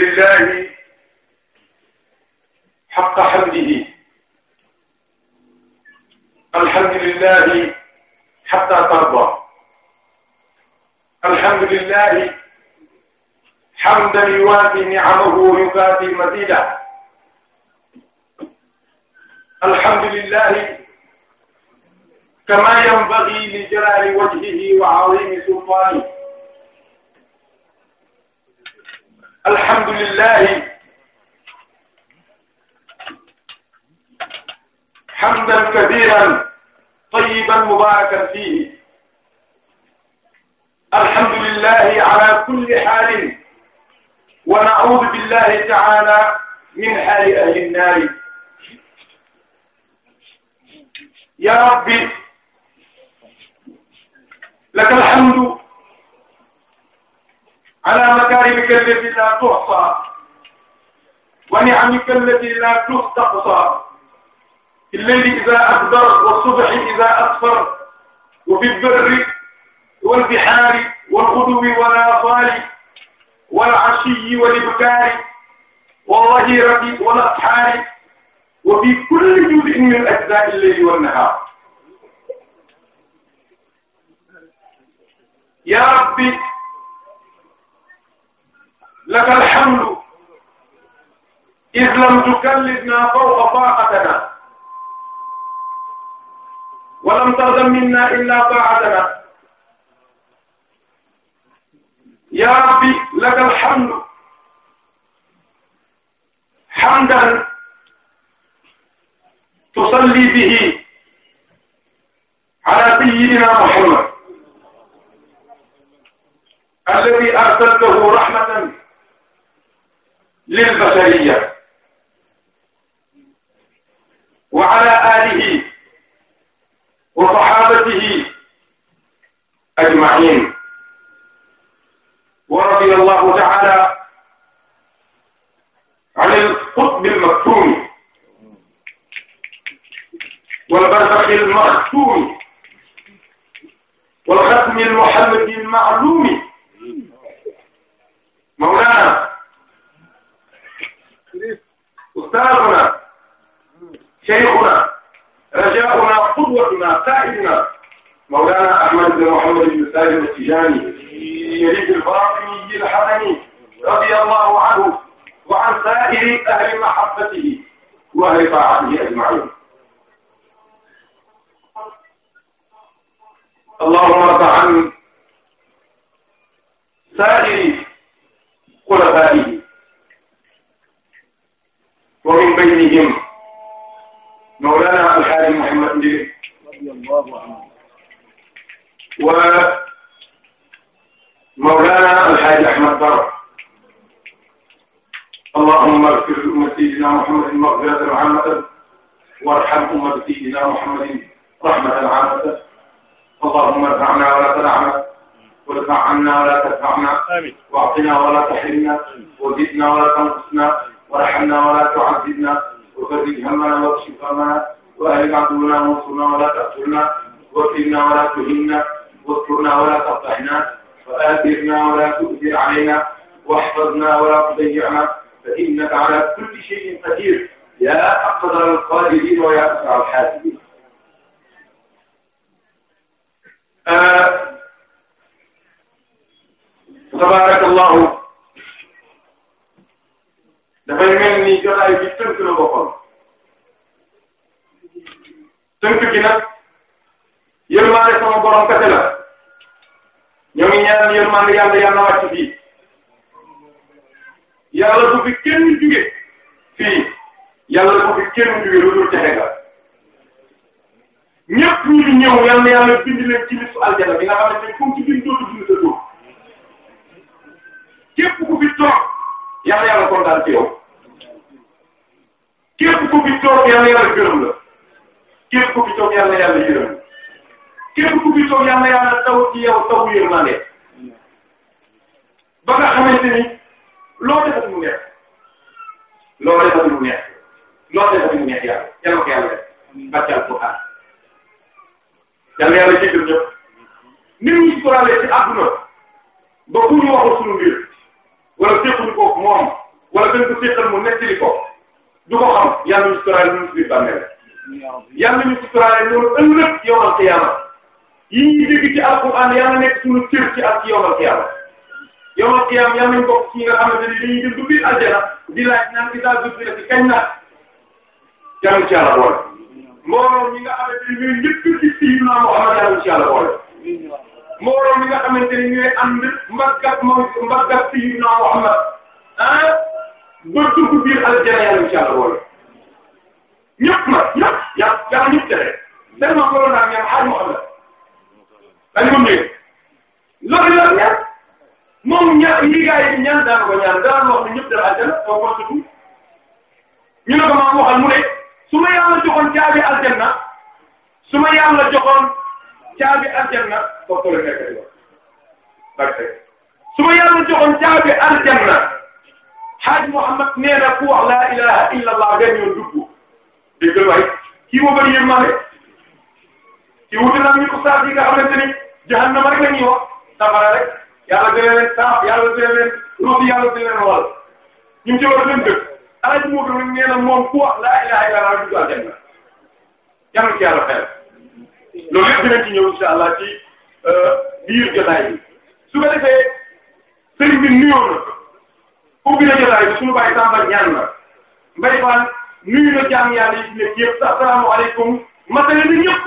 lillahi xaqa xamdihi alhamdulillahi xatta tarda alhamdulillahi xamdan yuwaati nicamahu wa yukaati mazidah alhamdulillahi kama yanbagi li jalaali wajhihi wa azimi sultaanihi alhamdulillahi hamdan kathiran tayyiban mubarakan fihi alhamdulillahi ala kulli halin wa na'uudu billahi ta'ala min hali ahli nnaari ya rabbi laka alhamdu ala makarimika allati la tuhsa wa ni'amika allati la tustaqsa fi llayli idha adbar wa subhi idha asfar wa fi lbarri wal bihari wal ghuduwi wal asali wal ashiyi wal ibkari والظهيرة والأسحار وفي كل جزء من أجزاء الليل والنهار يا ربي laka alhamdu islam tukallifna fawqa taqatina wa lam tarda minna illa ta'atana ya rabbi laka alhamdu hamdan tusalli bihi ala sayyidina muhammad alladhi arsaltahu rahmatan lil bashariyya wa ala alihi wa sahabatihi ajma'in wa radiya Allahu ta'ala عن القطب المكتوم والبرزخ المختوم والختم المحمد المعلوم مولانا ustaazuna shaykhuna rajaa'una qudwatuna saa'iduna mawlaana Ahmad bin Muhammad bin Salim at-Tijani sharif al-Fatimi al-Hakami radiyallahu anhu wa an saa'iri ahli mahabbatihi wa ahli taa'atihi ajma'in اللهم ارض عن سائر خلفائه ومن بينهم مولانا الحاج محمد رضي الله عنه ومولانا الحاج أحمد بر اللهم اغفر لأمة سيدنا محمد مغفرة عامة وارحم أمة سيدنا محمد رحمة عامة اللهم ارفعنا ولا تدعنا وارفع عنا ولا تدفعنا واعطنا ولا تحرمنا وزدنا ولا تنقصنا وارحمنا ولا تعذبنا وفرج همنا واكشف همنا واهلك عدونا وانصرنا ولا تقتلنا وكلنا ولا تهنا واذكرنا ولا تقطعنا وآثرنا ولا تؤثر علينا واحفظنا ولا تضيعنا فإنك على كل شيء قدير يا أقدر القائلين ويا أسرع الحاسبين تبارك الله dafay mel ni jotaay bi tënk la boppam tënk gi nag yërmande sama borom la ñoo ngi ñaan yërmande yàlla yàlla wàcc fii yàlla du fi kenn jugee fii yàlla du fi kenn jugee lu dul texe nga ñëpp ñu ngi ñëw yal na yàlla bind leen ci nitu aljana bi nga xamante ne comme ci biir dootu dund sa dóor képp ku fi toog yal na yàlla kontaan ci yow. képp ku fi toog yàlla yàlla gërëm la képp ku fi toog yàlla yàlla yërëm képp ku fi toog yàlla yàlla taw ci yow taw yërmande ba nga xamante ni loo defat mu neex loo defat mu neex loo defat mu neex yàlla yàlla ko yàlla def bàccal ko xaar yàlla yàlla jéggal ñëpp nit ñi sóoraale ci àdduna ba ku ñu waxul suñu mbir wala teguñu ko moom wala dañ ko tegal mu nettali ko. du ko xam yàlla ñu suturaale ñu suñu bàmmeel yàlla ñu suturaale loolu ëllëg yowmal qiyaama yi ñuy dégg ci alquran yàlla nekk suñu cër ci ak yowmal qiyaama yowmal qiyaama yàlla nañ bokk ci ñi nga xamante ne dañuy dem du biir aljana di laaj naan di daal di rek kañ na yàlla ci yàlla boole. mbooloo ñi nga xamante ne ñooy ñëpp ci Sayyidina Muhammad yàlla ci yàlla boole. mbooloo ñi nga xamante ne ñooy ànd mbaggat moom mbaggat Sayyidina Muhammad ah. ba dugg biir aljana yàlla incha allah boole ñëpp nag ñëpp yàlla yàlla ñëpp tere tellement borom naa ñaar xaar mu am la dañu ko nuyu loolu la ñaar moom ñaar lii gars yi ñaan daan ko ñaan daan wax ne ñëpp dara aljana soo ko tudd ñu ne ko maa waxal mu ne su ma yàlla joxoon caabi aljanna su ma yàlla joxoon caabi aljanna soo ko la fekk di wax su ma yàlla joxoon caabi aljanna. Hadj Mouhamed nee na ku wax laa ilaha illa allah benn yoon dugg dégg nga waaye kii boo bëri yërmande ci wuute na ñu ko saa yi nga xamante ni jahannama rek la ñuy wax safara rek yàlla gën leen saaf yàlla gën leen ruuf yàlla gën leen wal ñu ci war a dem dëkk Hadj Mouhamed nee na moom ku wax laa ilaha illa allah dugg aljanna yàlla ci yàlla xel loolu yëpp dinañ ci ñëw insha allah ci euh, biir jotaay bi su ko defee sëriñ bi nuyoo na. ubbi na jotaay bi suñu bàyyi tàmbali ñaan la mbay baal nuyu na jaam yàlla yi nekk yëpp asalaamaaleykum matale na ñëpp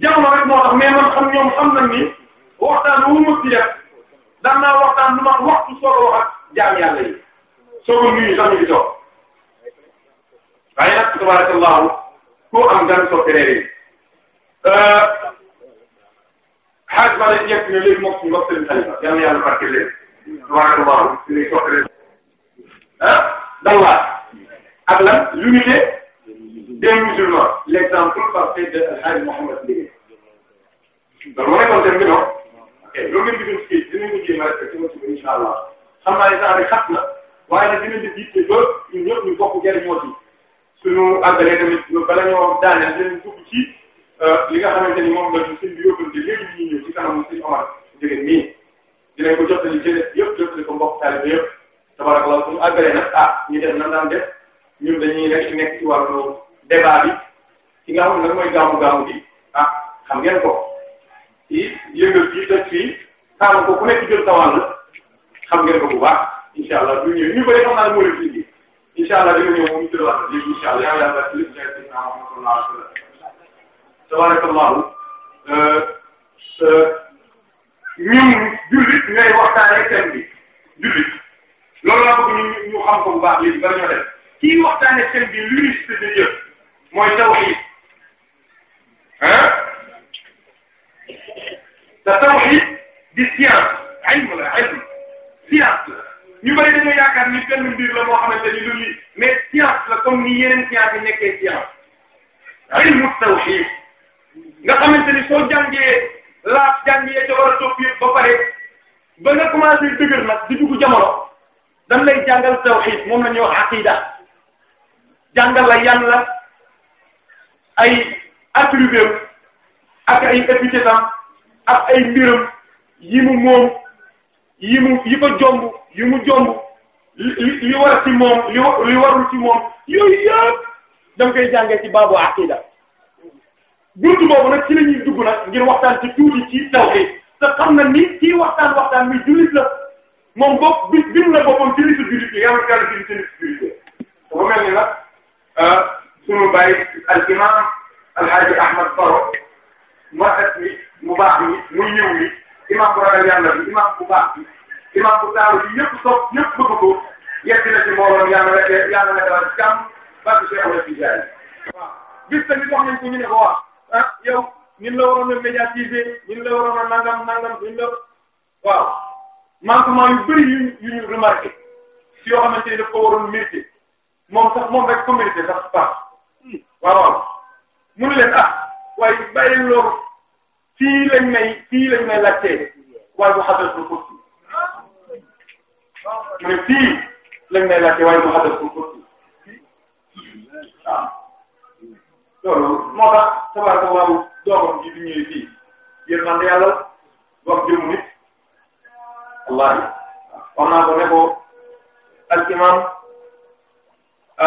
jamono rek moo tax mais man xam xam nañ ni waxtaan wu ma ci def daan naa ma waxtu soog ak jaam yàlla yi soog a nuyu sax ñu ngi toog tabarakallahu ku am gan soo teree xaaj ba la njëkk ne léegi moom suñu bopp seen xalifa yàlla na ah dalwaar ak lan l'unité des musulmans l'exemple parfait de El Hadj Mouhamed Ndieguène loolu moo nekkoon seen mbir ok loolu ngeen gisoon si dinañu jéem a respecté ma suba incha allah xam naa ne saa bi xat na waaye nag dinañu di jiite ba ñun ñëpp ñu bokk jëriñoo ci suñu àggalee tamit bala ñoo daaneel dinañ dugg ci li nga xamante ni moom la ñu seen bi yóbbante léegi ñu ñëw ci kanamu seen Omar Ndieguène nii. dinañ ko jottali ci yëpp jottali ko mbokk taalibe yëpp tabarakallah suñu àggalee nag ah ñu def nan daan def ñun dañuy rek nekk ci wàllu débat bi ci nga xam ne nag mooy gàmmu gàmmu bi ah xam ngeen ko ci yëngal fii toj fii xaaral ko ku nekk jël tawaan la xam ngeen ko bu baax incha allah du ñëw ñu bëri xam naa ne moo leen fi indi incha allah dina ñëw moom ñu tëddewaat la léegi incha allah yaa ngi laa baax lépp jaay si naa wax nga ko laal tabarakallahu euh, ñun jullit ñooy waxtaanee thème bi jullit loolu laa bëgg ñu ñu xam ko bu baax léegi bala ñoo def kii waxtaanee thème bi l'unicité de Dieu mooy tawhid ah te tawhid di science ilm la ilm science la ñu bari ni benn mbir la moo xamante ni lu lii mais science la comme ni yeneen science yi nekkee science ilmu tawhid nga xamante ni soo jàngee. laaf jàng yee ca war a topp yëpp ba pare ba nga commencé dëgër nag di dugg jamono dañ lay jàngal moom la ñuy wax aqida jàngal la yan la ay attributs ak ay épithètes ak ay mbiram yi mu moom yi mu yi ko jomb yi mu jomb li war ci moom li warul ci moom yooyu yëpp da nga koy jàngee ci bunt boobu nag ci la ñuy dugg nag ngir waxtaan ci tuuti ci tawhid te xam na ni kii waxtaan waxtaan mi jullit la moom bopp bi bind la boppam ci listu jullit yi yàlla yàlla bind ci listu jullit yi dafa mel ni nag euh, sunu bàyyi al imam alhaaji ahmad baro maset mi mu baax mi muy ñëw mi imam bu ragal yàlla bi imam bu baax bi imam bu taaru bi ñëpp sopp ñëpp bëgg ko yegg na ci mbooloom yàlla rek yàlla na dalal jàmm barke Cheikh Ahmed Tidiane waaw bis tamit wax nañ ko ñu ne ko wax ah yow ñun la waroon a médiatiser ñun la waroon a nangam nangam ñun la waaw manquement yu bëri yu yu ñu remarqué si yoo xamante ni daf ko waroon mérité moom sax moom rek ko mérité sax baax waaw waaw mu ne leen ah waaye bàyyi loolu fii lañ may fii lañ may laajtee waaye bu xasal pour pour mu ne fii lañ may laajtee waaye bu xasal pour pour waaw. loolu moo tax tabaaraka waaw doomam ji bi ñëwee fii yërmande yàlla wax jëmu nit wallahi wax naa ko ne ko al imam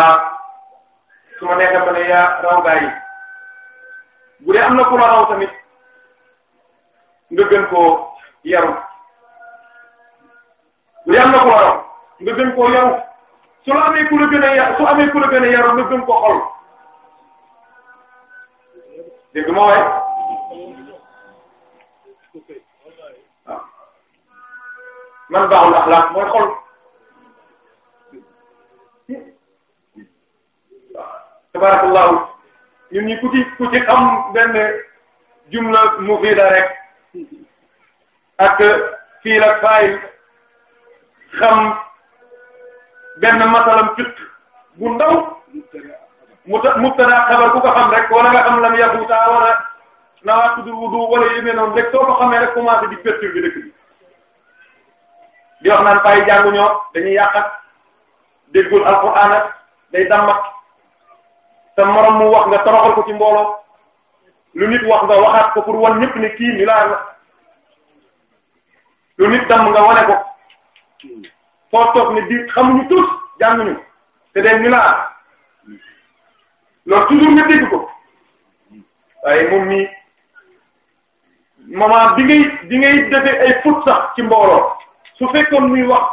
ah su ma nekk ba ne yaa raw gaa yi bu dee am na ku la raw tamit nga gën koo bu dee am na ku la raw nga gën koo yaru su la amee ku la gën a yaru su amee ku la gën a yaru nga gën ko dégg ma waaye waaw ah. man baaxul axlaaq mooy xol waaw tabarakallahu ñun ñi ku ci ku ci xam benn jumla mufida rek ak fiil ak faayil xam benn masalam fiq bu ndaw mubtada xabar ku ko xam rek wala nga xam lam yafuuta wala nawaaqidul wudu wala yéeme noonu rek soo ko xamee rek commencé di perturber bi di wax naan fay jàngu ñoom dañuy yàqat déggul alquran ak day dammat sa morom mu wax nga toroxal ko ci mbooloo lu nit wax nga waxaat ko pour wan ñëpp ne kii ni laa la lu nit damm nga wane ko foo toog ne di xamuñu tous jànguñu te day ni laa loolu toujours nga dégg ko waaye moom mii moment bi ngay bi ngay defee ay fut sax ci mbooloo su fekkoon muy wax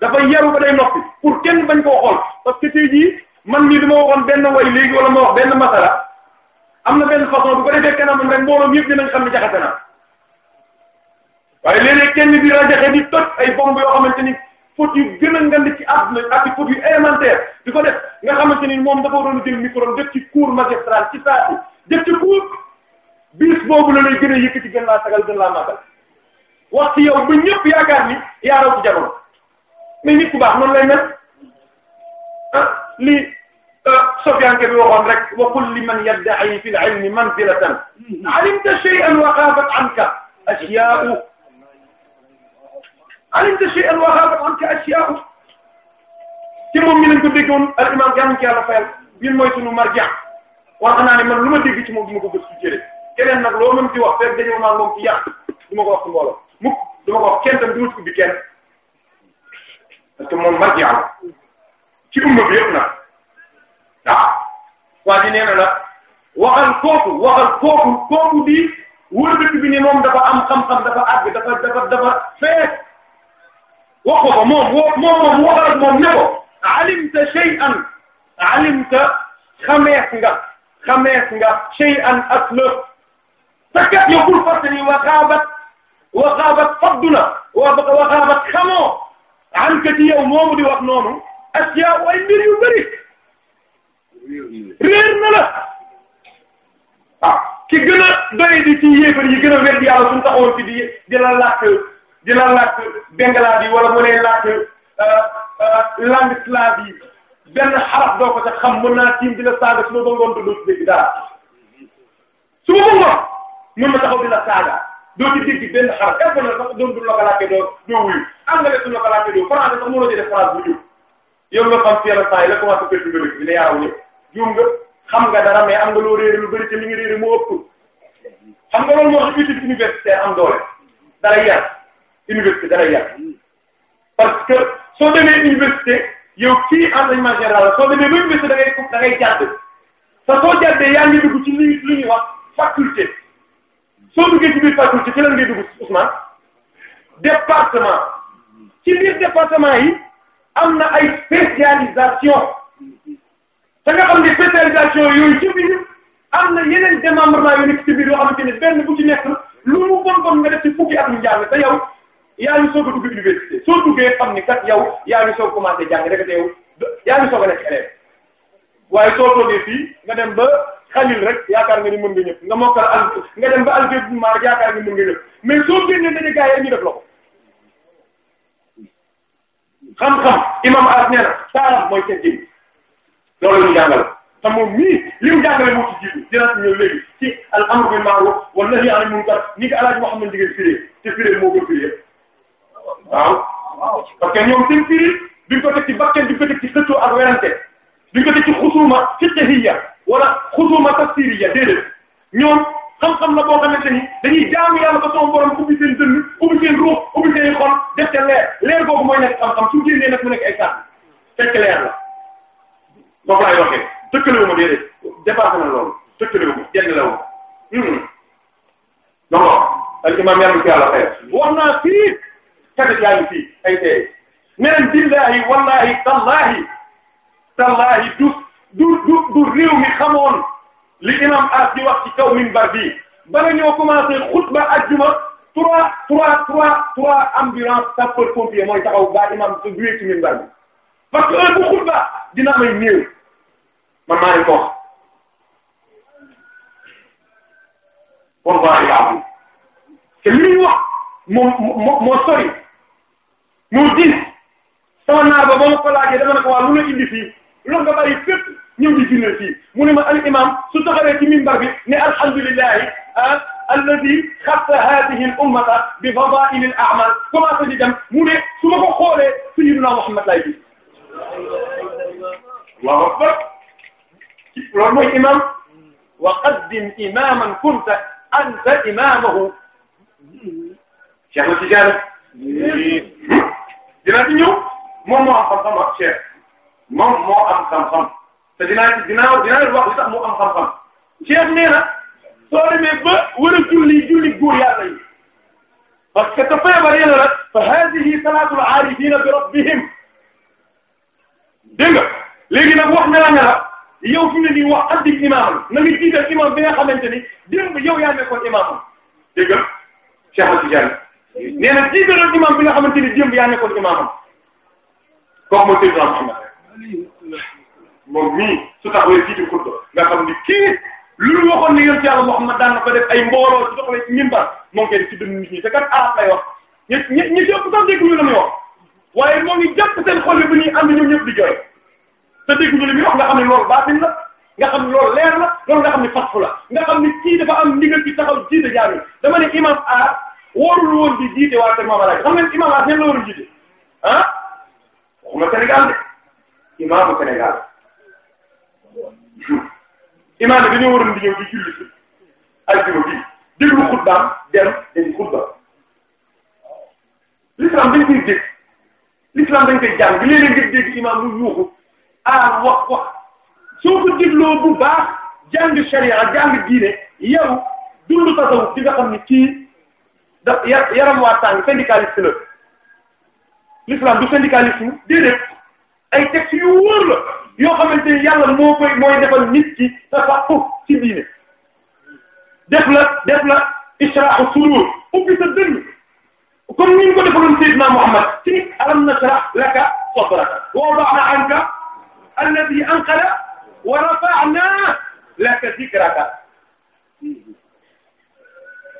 dafa yaru ba day noppi pour kenn bañ koo xool parce que tey jii man mii dama waxoon benn way léegi wala ma wax benn masala am na benn façon bu ko defee kanam rek mbooloo yëpp dinañ xam ne jaxase naa waaye léeg-léeg kenn di rajaxe di toj ay bomb yoo xamante ni fautes yu gën a ngand ci àdduna ak i fautes yu élémentaire di ko def nga xamante ni moom dafa waroon a jël micro def ci cours magistral ci saa si def ci la lay gën a yëkkati gën laa sagal gën laa màggal wax ci yow ba ñëpp yaakaar ni yaa raw ci jamono mais nit ku baax noonu lay mel ah lii euh, Sofyanke bi waxoon rek wa qul liman yadda'i fil ilmi manzilatan hmm. alimta shay'an wa xaafat alimta shay'an wa ghabat anka ashya'u ci moom mi lañ ko déggoon al imam gàmmiñ ci yàlla fayal ñun mooy sunu marja wax naa ne man lu ma dégg ci moom du ma ko gëstu jëlee nag loo mën di wax fekk dañoo naan moom ci yàq du ma ko wax ci mbooloo mukk du ma ko wax kenn tam du ma ci ubbi kenn parce que moom marja ci umma bi yëpp nag waaw ah, waa ji nee na la kooku waxal kooku di wër bi ne moom dafa am xam-xam dafa àgg dafa dafa dafa waxu ko moom woo moom moom waxal ak moom ne ko alimta shay'an alimta xamees nga xamees nga shay'an ak lëf te kat yow bul fàtte ni waxaabat waxaabat fadduna waxaabat xamoo an ka ci yow moomu di wax noonu asiyaa ay mbir yu bëri réer na la ah ki gën a doy di ci yéefar yi gën a wedd yàlla suñu taxawoon ci di di la laajte dina làkk bengalaa bi wala mu lay làkk euh, euh, langue slave yi benn xaraf ko sax xam mën naa tiim la saaga su ma ba ngoon doo ci dégg dara su ma ba ngoon mën na taxaw di la saaga doo ci dégg benn xaraf éppo na sax doon du la ko làkkee doo doo wuyu anglais suñ la saa yi la commencé pétu nga dëkk bi ne yaaw ñëpp juum nga xam nga dara mais am nga loo réere lu bëri te li nga réere moo ëpp xam nga loolu moo xam utile université am doole dara yar université da lay yàq parce que soo demee université yow kii enseignement général la soo demee ba université da ngay da ngay jàdd sa soo jàddee yaa ngi dugg ci li lu ñuy wax faculté soo duggee ci biir faculté ci lan ngay dugg Ousmane département ci biir département yi am na ay spécialisation te nga xam ne spécialisation yooyu ci biir am na yeneen démembrement yu nekk ci biir yoo xamante ne benn bu ci nekk lu mu bon bon nga def ci fukki at mu njàng yaa ngi soog a dugg université soo duggee xam ni kat yow yaa ngi soog commencé jàng rek te yow yaa ngi soog a nekk élève waaye soo toogee fii nga dem ba xalil rek yaakaar nga ni mën nga nga mokkal al nga dem ba algébrement rek yaakaar nga mën nga ñëpp mais soo génnee dañu gaa yi ñu def la ko xam-xam imam as nee na taaram mooy seen jëm loolu la ñu jàngal te moom mii li mu jàngale moo ci jiitu dina ci ñëw léegi ci al amru bil ni ko alaaj moo xam ne moo ko firée waaw parce que ñoom seen firi duñ ko teg ci bakken duñ ko teg ci xëccoo ak werante duñ ko teg ci xusuma fiqhiyya wala xusuma tafsiriyya déedéet ñoom xam-xam la boo xamante ni dañuy jaamu yàlla ba sama borom ubbi seen dënn ubbi seen ruux ubbi seen xol def ca leer leer boobu mooy nekk xam-xam su génnee nag mu nekk ay sànq fekk leer la boobu laay waxee tëkkalewu ma déedéet dépassé na loolu tëkkalewu ma jënd la woon. Hmm. donc al imam yàlla na ko yàlla xayma wax naa fii. tamit yaa ngi fii ay tey neen billahi wallahi tallahi tallahi du du du du réew mi xamoon li imam as di wax ci kaw minbar bi bala ñoo commencé xutba ajjuma trois trois trois trois ambulance sapeur pompier mooy taxaw ba imam su duwee ci minbar bi parce que heure bu xutba dina amay néew man maa ni ko wax kon waa yaabu te li ñuy wax moom moo moo sori moo diis sama naar ba ba ma ko laajee dama ne ko waa lu la indi fii loolu nga bàyyi fépp ñëw di jullee fii mu ne ma al imam su taxawee ci minbar bi ne alhamdulillahi ah alladi xassa hadihi al ummata bi fadail al a'mal commencé di dem mu ne su ma ko xoolee sayyiduna Muhammad lay gis Allahu akbar loolu mooy imam wa qaddim imaman kunta anta imamahu Cheikh Tidiane dina ci ñëw moom moo am xam-xam ak Cheikh moom moo am xam-xam te dinaa dinaa dinaa leen wax li tax mu am xam-xam Cheikh nee a julli que te feebar yi rabbihim dégg nga léegi nag wax ne la ne la yow fi mu ne nii wax addi imaam na nga jiital imaam bi nga xamante ni démb yow yaa nee de jiiteloon imam bi nga xamante ni démb yaa nekkoon imaamam kooku mooy président Mouhamed moom mii su taxawee jiitu xutba nga xam ni kii lu ñu waxoon ni yoon ci yàlla Mouhamed daan na ko def ay mbooloo ci doxalee ci minbar moom kenn ci dund nit ñi te kat arab lay wax ñi ñi ñi yëpp sax dégguñu ngi ba ñuy ànd ñoom ñëpp di jooy te dégguñu li muy wax nga xam ne loolu baatin la nga xam ne loolu leer la loolu nga xam ne fasfu la nga xam ne kii dafa am ndigal ci taxaw jiite jaami dama ne imam a wóorul woon di jiite waa Kër Mamadou xam ngeen imam Assane la war a jiite ah waxuma Sénégal de imaamu Sénégal bi dañoo waroon di ñëw di julli si aljuma bi xutbaam dem dañu xutba l'islam dañ koy dégg l'islam dañ koy jàng léeg-léeg nga dégg imam mu yuuxu ah wax wax soo ko dégloo bu baax jàng sharia jàng diine yow dundu tasawuf di nga xam ni kii. da yaram waa tàng syndicaliste la l'islam du syndicalisme déedéet ay textes yu wóor la yoo xamante ni yàlla moo koy mooy defal nit ki sa fa foofu ci diine def la def la ishraahu surur ubbi sa dënn comme ni ñu ko defaloon Seydina Muhammad ci alam nashrah laka sadraka wa wada'na anka alladhi anqada wa rafa'na laka dhikraka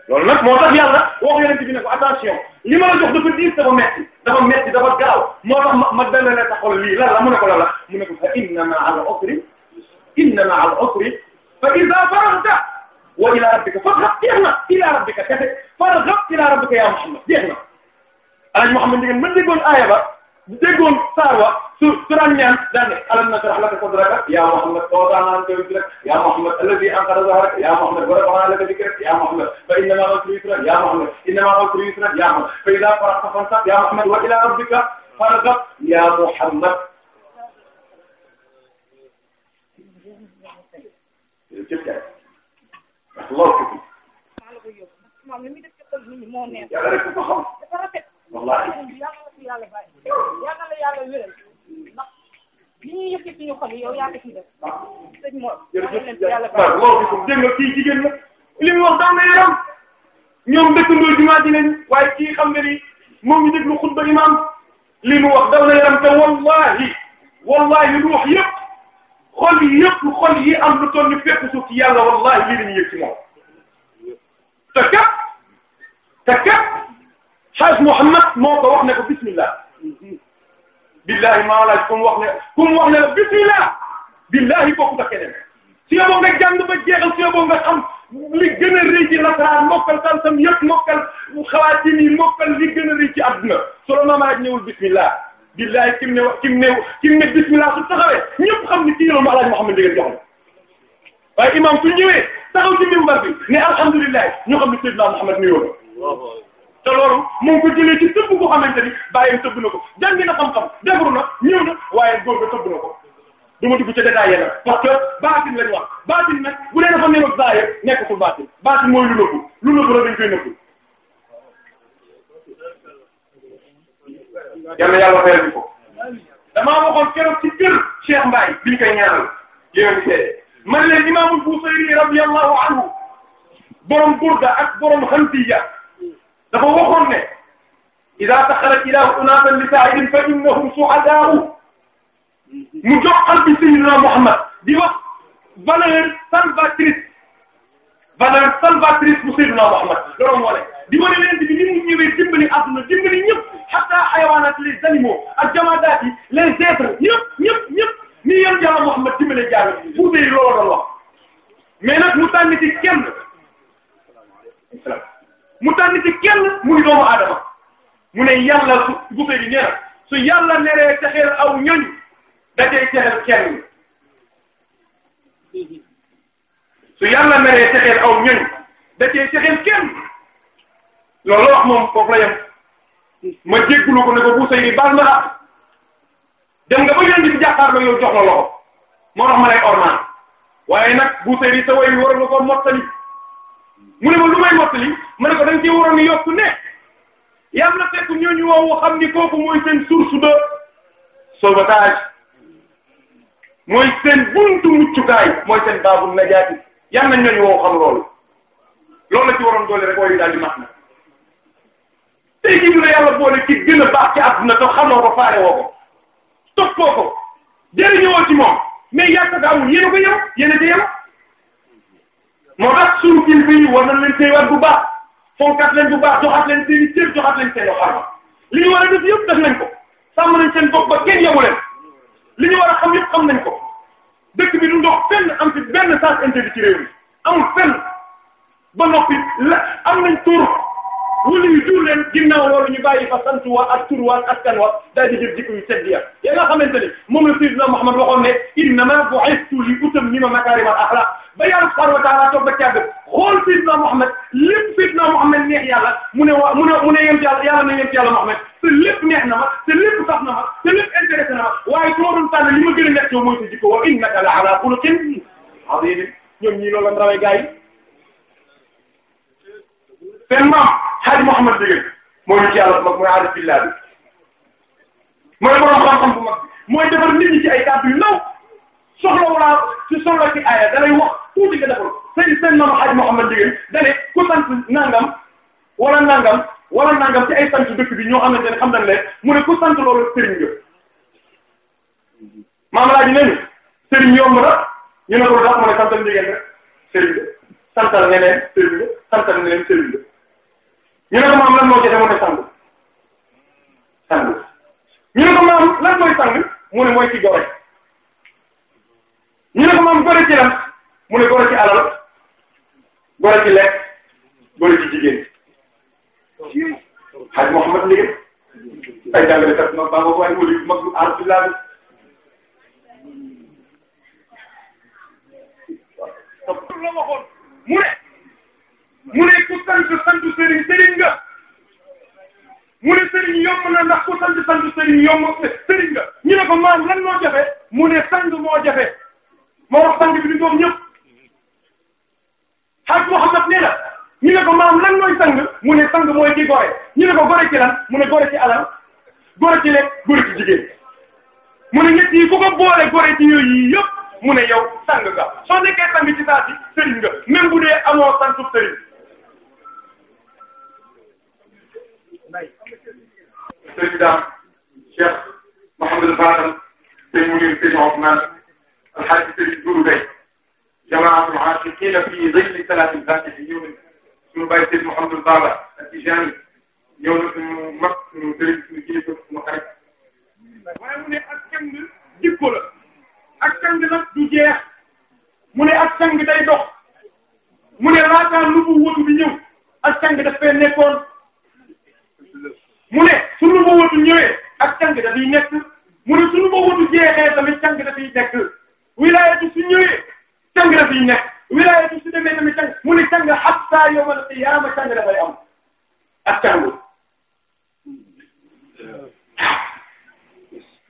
loolu nag moo tax yàlla wax yonent bi ne ko attention li ma la jox dafa diis dafa metti dafa metti dafa gaaw moo tax ma ma dana ne taxol lii la la mu ne ko la la mu ne ko fa inna ma'al usri inna ma'al usri fa idha faraghta wa ila rabbika farghab jeex na ila rabbika kese farghab ila rabbika ya Muhammad jeex na alaaj Muhammad di ngeen mën déggoon aaya ba déggoon saar wa su su daan ñaan daan ne alam nashrah laka sadraka yaa Muhammad wadaana anka wizrak yaa Muhammad alladhi anqadha dhahrak yaa Muhammad wada'na laka dhikrak yaa Muhammad fa inna ma'a al-usri yusra yaa Muhammad inna ma'a al-usri yusra yaa Muhammad fa idha faragta fansab yaa Muhammad wa ila rabbika farghab yaa Muhammad loolu. yàlla rek ko xam. wallaahi. yàlla na yàlla wéral ndax li ñuy yëkkati suñu xol yow yaa ko ciy def. Ah. sëñ Mor. jërëjëf yàlla baax na dégg nga kii jigéen la li mu wax daan na yaram ñoom dëkkandoo jumaa ji lañ waaye kii xam nga ni moo ngi déglu xutba imaam li mu wax daan na yaram te wallaahi wallaahi lu wax yëpp xol yi yëpp xol yi am lu toll ni fekk suuf ci yàlla wallaahi lii dañuy yëg ci moom te kat te kat. Cheikh Mouhamad moo ko wax ne ko bismillah billahi maa laaj ku mu wax ne ku mu wax ne la bismillah billahi bokkut ak keneen si yow nga jàng ba jeexal si yow nga xam li gën a rëy ci nasaraan mokkal tam-tam yëpp mokkal xawaatim yi mokkal li gën a rëy ci adduna solo mamaaj ñëwul bismillah billahi kim ne kim ne kim ne bismillah su taxawee ñëpp xam ni ci yow Maalaaj Mouhamad Ndieguene jox na waaye imam su ñëwee taxaw ci minbar bi ne alhamdulillah ñu xam ni Seydina Mouhamad nuyoo te loolu moom ko jëlee ci tëbb ko xamante ni bàyyam tëbb na ko jàngi na xam-xam defaru na ñëw na waaye góor ga tëbb na ko du ma dugg ca détail yi nag parce que baatin lañ wax baatin nag bu dee dafa néew ak saa yëpp nekkatul baatin baatin mooy lu nëbbu lu nëbbu la dañ koy nëbbu. yàlla yàlla fayal ko damaa waxoon keroog ci kër Cheikh Mbaye biñ koy ñaanal yéen a ngi seede man leen Imaamul Busayri radiyallahu anhu borom Burda dafa waxoon ne ida taxarat ilahu unaatan li sa'idin fa innahum suhadaa'u mu joxal bi sayyidina Muhammad di wax valeur salvatrice valeur salvatrice bu sayyidina Muhammad loolu moo ne di wane leen di bi ni mu ñëwee dimbali adduna dimbali ñëpp hatta xayawaanaat les animaux ak jamaadaat yi les êtres ñëpp ñëpp ñëpp ni yéen jàlla Muhammad dimbali jaaree pour de looloo doon wax mais nag mu tànn ci kenn. mu tànn ci kenn muy doomu aadama mu ne yàlla su gufe bi nee su yàlla neree texeel aw ñoñ dajay texeel kenn su yàlla neree texeel aw ñoñ dajay texeel kenn loolu wax moom foofu la yem ma jéggulu ko ne ko bu sëy baal ma dem nga ba yëngu ci jàkkaarloo yow jox la moo tax ma lay ornaan waaye nag bu sëy sa way waroon ko mottali mu ne ma lu may mottali ma ne ko dañ cee waroon a yokk ne yàlla fekk ñooñu woowu xam ni kooku mooy seen source de sauvetage mooy seen buntu muccukaay mooy seen baabul najaati yal nañ ñooñu woowu xam loolu loolu la ci waroon doole rek wooyu daal di mat na tey jii la yàlla boole ci gën a baax ci àdduna te xamoo ko woo ko toppoo ko jëriñoo ci moom mais yàq gaawul yéen ko yem yéen a ci moo tax suñu kilifa yi war na leen téyewaat bu baax fonkat leen bu baax joxaat leen seen i cër joxaat leen seen xarma li ñu war a def yëpp def nañ ko sàmm nañ seen bopp ba kenn yemu leen li ñu war a xam yëpp xam nañ ko dëkk bi du ndox fenn am ci benn sens interdit ci réew mi amul fenn ba noppi la am nañ tur. wala yu jur leen ginnaaw loolu ñu bàyyi fa sant wa ak tur wa ak askan wa daal di jël jikko yu tedd ya ya nga xamante ni moom la Seydina Muhammad waxoon ne innama bu'istu li utammima makarim al akhlaq ba yàlla subhanahu wa ta'ala toog ba càgg xool Seydina Muhammad lépp Seydina Muhammad neex yàlla mu ne wa mu ne mu ne yem yàlla yàlla na yem yàlla Muhammad te lépp neex na ma te lépp sax na ma te lépp intéressé na ma waaye su ma doon tànn li ma gën a nekk mooy sa jikko wa innaka la ala khuluqin azim ñoom ñii loolu la rawee gaa yi seen maam Hadj Mouhamad Dieguène moo ñu ci yàlla bu mag mooy aarif billah bi mooy borom xam mooy defar nit ñi ci ay kàddu yu ndaw soxla wala su soxla ci aaya da lay wax tuuti nga defal seen seen maam Hadj Mouhamad Dieguène da ne ku sant nangam wala nangam wala nangam ci ay sant dëkk bi ñoo xamante ne xam nañ ne ku sant loolu sëriñ nga maam laa ji ne ni sëriñ yomb na ñu ne ko lu tax mu ne santal Dieguène rek sëriñ nga santal ñeneen sëriñ nga santal ñu ne ko maam lan moo ci demoon ne sangu sangu ñu ne ko maam lan mooy sangu mu ne mooy ci gore ñu ne ko maam gore ci lan mu ne gore ci alal gore ci lekk gore ci jigéen xaj Mouhamed Ndieguène ay jàngale kat ma baa nga ko waaye wali mag lu aar ci laa bi mu ne mu ne ku sant sant sëriñ sëriñ nga mu ne sëriñ yomb na ndax ku sant sant sëriñ yomb ne ko maam lan moo jafe mu ne sang moo jafe moo wax sang bi na ñu ne ko maam lan mooy sang mu ne sang mooy ki gore ñu ne ko gore ci lan mu ne gore ci alal gore ci lekk gore ci jigéen mu ne ñett ku ko boole gore ci yooyu yëpp mu ne yow sang nga soo nekkee sang ci saa si sëriñ nga bu dee amoo santu sëriñ sëñ Dame Cheikh Mouhamadou Fadal sëñ Mounir sëñ Ousmane alxaaji sëñ Doudou Gueye jamaatul aasiqiina fii zilli salaatil faatihi ñëw nañ suñu bàyyi sëñ Mouhamadou Baba ak Tijaan ñëw na suñu mag suñu sëriñ suñu kilifa suñu xarit. waaye mu ne ak sang jikko la ak sang nag du jeex mu ne ak sang day dox mu ne laataa lu mu wóotu bi ñëw ak sang daf fee nekkoon. mu ne suñu mboolu ñëwee ak càng dafay nekk mu ne suñu mboolu jeexee tamit càng dafay nekk wilaya bi su ñëwee càng dafay nekk wilaya bi su demee tamit càng mu ne càng hatta yawmal qiyaama càng dafay am ak càng.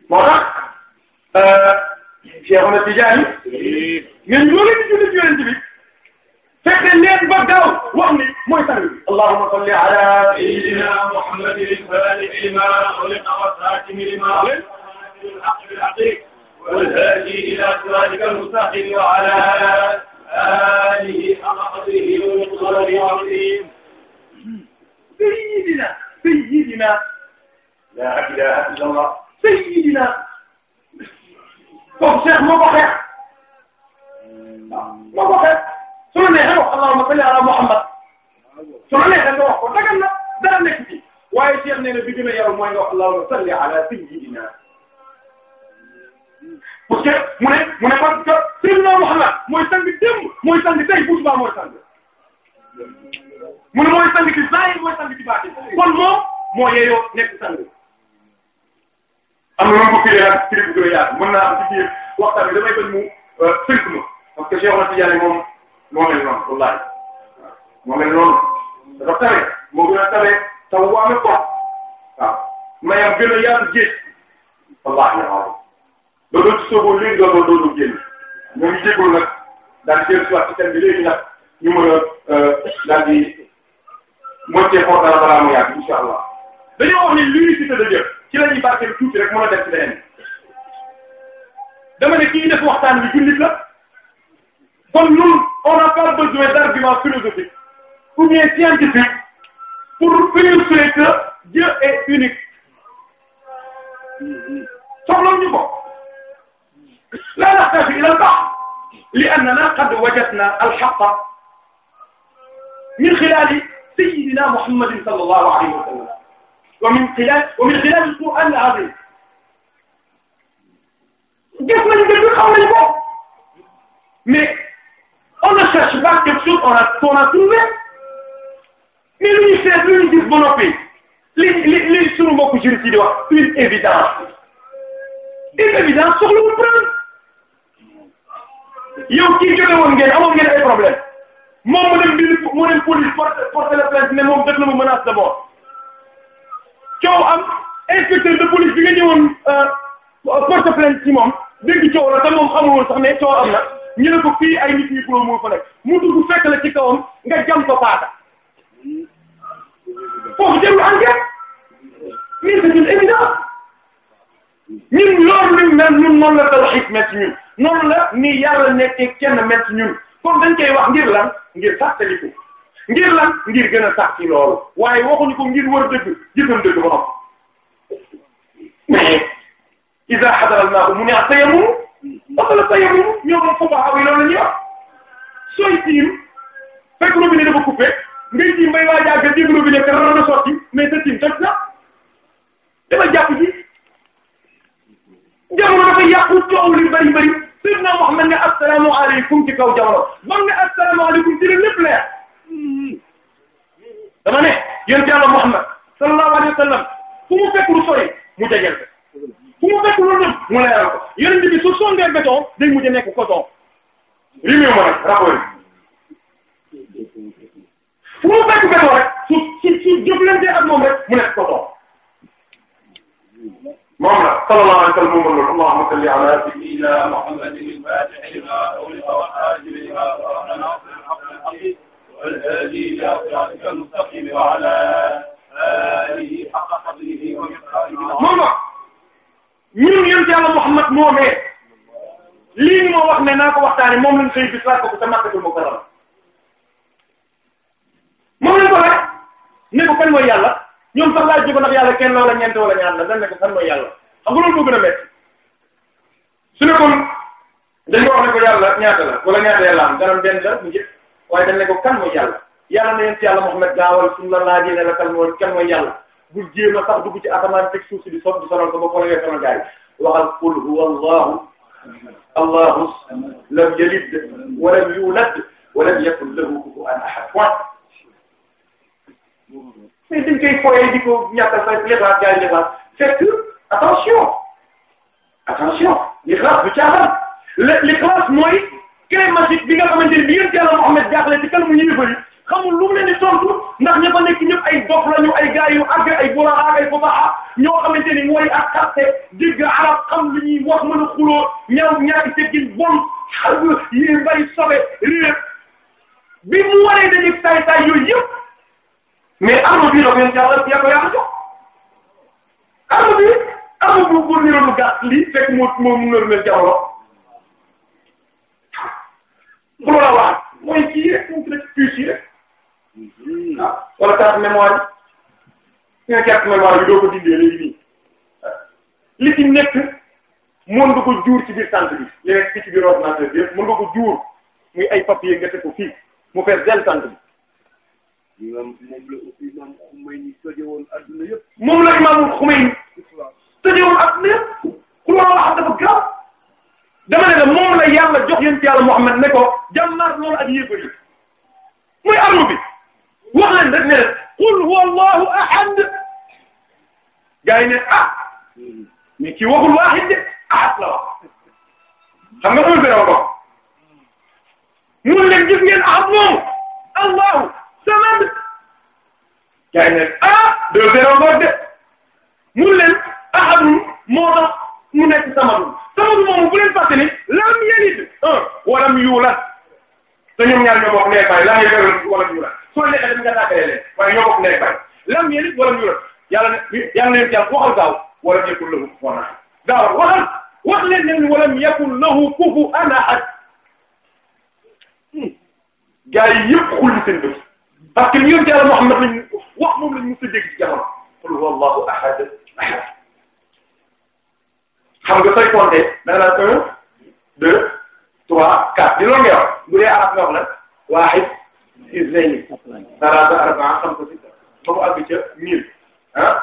moo tax euh, Cheikh Ahmed Tidiane. mais ñoo leen di jullit yonent bi. fexe leen ba gaaw wax ni mooy sang bi allahumma salli ala sayyidina muhammadin fatihi lima ughliqa wal khatimi lima والهادي إلى صراطك المستقيم وعلى آله حق قدره ومقداره العظيم سيدنا سيدنا لا إله إلا الله سيدنا kon Cheikh moo ko xeex hmm. moo ko xeex su la neexee wax allahumma salli ala muhammad su la neexee nga wax ko dagan na dara nekk ci waaye Cheikh nee na bi gën a yaru mooy nga wax allahumma salli ala sayyidina parce que mu ne mu ne parce que sayyidina muhammad mooy sang démb mooy sang tey bu subaa mooy sang mu ne mooy sang ci zahir mooy sang ci baatin kon moom moo yeyoo nekk sang am na loolu mbokk yi daal kii bi gën a yaatu mën naa am ci biir waxtaan bi damay bañ mu euh, tënk ma parce que Cheikh Ahmad Tidiane moom. moo mel noonu wallaahi moo mel noonu dafa tawee moo gën a tawee taw bu amee kooku waaw mayam gën a yaatu géej wallaahi waaw loolu ci soogul léegi dootoo dootoo génn ñoo ngi jégalu nag daal di jël si waat ci thème bi léegi nag ñu mën a euh, daal di moitié fort dara balaa mu yàgg incha allah dañoo wax ni l'unicité de Dieu ci la ñuy barkeel tuuti rek mën a def ci leneen dama ne kii def waxtaan bi jullit la. kon ñun on n'a pas besoin d'arguments philosophiques ou bien scientifiques pour illustrer que Dieu est unique soxla ñu ko la nahtaju ila al-haqq li'annana qad wajadna al-haqqa min khilali sayyidina Muhammadin sallallahu alayhi wa sallam wa min khilali wa min khilali al-Qur'an al-azim gis nañu ko xam nañu ko mais on ne cherche pas quelque chose on a qu'on a trouvé mais lu ñu seet lu ñu gis li li li sunu mbokku juriste yi di wax une évidence une évidence soxlawul preuve yow kii jote woon ngeen amoon ngeen ay problème moom mu dem biir dem police porte porte la ne moom def na mu menace de mort coow am inspecteur de police bi nga ñëwoon porte plainte ci moom dégg coow la te moom xamul woon sax ne coow am na. ñu ne ko fii ay nit ñi góor moo fa nekk mu fekk la ci kawam nga jam ko foofu jëlul enquête mais c'est une évidence ñun loolu lañ mel ñun la tawhid mel ci ñun noonu la ni yàlla nekkee kenn mel ci ñun kon dañ koy wax ngir lan ngir fàttaliku ngir gën a sax ci loolu waaye waxuñu ko ngir war dëgg jëfam dëgg ba xam mais iza hadara al-ma'u mu ne wax la tayamu ñoo loolu la ñuy wax sooy tiim fekk robinet dafa coupé ngay tiim bay waa jàgga dégg robinet te rara na sotti mais sa tiim toj na dama jàpp ji jamono dafa yàqu coow li bari bari Seydina Muhammad ne assalaamu aleykum ci kaw jamono bam ne assalaamu aleykum ci lépp leer dama ne yéen Yàlla Muhammad sallallahu alayhi wa fu mu fekk lu sori mu jegel fu mu fekk loolu lépp mu leeral ko yonent bi su sondeel béton day mujj nekk coton rimeew ma nag rapport yi fu mu fekk béton rek su su su jëflante ak moom rek mu nekk coton moom la sallallahu alayhi wa sallam moom la allahumma salli ala sayyidina muhammadin al-fatihi lima ughliqa wal khatimi lima sabaqa nasr al-haqq والهادي إلى صراطك المستقيم وعلى آله حق قدره ومقداره mbirum yonent yàlla Muhammad moomee lii ñu wax ne naa ko waxtaanee moom lañ koy gis laaj ko ko ca Makkatul Mukarrama moom lañ ko laaj ne ko kan mooy yàlla ñoom sax laaj ko ndax yàlla kenn loola ne ko kan mooy yàlla xam nga loolu moo gën a métti su ne kon dañu ne ko yàlla ñaata la wala ñaata yàlla am ganam benn la mu waaye dañ ne ko kan mooy yàlla yàlla na yonent yàlla Muhammad gaawal suñu la laajee ne la kan mooy yàlla. bu jéem a sax dugg ci asamaan teg suuf si di soog di sonal ko ba ko lay sonal gaay waxal qul huwa allahu allahu lam yalid wa lam yulad wa lam yakun lahu kufuwan ahad mais dañ koy foyee di ko ñàkkal fay lebaat gaay lebaat fekk attention attention l'ikhlas du caaxaan l'ikhlas mooy clé magique bi nga xamante ni bi yéen Yàlla Muhammad jaaxle ci kal mu ñuy bëri xamul lu mu leen di tontu ndax ña fa nekk ñëpp ay dof lañu ay gars yu ay buraaq ay fubaha ñoo xamante ni mooy ak xarte dégg arab xam lu ñuy wax mën a xuloo ñaaw ñaari teggin bon xar yi bari sobe réer bi mu waree dañuy saay saay yooyu yëpp mais arme bii doog yéen yàlla yaa ko yàlla jox arme bii arme bu góor ñu doon gàtt lii fekk moo moo mun na mel jaww ku la wax mooy kii rek mu tudd puce ah wala carte mémoire yi nga carte doo ko dindee léegi nii li ci nekk mën nga ko juur ci biir centre bi li ci biir ordinateur bi mën nga ko juur muy ay papier nga teg ko fii mu fees del centre bi. moom la aussi moom Khomeini tëjee woon adduna yëpp. moom la Imam Khomeini tëjee woon adduna yëpp xulóom la xam dafa gaaw dama ne la moom la yàlla jox yéen ci yàlla Muhammad ne ko jàmm naa loolu bi. waxaan rek ne qul huwa allahu ahad gaa yi ne ah mais kii waxul waahid de ahad la wax xam nga un zéro ba mun leen gis ngeen ahad moomu allahu samad gaa yi ne ah deux zéro ba de mun leen ahad moo tax mu nekk samad samad moomu bu leen fàttali lam yalid un walam yuulad te ñoom ñaar ñoom wax nee fay lam yalid walam yuulad soo nekk dem nga tàggalee leen waaye ñoo bokk ndey bañ lam yéen wala ñu yàlla ne yàlla na leen jàll waxal gaaw wala nekkul lahu kufuwan ahad gaaw waxal wax leen ne walam yakun lahu kufuwan ahad hmm. gaa yi yëpp xulli seen bët parce que ñun yàlla Muhammad lañ wax moom lañ mës a dégg ci jamono qul huwa allahu ahad ahad xam nga sooy compter da nga naan un deux trois quatre di loolu nga wax bu dee arab nga wax nag waaxid isnayn salaasa arbaa xam ko si ba mu àgg ca mille ah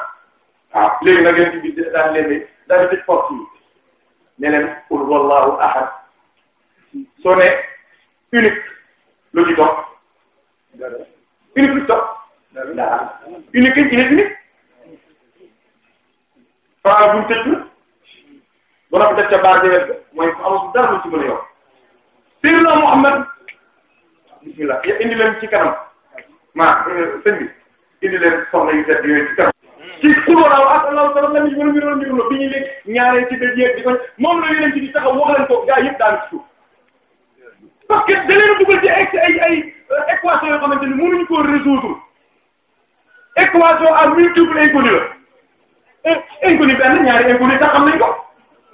waaw ah, léegi nag yéen bi daan leen daan tëj porte yi ne leen qul wallahu ahad soo ne unique lu ci topp unique lu ci topp daa unique il est unique faa buñ tëj la ba noppi def ca baar jawet mooy ku amul dara lu ci mën a yor Seydina Muhammad bismillah ya indi leen ci kanam ma eh, sëñ bi indi leen soxla yu set yooyu ci kanam. Hmm. ci suba la wax alhamdulilah la nit ñi doon déglu bi ñu nekk ñaareel ci biir yéen di ko moom la yeneen ci di taxaw wax leen ko gaa yëpp daal ci suuf parce que da leen dugal ci ay ay ay euh, équations yoo xamante ni mënuñu koo résoudre équation à multiple inconnu la eh, inconnu benn ñaari inconnu sax xam nañ ko.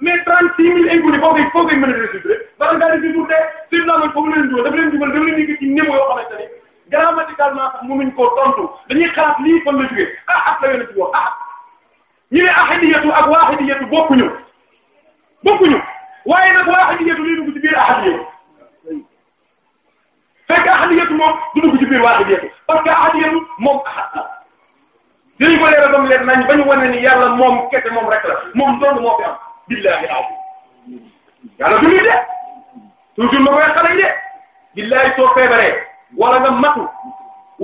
mais trente six mille inconnu foo koy foo koy mën a résoudre bala ngaa di détourné seen leen dugal dafa leen dugal dafa leen nekk ci néew yoo xamante ni grammaticalement sax mënuñ koo tontu dañuy lii fan la jógee ah ak ah, la yéen a ci wax ah ñu ne ahadiyatu ak bokkuñu bokkuñu waaye nag wahidiyatu lay dugg ci biir ahadiyatu fekk ahadiyatu moom moom ahad la dinañ ko leeral ba mu leer nañ ba ñu wane ni yàlla moom kese moom rek moom doon moo fi am. billahi alazim yàlla du ñuy de toujours ma koy xale yi de billahi soo feebaree wala nga matu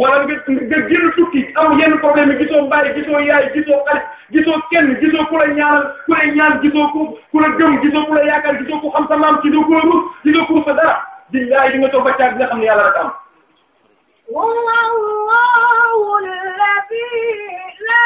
wala nga nga génn tukki am yenn problème yi gisoo mbaay gisoo yaay gisoo xarit gisoo kenn gisoo ku la ñaanal ku la ñaan gisoo ku la gëm gisoo ku la yaakaar gisoo ku xam sa gisoo ku la gisoo ku sa dara billahi di nga toog ba caag xam ne yàlla wallahu alladhi la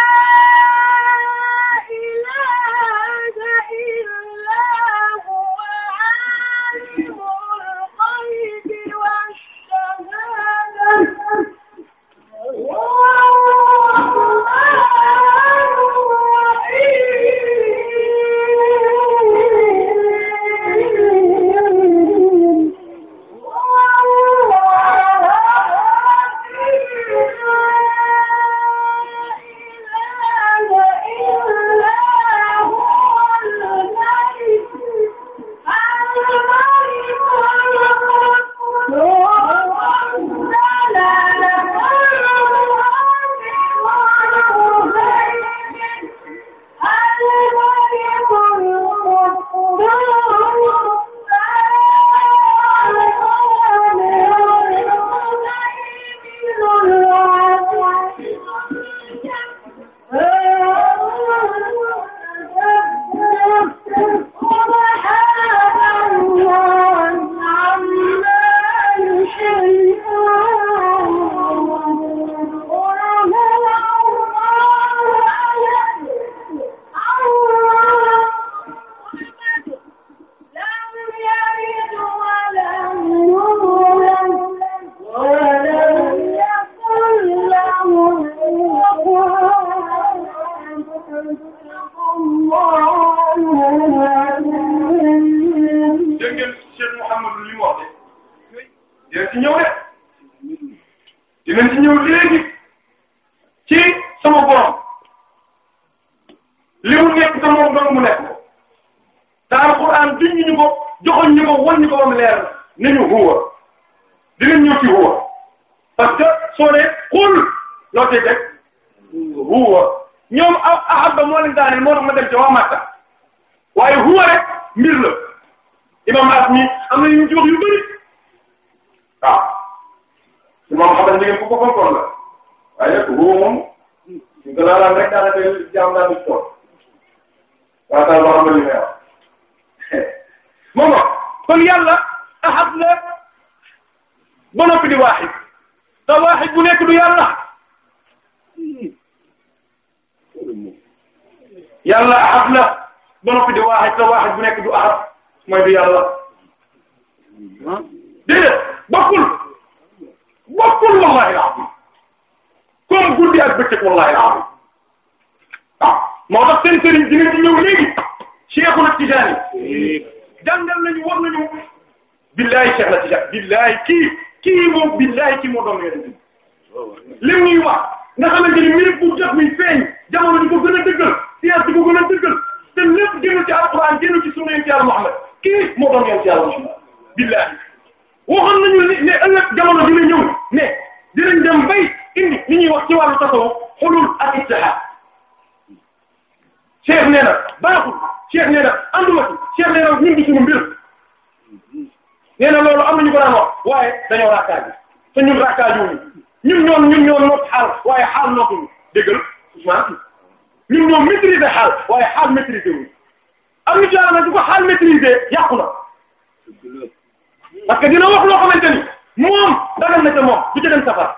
que soo nee xul huwa ñoom ahabba moo leen daaneel moo tax ma dem ca waa Makka waaye huwa rek mbir mi am na ñu yu bëri waaw si moom xamal ni ngeen kon la waaye nag huwa moom ñu ko laalaan rek daanaka jaam naa di tool waaw daal loo li may wax moom kon yàlla ahab la ba noppi di waaxid te waaxit bu nekk du yàlla yàlla ahad la ba noppi di waaxit te waaxit bu nekk du ahad mooy du yàlla déedéet bokkul bokkul wallahi laam comme guddi ak bëccëg wallahi laam ah moo tax seen sëriñ dina di ñëw léegi Cheikhul Tijaani jàngal nañu war nañu billahi Cheikh la Tijaani billahi kii kii moom billahi kii moo doon yonent bi li muy wax nga xamante ni minute bu jot muy feeñ jamono di ko gën a dëggal science di ko gën a dëggal te lépp génn ci alxuraan génn ci sunna yonent Yàlla Muhammad kii moo doon yonent Yàlla Muhammad billahi waxoon nañu ne ne ëllëg jamono dina ñëw ne dinañ dem indi li ñuy wax ci wàllu tasawuf xulul ak ittihad cheikh nee na baaxul cheikh nee anduma ci cheikh nee na ñun du mbir nee na loolu am na ñu ko daan wax waaye dañoo raakaaj te ñun raakaaj wu ñu ñun ñoom ñun ñoo noot xaal waaye xaal nootuñu déggal Ousmane ñun ñoo maîtriser xaal waaye xaal maîtriser wu am na ci yàlla nag du ko xaal maîtriser yàqu na parce que dina wax loo xamante ni moom dagal na ca moom du ca dem safar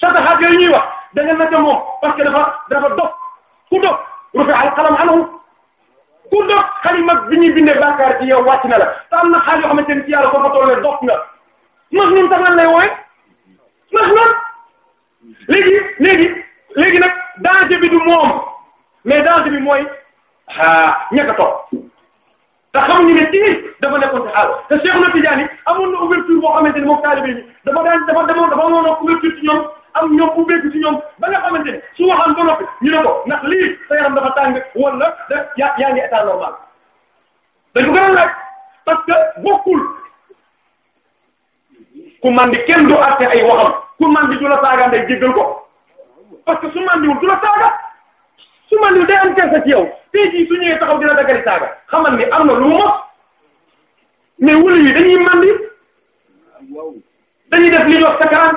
sataxaat yooyu ñuy wax dagal na ca moom parce que dafa dafa dof ku dof rufi al qalam anhu ku dox xalima bi ñuy bindee bàkkaar ci yow wàcc na la te am na xaal yoo xamante ni ci yàlla boo ko tollee dox na majnun sax lan lay woowe majnun léegi léegi léegi nag danger bi du moom mais danger bi mooy ah ñàkk a topp te xamuñu ne ci dafa nekkoon ci xaal te Cheikh na Tidiane amoon na ouverture boo xamante ni moom taalibe bi dafa daan dafa dafa dafa amoon na ñoom. am ñoom bu békk ci ñoom ba nga xamante su waxaan ba noppi ñu ne ko ndax lii sa yaram dafa tàng wala da yaa yaa ngi état normal dañu gën a laaj parce que bokkul ku mandi kenn du àtte ay waxam ku mandi du la saaga nday jéggal ko parce que su mandiwul du la saaga su mandiwul day am kersa ci yow tey su ñëwee taxaw dina dagali saaga xamal ni am na lu mos mais wuli yi dañuy mandi dañuy def li ñuy wax sakaraan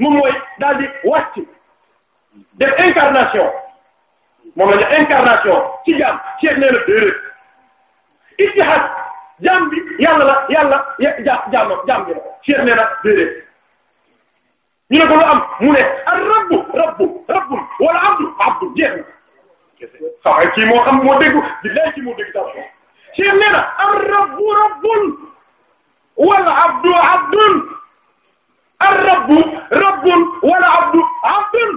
moom mooy daal di def incarnation moom la ñu incarnation ci jaam Cheikh nee na déedéet ittihaad jaam bi yàlla la yàlla ja bi la Cheikh nee na déedéet ne ko am mu ne ar rabbu rabbu rabbu wala abdu abdu jeex na. xaw ma kii moo xam moo dégg di lay ci moo dégg taw Cheikh rabbu rabbun wala abdu ar rabbu rabbun wala abdu abdun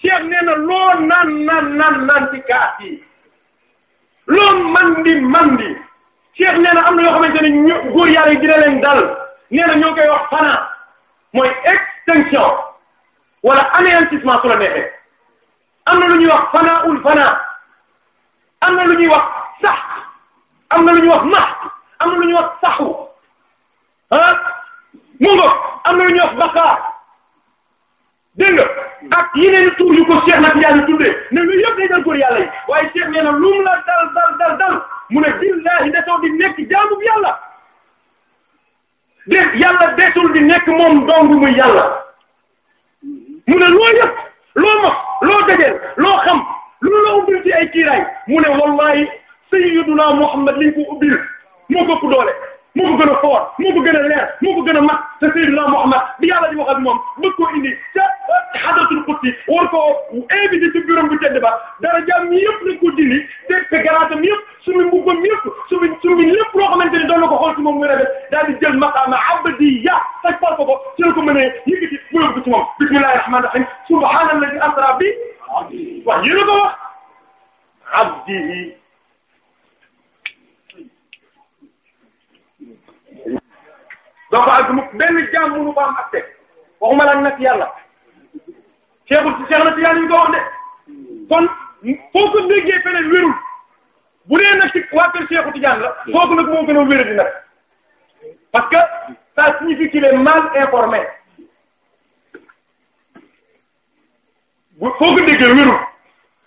cheikh nee loo naan naan naan naan ci kaas yi loo na am na yoo xamante ne ñu dal nee na ñoo koy wax fana mooy extinction wala anéantissement su la neexee am na lu ñuy wax fana ul fana am na lu ñuy wax sax am na lu ñuy wax max am na lu ñuy wax saxu ah mu ngoog am na lu ñuy wax bakaar dégg nga ak yeneen yu ko Cheikh nag yàlla tuddee ne lu yëpp day dal yàlla yi waaye Cheikh nee lu mu la dal dal dal dal mu ne billahi desul di nekk jaamu yàlla de yàlla desul di nekk moom dong muy yàlla mu ne loo yëpp loo mos loo dajeel loo xam lu la ubbil ci ay kiiraay mu ne wallahi sayyiduna Muhammad liñ ko ubbil moo ko doole. moo ko gën a fort moo ko gën a leer moo ko gën a mat te Seydina Muhammad bi yàlla di wax ak moom bëgg koo indi ca hadratul qudsi war koo invité ci bureau bu tedd ba dara jàmm yëpp lañ ko dindi teg te garaatam yëpp suñu mbubbam yëpp suñu suñu lépp loo xamante ni doon na ko xool ci moom muy rafet daal di jël maqaama abdiya taj fal ko ko ci la ko mënee yëkkati bureau bi ci moom bismillahir rahmanir rahim subhanallahi asra bi wax yéena ko wax abdihi doo ko àgg mukk benn jaam mënu ko am ak teg waxuma la nag yàlla ceebul ci ceeb na yàlla ñu ko de foo ko déggee feneen wérul bu dee nag waa kër Cheikh Tidiane la foofu nag moo gën a wér di nag parce que ça signifie qu'il est mal informé bu foo ko déggee wérul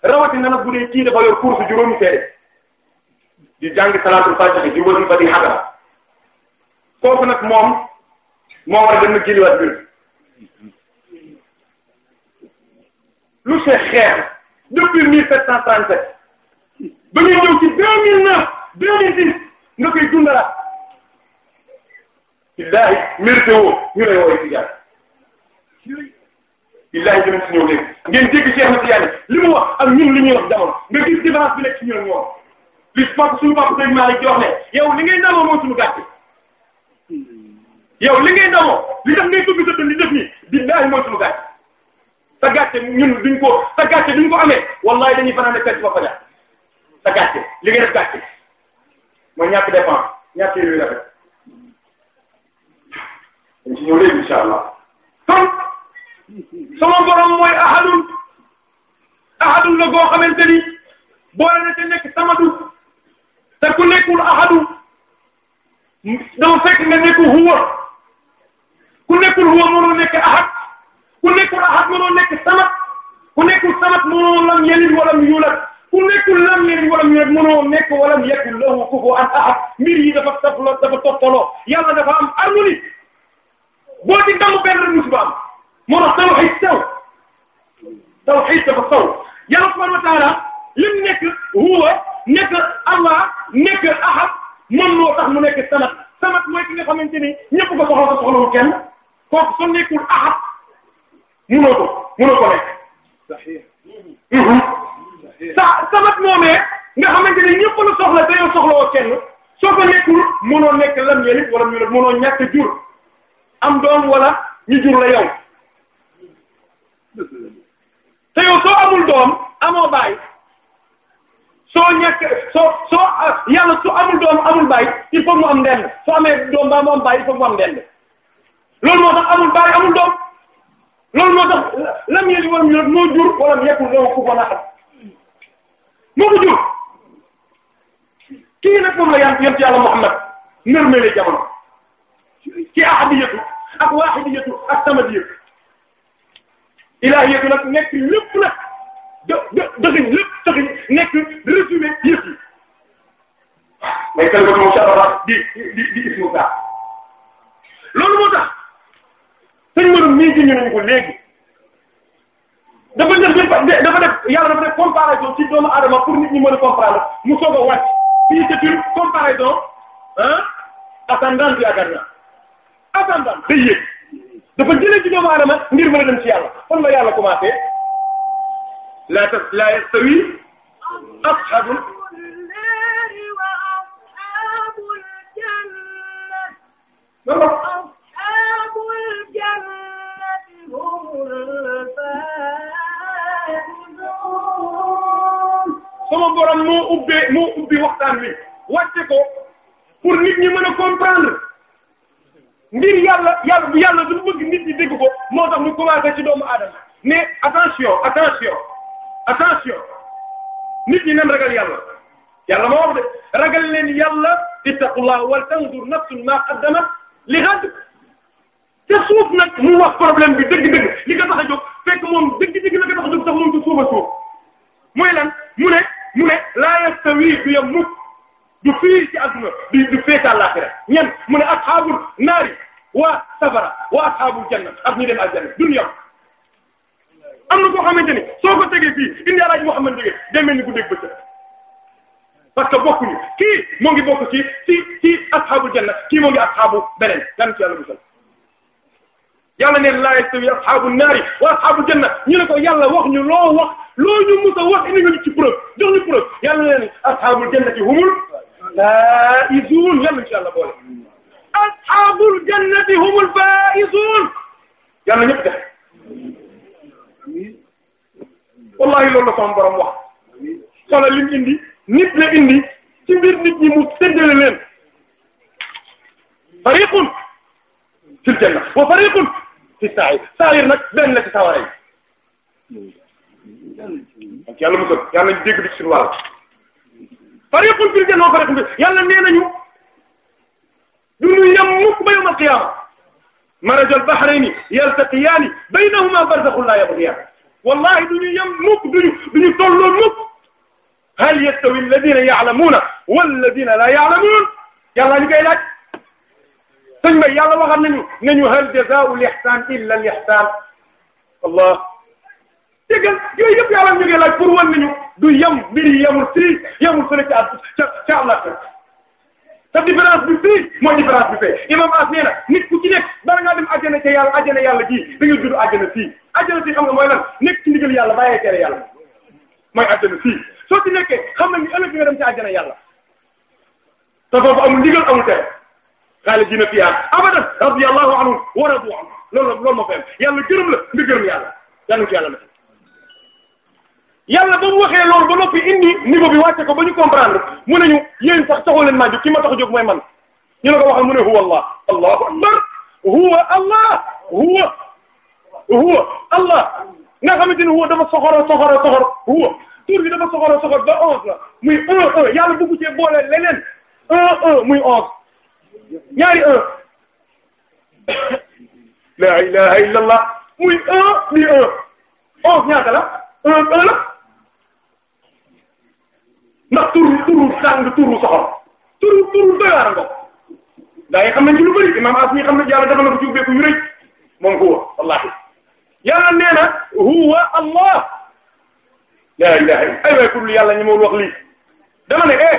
rawatina bu dee kii dafa yor cours juróomi seede di jàng salaatul fatiha di wasifa di hadara kooku nag moom moo war dem na jëliwaat bi lu Cheikh xeex depuis mille sept cent trente sept ba nga ñëw deux mille neuf deux mille dix nga koy dundalaat illaahi mérité woo ñu lay wooyu tijaan illaahi dinañ si ñëw léegi ngeen dégg Cheikh na tijaan li mu wax ak ñun li ñuy wax nga gis différence bi nekk ci ñun ñoom li fokk suñu bopp sëñ Malick di wax ne yow li ngay daloo mooy suñu gàtt yow li ngay ndamoo li tax ngay bëgg sa dund di def nii billaahi mooy suñu gàcce sa gàcce ñun duñ ko sa gàcce duñ ko amee wallahi dañuy fanaan ne fekk fajar sa gàcce li ngay def gàcce mooy ñàkk dépense ñàkk yooyu la rek dañ insha allah kon sama borom mooy ahadun ahadun la goo xamante ni boole na te nekk samadu te ku nekkul ahadu dama fekk nga nekk huwa ku nekkul huwa mënoo nekk ahad ku nekkul ahad mënoo nekk samad ku nekkul samad mënoo lam yalid walam yulad ku nekkul lam yalid walam yulad mënoo nekk walam yakun lahu kufuwan ahad mbir yi dafa dafa dafa toppaloo yàlla dafa am harmonie boo ci damm benn musiba am moo tax tawhid saw tawhid dafa saw yàlla subhanahu wa ta'ala lim nekk huwa nekk allah nekk ahad moom moo tax mu nekk samad samad mooy ki nga xamante ni ñëpp ko soxla ko soxlawul kenn. kooku soo nekkul ahad munoo ko munoo ko nekk. Mhm. sa samat moomee nga xamante ne ñëpp la soxla te yow soxla woo kenn soo ko nekkul mënoo nekk lam yelit wala mu mënoo ñàkk jur am doom wala ñu jur la yow te yow soo amul doom amoo baay soo ñàkk soo soo yàlla su amul doom amul baay il faut mu am ndend soo amee doom baa mu am baay il faut mu am ndend loolu moo tax amul baay amul doom loolu moo tax lam yëli wam ñu moo jur wala yekkul doo ku ko naqam moo ko jur kii nag moom la yan yent yàlla Muhammad nërmele jamono ci ahadiyatu ak wahidiyatu ak samadiyatu ilahiyatu nag nekk lépp nag dë dë dëxiñ lépp dëxiñ nekk résumé yëpp yi waaw may kal ko moom sabarat di di di ismu gaa loolu moo tax sëñ Maodo mii junj nañu ko léegi dafa def yàlla dafa def comparaison ci doomu adama pour nit ñi mën a mu soog a fii c'est comparaison ah ascendante yaakaar naa ascendante day dafa jëlee ci doomu adama ngir mën dem ci yàlla fan la yàlla commencé la ta la yastawi ashabul janna sama borom moo ubbee moo ubbi waxtaan bi wàcce ko pour nit ñi mën a comprendre ngir yàlla yàlla bu yàlla du bëgg nit ñi dégg ko moo tax mu commencé ci doomu aadama mais attention attention attention nit ñi nan ragal yàlla yàlla moo wax de ragal leen yàlla ittaqullah wal tanzur nafsun ma qaddamat li ghad te suuf nag mu wax problème bi dëgg-dëgg li ko tax a jóg fekk moom dëgg-dëgg la ko tax a jóg sax moom du suuf a suuf mooy lan mu ne mu ne laa yastawi du yem mukk du fii ci adduna du du féete àllaaxira ñan mu ne asxaabul naari waa safara waa asxaabul janna ak ñu dem aljanna duñu yem am na koo xamante ni soo ko tegee fii indi alaaji Muhammad jógee day mel ni bu dégg bëccëg parce que bokkuñu kii moo ngi bokk ci ci ci asxaabul janna kii moo ngi asxaabu beneen gan ci yàlla musal yàlla neen laa yastawi asxaabu naari wa asxaabu janna ñu ne ko yàlla wax ñu loo wax loo ñu mus a wax indi nga ci preuve jox ñu preuve yàlla leen asxaabul jannati humul faa'izuun yàlla incha allah boole asxaabul jannati humul faa'izuun yàlla ñëpp def wallahi loolu la sama borom wax xoolal li mu indi nit la indi ci biir nit ñi mu séddale leen fariqun fil janna wa fariqun ci saa yi saa yi nag benn la ci sawara yi ak yàlla mosal yàlla ñu dégg di suñu wàll fariqun fil janna wa fariqun fil yàlla nee nañu du ñu yem mukk ba yawmal qiyaama marajal bahrayni yaltaqiyaani baynahuma barzakhun laa yabghiyaan wallahi du ñu yem mukk du ñu du ñu tolloo mukk hal yastawi alladina ya'lamuuna walladina laa ya'lamuun yàlla ñu koy laaj. sëñ bay yàlla waxal nañu nañu hal jazaa'u lihsaan illa lihsaan allah déggal yooyu yëpp yàlla ñu ngi laaj pour wan nañu du yem mbir yi yemul fii yemul fële ca ca ca àllata te différence bi fii mooy différence bi fee imam as nee na nit ku ci yàlla àjjana yàlla ji da nga judd yàlla bàyyee tere mooy àjjana fii soo xam nañ ni ëllëg yàlla xaalidina fiha abadan radiyallahu anhum wa radu anhu loolu la loolu ma ko am yàlla gërëm la nga gërëm yàlla yàlla ci yàlla na yàlla ba mu waxee loolu ba noppi indi niveau bi wàcce ko ba ñu comprendre mu ne ñu yéen sax taxoo leen maa jóg ki ma tax a jóg mooy man ñu ne ko waxal mu ne huwa allah allahu akbar huwa allah huwa huwa allah nga xamante ni huwa dafa soxoro soxoro soxor huwa tur bi dafa soxoro soxor ba onze la muy un un yàlla bëgg cee boole leneen un un muy onze ñaari la ilaha illallah muy un muy un onze ñaata turu turu sàng turu turu turu doy waar nga daa yi xam imam as mi xam na ko ci ubbeeku yu moom ko wallahi yàlla nee na huwa allah la ilaha illa ay waay kurul yàlla ñi mawul wax lii dama ne eh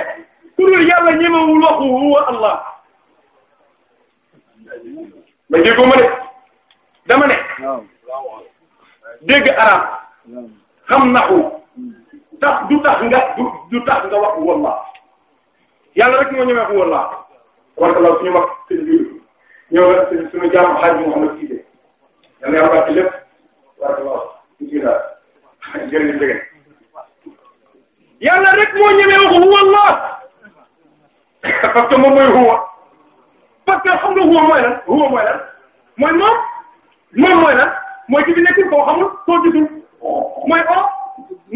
kurul yàlla ñi mawul wax huwa allah ma déggoo ma ne dama ne dégg arab xam du tax nga du du tax nga wax walla yàlla rek moo ñëwee wax walla kon la suñu wax seen biir ñëw na seen suñu jàmm xaaj bi Mouhamed Cissé yàlla yàlla bàcc lépp waaw jërëjëf jërëjëf yàlla rek moo ñëwee wax walla parce que huwa parce que xam nga huwa mooy lan huwa mooy lan mooy moom moom mooy lan mooy ki fi nekkul koo xamul koo gisul mooy or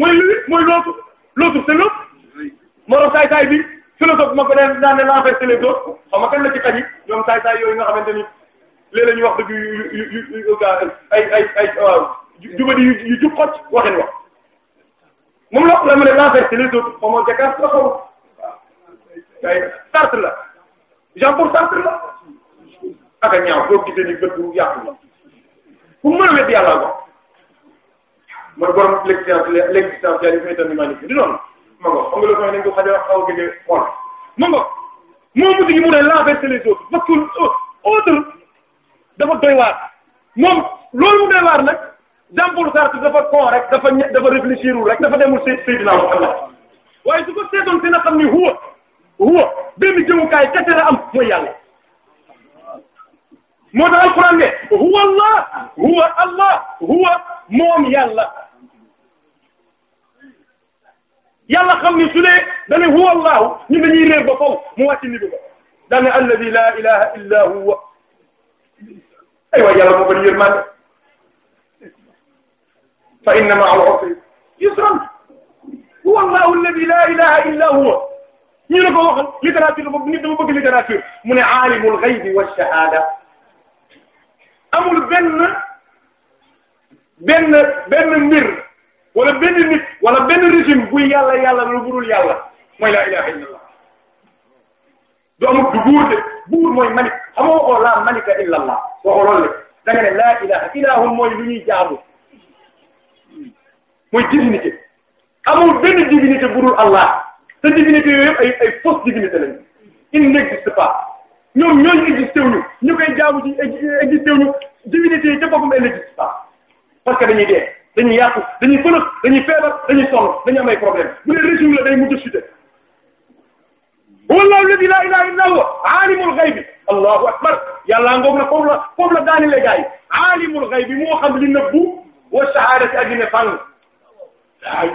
mooy lui mooy l'autre l'autre c'est l'autre moro saay saay bi philosophe ma ko daan daan ne l'enfer c'est les autres xam nga ci xaj yi ñoom saay saay nga xamante ni léeg-léeg ñu wax dëgg yu ay ay ay waaw jubadi yu yu jub xocc waxin wax moom la wax la mu ne l'enfer c'est les autres xamoo jakaar la xaw waaw ay sart la genre centre la ak a ñaaw boo gisee ni bët bu yàqu la pour mën a wedd yàlla ko man borom l'existence l'existentialisme itam humanisme di noonu ma ngo xam nga loolu mooy nañ ko xaja xaw a gëgee xool ma ngo moom mu digi mu ne la verser les autres parce que euh, autre dafa doy waar moom a mu doy waar nag Jean-Paul Sartre dafa con rek dafa dafa rek dafa demul seet Seydina Muhammad waaye su ko seetoon dina xam ni huwa huwa benn jëmukaay kese la am mooy yàlla moo tax alquran ne huwa allah huwa allah huwa moom yàlla yàlla xam ni su dee dane huwa allah ñu dañuy réer ba faw mu wàcc ni bi ko daane alladi la ilaha illa huwa ay waay yàlla moo bari yërmande fa inna ma'a al-usri yusran huwa allah alladi la ilaha illa huwa ñu ne ko waxal littérature boobu nit dama bëgg littérature mu ne aalimul ghaybi wa shahada amul benn benn benn mbir wala benn nit wala benn régime buy yàlla yàlla lu budul yàlla mooy la ilaha illallah du amul du malik xamoo la malika illallah waxoo loolu de da mooy lu ñuy jaamu mooy divinité amul benn divinité allah te divinité yooyu yëpp ay ay fausse divinité lañu il n'existe pas ñoom ñooñu existé wuñu ñu koy jaamu ci existé wuñu divinité yi ca boppam elle n'existe pas parce que dañuy dee dañuy yàqu dañuy fëlëf dañuy feebar dañuy sonn dañuy am ay problème bu dee régime la day mujj chuter wallahu alladhi la ilaha illa huwa alimul ghaybi allahu akbar yàllaa ngoog na foofu la foofu la daani le gaay alimul ghaybi moo xam li nëbbu wa shahadati addina fànn aa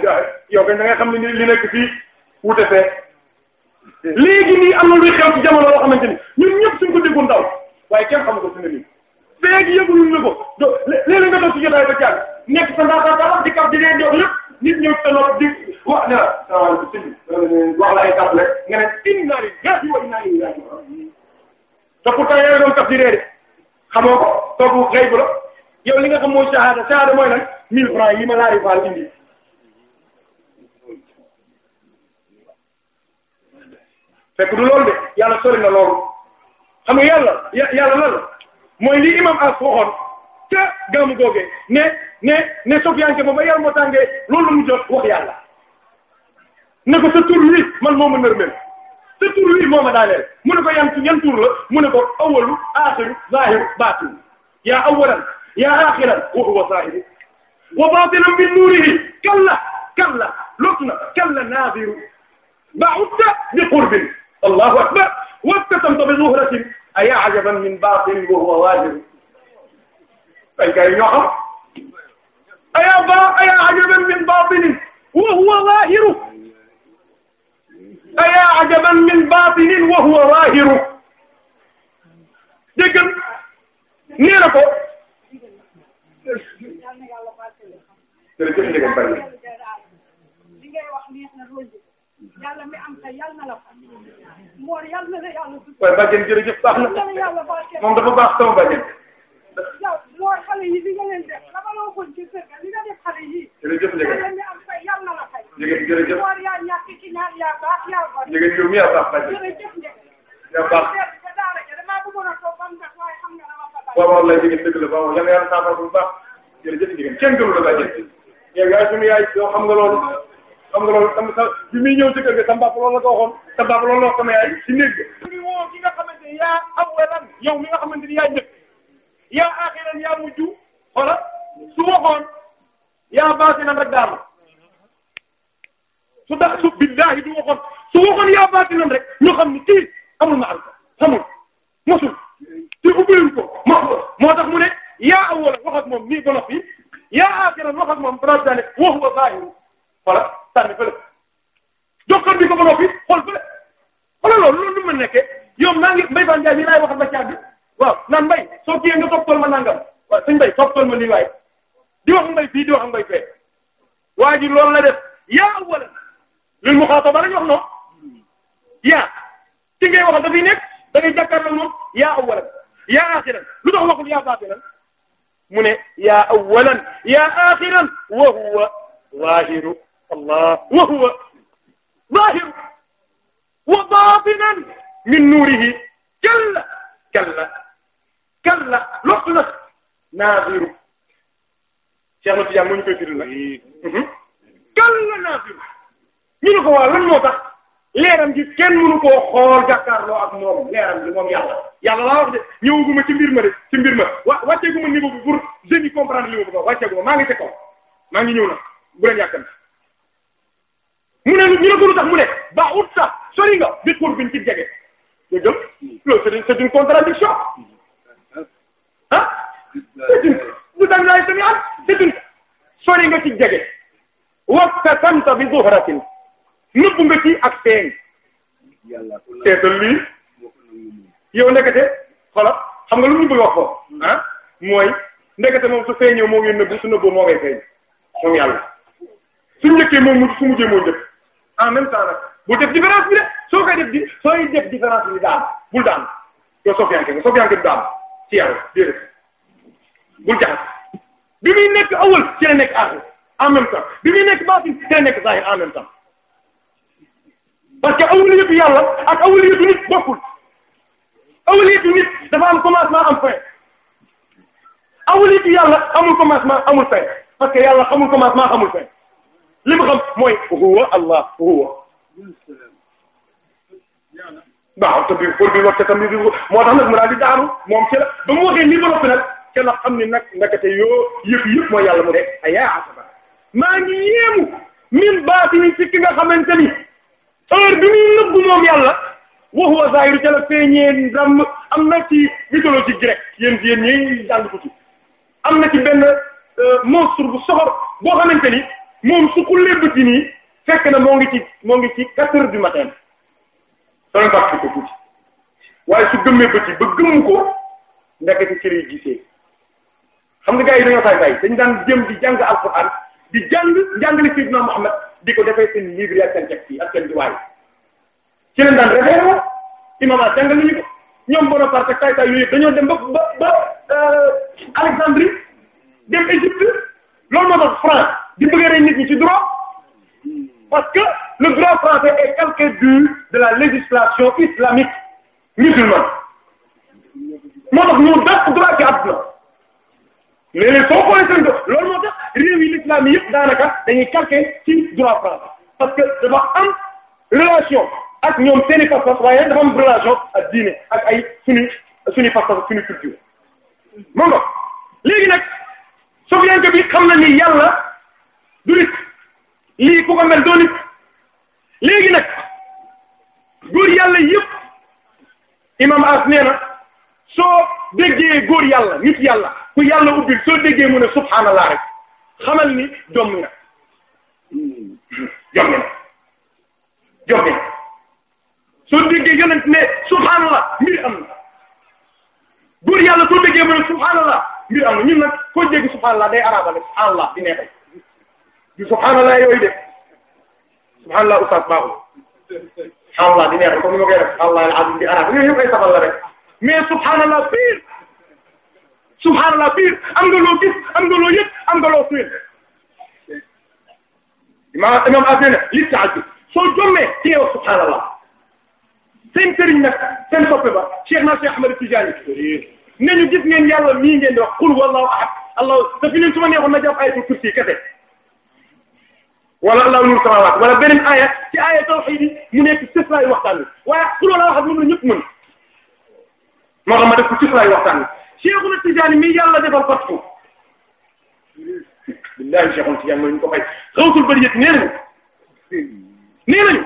yow kañ da nga xam ne li nekk fii wute fee léegi nii am na luy xew ci jamono loo xamante ni ñun ñëpp suñ ko déggoon daw waaye kenn xam ko si ne nii léegi yëguluñ la ko do nga doon di kàpp di leen jox di wax ne la euh, kàpp rek nga ne inna lillahi wa inna ilayhi raaji'uun te pourtant yaa doon kàpp di réer xamoo ko kooku xëy bu la yow li nga xam mooy shahada shahada mooy lan 1000 francs yi ma laari faal indi fekk du loolu de yàlla sori na loolu xam nga yàlla yàlla lan la mooy li imam as waxoon ca gàmmu googee ne ne ne sofiyanke ba ba yàlla moo tàngee loolu la mu jot wax yàlla ne ko sa tur man moo ma nërmel sa tur moo ma daaneel mu ne ko yan yan tur la mu ne ko awalu axiru zahiru baatin yaa awalan yaa axiran wa huwa wa baatinan bi nuurihi kalla kalla lotna kalla naadiru ba'udta bi qurbin allahu akbar wattasamta bi zuhratin aya ajaban min batin wa huwa waajib dañ koy ñoo xam aya ba aya ajaban min batinin wa huwa waahiru aya ajaban min batinin wa huwa waahiru déggal nee na ko jërëjëf yàlla mi am xel yàlla na la fay. Mor yàlla na la yàlla. waaye bàjjen jërëjëf baax na moom dafa baax sama bàjjen. yow Mor xale yi li nga leen def la baloo ko ci kër ga li nga def xale yi. jërëjëf Ndege yàlla mi am xel yàlla na la fay. Ndege jërëjëf Mor yaa ñàkk ci ñaar yaa baax yaa baax. Ndege yow mi yaa baax bàjjen. jërëjëf Ndege. yaa baax waaw waaw lay jigéen dëgg la waaw yàlla yàlla saafara bu baax jërëjëf jigéen kenn gënu la bàjjen yow yaay sunu yaay yoo xam nga loolu xam nga loolu tam sa bi muy ñëw ci kër ga sam bàpp loolu la ko waxoon sam bàpp loolu la wax sama yaay ci néeg ga ñu woo ki nga xamante ni yaa awalan yow mi nga xamante ni yaa njëkk yaa axiran yaa mujj xoola su waxoon yaa baatinan rek daal su da su billahi du waxoon su waxoon yaa baatinan rek ñu xam ni kii amul ma arka xamul mosul te ubbiwul ko ma moo tax mu ne yaa awalan wax ak moom nii ba noppi yaa axiran wax ak moom balaa daanaka waxu ba baaxee voilà. sànni fële jokkoon bi ko ba noppi xool fële xoolal loolu loolu lu ma nekkee yow maa ngi Mbaye Fane Ndiaye mii a waxal ba caag bi waaw naan Mbaye soo kiyee nga toppal ma nangam waaw sëñ Mbaye toppal ma nii waaye di wax Mbaye fii di wax Mbaye fee waa ji la def yaa wala lil muxaataba la ñu wax noonu yaa ci ngay waxal dafay nekk da ngay jàkkaarloo moom yaa awalan yaa axiran lu tax waxul yaa baatinan mu ne yaa awalan yaa axiran wa huwa zaahiru allah wa huwa zahir wa batinan min nuurihi jalla kalla kalla lot na naziru Cheikh Mati Diagne moo ñu koy firi kalla naziru ñu ne ko waa lan moo tax leeram gi kenn mënu koo xool jàkkaarloo ak moom leeram gi moom yàlla yàlla laa wax de ñëwaguma ci mbir ma de ci mbir ma wa wàcceeguma niveau bi pour jeunes yi li ma bëgg a wàcceeguma maa ngi ci maa ngi ñëw nag bu mu ne ñu ne ko lu tax mu ne ba ut sax sori nga dëkkoon biñ ci jege ah, sori nga ci jege waxta samta bi zuhratin nëbb nga ci ak feeñ seetal lii yow ndekete xoolal xam nga lu ñu bëgg wax ko ah, mooy ndekete moom su feeñoo moo ngi nëbb su nëbboo moo ngay feeñ moom yàlla su njëkkee moom su mujjee moo njëkk en ah, même temps nag bul def différence bi de soo def différence bi daan bul daan yow sofiyanke nga sofiyanke du daan ci yàlla bul jaxas bi muy nekk awal ci nekk aaxir en même bi muy nekk baatin ci la nekk zahir en même temps parce que awliyatu yàlla ak awliyatu nit bokkul awliyatu nit dafa am commencement am fin awliyatu yàlla amul commencement amul fin parce que yàlla xamul commencement xamul fin li mu xam mooy huwa allah huwa waaw bi pour bi moo tax nag mu daal di daanu moom ci la ba mu waxee li ba noppi nag xam ni nag ndekete yoo yëpp yëpp mooy yàlla mu de ayaa asaba maa ngi min baatini ci ki nga xamante ni heure bi muy nëbbu moom yàlla waxuwa zahiru ca la feeñee ndam am na ci mythologie grecque yéen yéen ñi jàng tuuti am na ci benn euh, monstre bu soxor boo xamante ni moom su ku lébbati nii fekk na moo ngi ci moo ngi ci quatre heures du matin sooy bàq ko tuuti waaye su gëmmee bëti ba gëmm ko ndekete ci lay gisee xam nga gars yi dañoo fay fay dañ daan jëm di jàng alquran di jàng jàngale Seydina Muhammad di ko defee seen livre ak seen texte yi ak a jàngal nañu ko ñoom Bonaparte ak dañoo dem ba ba ba euh, Alexandrie dem Égypte loolu moo tax France. di bëgg rey nit ñi ci droit parce que le droit français est calqué du de la législation islamique musulmane moo tax ñu dàq droit ci àdduna mais léegi soo xoolee seen droit loolu moo tax réew yi l'islam yëpp parce que dafa am relation ak ñoom seen i pas-pas waaye dafa relation ak diine ak ay suñu suñu pas-pas suñu culture. moom la léegi nag soo bi xam na ni yàlla. du nit lii ku mel doo nit nag góor yàlla yépp imam as nee na soo déggee góor yàlla nit yàlla ku yàlla ubbil soo déggee mu ne subhaanallah rek xamal ni jomm na soo déggee yonent ne subhaanallah mbir am na góor yàlla soo déggee mu ne subhaanallah mbir am na ñun nag koo dégg subhaanallah day arabale allah di neexee du subhanallah yooyu de subhanallah oustaz baaxul alhamdulilah di neex comme ni ma koy def alhamdulilah alhamdulilah di arab yooyu yëpp ay safal la rek mais subhanallah pire subhanallah pire am nga loo gis am nga loo yëg am nga loo suy. imam imam as na li taaju soo jommee ci yow subhanallah seen sëriñ nag seen soppe ba Cheikh na Cheikh Ahmed Tidiane nañu gis ngeen yàlla mii ngeen di wax qul wallahu ahad allah te fi leen su ma neexoon na jàpp ayatul kursi kese. wala allahu nuru samawaat wala beneen aaya ci aaya tawxiid yi mu nekk cëslaayu waxtaan wi waaye ku loola wax ak moom la ñëpp mën moo tax ma def ko cëslaayu waxtaan wi Cheikhuna Tidiane mi yàlla defal fattu billahi Cheikhuna Tidiane mooy ñu ko fay xawsul bëri yëpp nee nañu nee nañu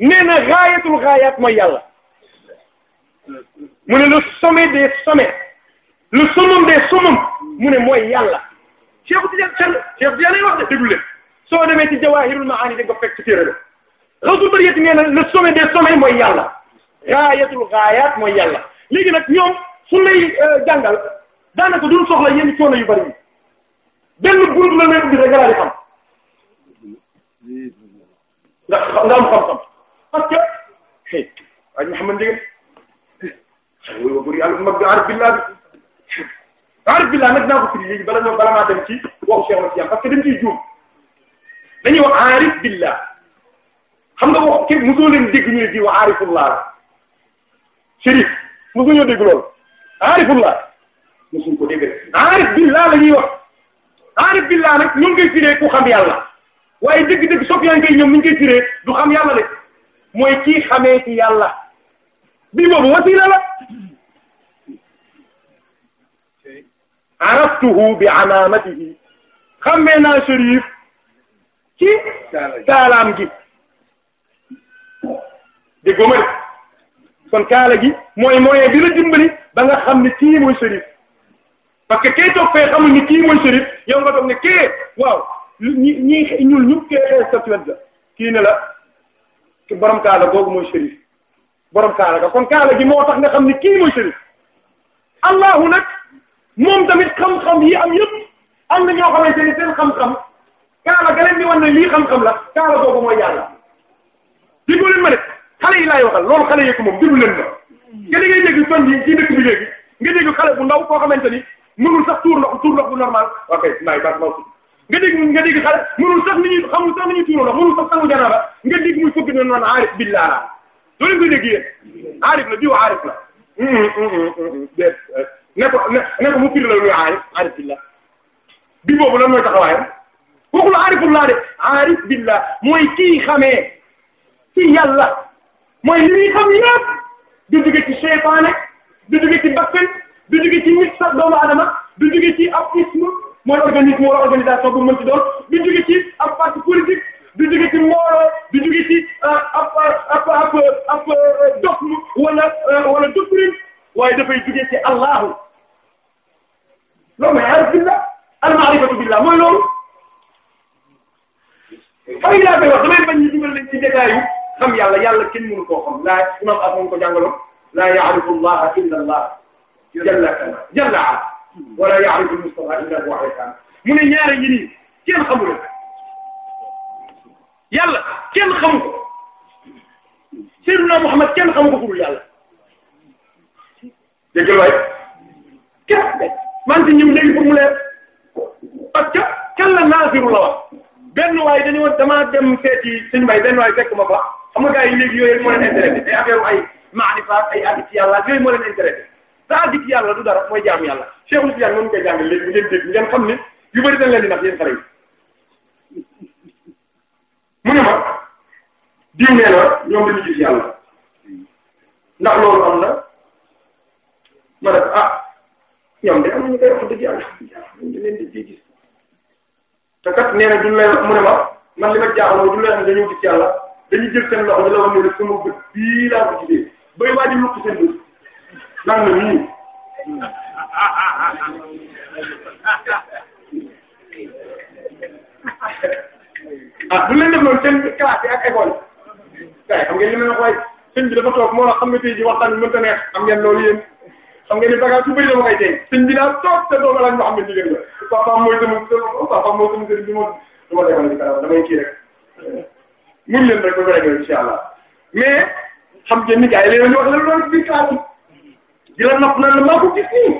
nee na gaayatul gaayaat mooy yàlla mu ne le sommet des sommets le summum des summum mu ne mooy yàlla Cheikhu Tidiane Cheikh Tidiane wax de déglu leen soo demee ci jawahirul maani da nga fekk ci téere la Ghawsul Bariyati nee na le sommet des sommets mooy yàlla gaayatul gaayat mooy yàlla léegi nag ñoom su lay euh, jàngal daanaka duñ soxla yenn coono yu bari yi benn la lay ubbi rek nga daal di xam nga nga am xam-xam parce que hey waaye Mouhamad Ndieguène wóy wa bëri mag bi arif naa ko firi léegi bala ñoo bala maa dem ci waxu Cheikh Moussa parce dañuy wax aarif billah xam nga wax képp mosoo leen dégg ñu ne di wax aarifullah la shérif mosu ñoo dégg loolu aarifullah mosuñ ko dégg aarif billah la ñuy wax aarif billah nag ñoom ngay firee ku xam yàlla waaye dëgg-dëgg sofiyanke yi ñoom ñu koy firee du xam yàlla de mooy kii xamee ci yàlla bii boobu wasila la araftuhu bi anamatihi xammee naa shérif ci kaalaam gi di goma kon kaala gi mooy moyen bi la dimbali ba nga xam ne kii mooy sërif parce que kay toog fee xamul ni kii mooy sërif yow nga toog ne kee waaw ñi ñu kee sa ci wet ga kii ne la borom kaala googu mooy sërif borom kaala ga kon kaala gi moo tax nga xam ne kii mooy sërif allahu nag moom tamit xam-xam yi am yëpp am na ñoo xamante ni seen xam-xam kaala ga leen di wan ne lii xam-xam la kaala boobu mooy yàlla diggu leen ma de xale yi laay waxal loolu xale yeeku moom diggu leen ma nga da ngay dégg ton yi ci dëkk bi léegi nga dégg xale bu ndaw koo xamante ni mënul sax tuur ndox tuur ndox bu normal ok naay baax naw si nga dégg nga dégg xale mënul sax ni ñuy xamul sax ni ñuy tuur ndox mënul sax sangu janaaba nga dégg muy fëgg na noon aarif billaala loolu nga dégg yéen aarif la diw aarif la mm, mm, mm, euh, ne ko ne ko mu firi la luy aarif aarif billah bi boobu lan mooy taxawaayam waxul aarifullah de aarif billah mooy kii xamee ci yàlla mooy li ñuy xam yépp du jóge ci seytaane du jóge ci bakkan du jóge ci nit sax doomu adama du jóge ci ab isme mooy organisme wala organisation bu mën ci doon du jóge ci ab parti politique du jóge ci mbooloo du jóge ci euh, ab ab ab ab dogme wala euh, wala doctrine waaye dafay jóge ci allahu loolu mooy aarif billah al maarifatu billah mooy loolu fay laa koy wax damay bañ ñu leen ci détail xam yàlla yàlla kenn mënu koo xam laa imam ak moom ko jàngaloon laa yaarifu llaha illa allah jalla kana jalla ala wala yaarifu lmustafa illa hu alayka mu ne ñaare ñi nii kenn xamu la yàlla kenn xamu ko Seydina Muhammad kenn xamu ko fudul yàlla dégg nga waay kenn man ci ñëw léegi pour mu leer parce que kan la naasiru benn waay dañu woon damaa dem seeti suñu mbay benn waay fekk ma fa xam nga gars yi léegi yooyu moo leen intéressé ay affaire ay maarifa ay àgg ci yàlla yooyu moo leen intéressé sa àgg ci yàlla du dara mooy jaam yàlla Cheikh Ousmane Diagne moom koy jàngal léegi ngeen dégg ngeen xam ne yu bëri dañ leen di nax yéen xale yi mu ne ma diw nee na ñoom dañu gis yàlla ndax loolu am na ma ne ah ñoom de am nañu koy wax dëgg yàlla leen di gis te kat nee na duñ lay wax mu ne ma man li ma jaaxaloo duñ lay wax ne dañoo gis yàlla dañuy jël seen loxo di la wax ne rek sama bët bii laa ko gisee bay waa ji lukk seen bët naan na nii ah duñ leen def noonu seen classe yi ak école yi. waaye xam ngeen li ma wax waaye sëñ bi dafa toog moo la xam ne tey ji waxtaan bi mënta neex am ngeen loolu yéen. xam nga ni bagage bu bëri dama koy denc sëñ bi daal toog te doog alaaj Muhammad jigéen la papaam mooy sama papaam mooy sama sëriñ bi moom du ma ba insha allah mais xam ni gars yi léeg-léeg ñu wax la loolu biir classe di la nopp naan la maa ko gis nii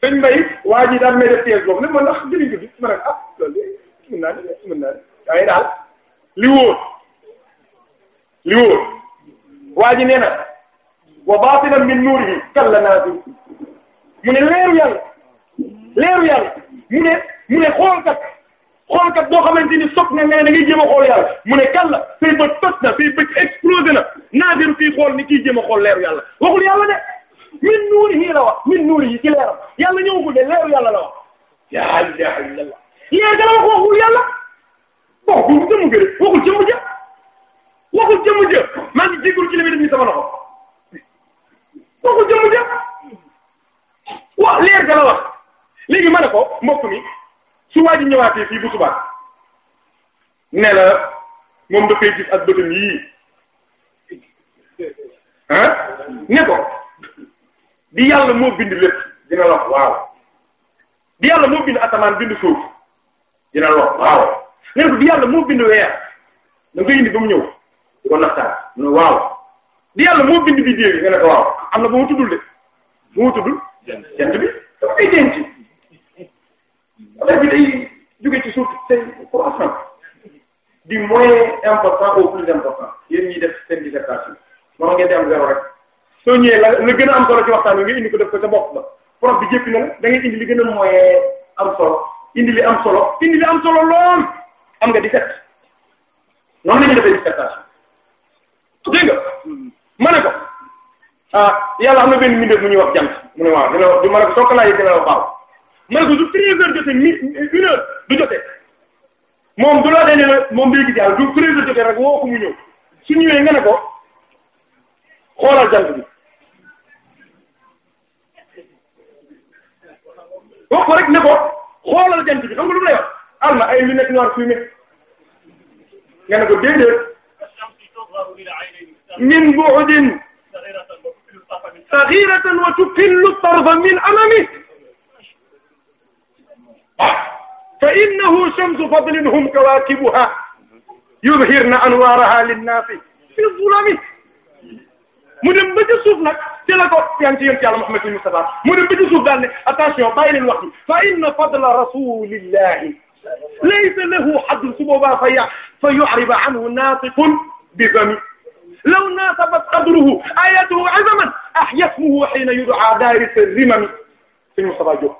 sëñ Mbaye waa ji daal may def pièce ah, daal li wóor li wóor waa ji nee wa baatinan min nuurihi kalla naadir mu ne leeru yàlla leeru yàlla mu ne mu ne xoolkat xoolkat boo xamante ni sopp nga nga ne da ngay jéem a xool yàlla mu ne kalla say bët tos na say bët explosé na naadir kiy xool ni kiy jéem a xool leeru yàlla waxul yàlla de min nuurihi la wax min nuurihi ci leeram yàlla ñëwagul de leeru yàlla la wax yaa ilaha illa allah leer ga la wax waxul yàlla waxul jëmm gërëm waxul jëmm jë waxul jëmm jë maa ngi jégalu ci li muy def ni sama loxo waxul jëmm ja wax leer ga ko mbokk mi su waa ji ñëwaatee fii bu subaa ne la moom dafay gis ak bëtam yii ah ne ko di yàlla moo bind lépp dina la wax waaw di yàlla moo bind asamaan suuf dina la wax waaw ne ko di yàlla moo bind weer da nga mu ñëw di ko naxtaan mu ne waaw di yàlla moo bind bi déer nga ne ko waaw am na bu ma tuddul de bu ma tuddul jant bi dama koy denc affaire bi day jóge ci suuf tey croissant du moins important au plus important yéen ñiy def seen dissertation moom ngeen di am zéro rek soo ñëwee la la gën a am solo ci waxtaan bi nga indi ko def ko sa bopp ba prof bi jëppi na la da ngay indi li gën a moyen am solo indi li am solo indi li am solo lool am nga di set noonu la ñuy defee dissertation dégg nga hmm. ma ne ko. ah yàlla xam na benn mbindeef mu ñuy wax mu ne waaw du ma ko soo ko laajee dina la wax waaw ma ne ko mi une du jotee moom du la dee ne moom day gis yàlla du treize heures jotee rek woo mu ñëw su ñëwee nga ne ko xoolal jant bi wax rek ne ko xoolal jant bi xam nga lu mu lay wax am na ay lunettes noires fumées nga ne ko déedéet min bu'din saghiratan wa tuqillu tarfa min amami fa innahu shamsu fadlin hum kawakibuha yudhirna anwaraha linnaasi fi zulami mu dem ba ci suuf nag ci la ko yan ci yén ci yàlla Muhammad bin Mustafa mu dem ba ci suuf daal ne attention bàyyi leen wax bi fa inna fadla rasulillahi laysa lahu hadd su boobaa fa ya fa yu'rib anhu naatiqun bi fami law naasabat qadruhu ayatuhu azaman ahyasmuhu hiina yud'aa daaris rimami suñu Moustapha Diop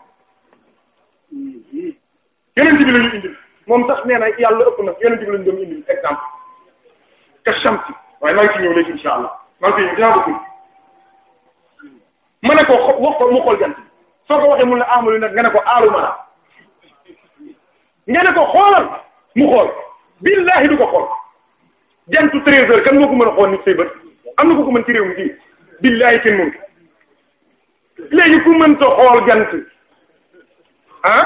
yonent bi la ñu indil moom tax nee na yàlla ëpp na yonent bi la ñu doon indil exemple ka shamsi waaye maa ngi ci ñëw léegi insha allah maa ngi ci ñëw dinaa ko tudd ma ne ko wax ko mu xool jant bi soo ko waxee mun la amalu nag nga ne ko aalu ma nga ne ko xoolal mu xool billahi du ko xool jantu 13h moo ko mën xool nit say bët am na ko ko mën ci réew mi fii billahi mënut léegi ku mënta xool jant ah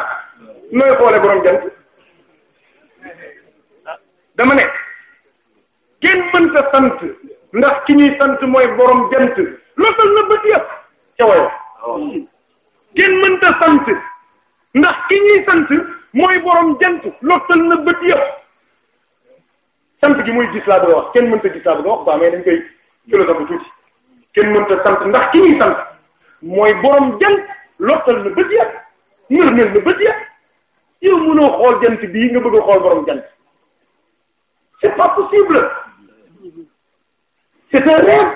nooy xoole borom jant dama ne kenn mënta sant ndax ki ñuy sant mooy boroom jant losal na bët yëpp ca wayo kenn mënta sant ndax ki ñuy sant mooy borom jant losal na bët yëpp sant gi muy gis laa bëgg a wax kenn mënta gis laa bëgg a wax quoi mais dañ koy philosophe tuuti kenn mënta sant ndax ki ñuy sant mooy borom jant jant bii nga bëgg a xool borom jant c'est pas possible c'est un rêve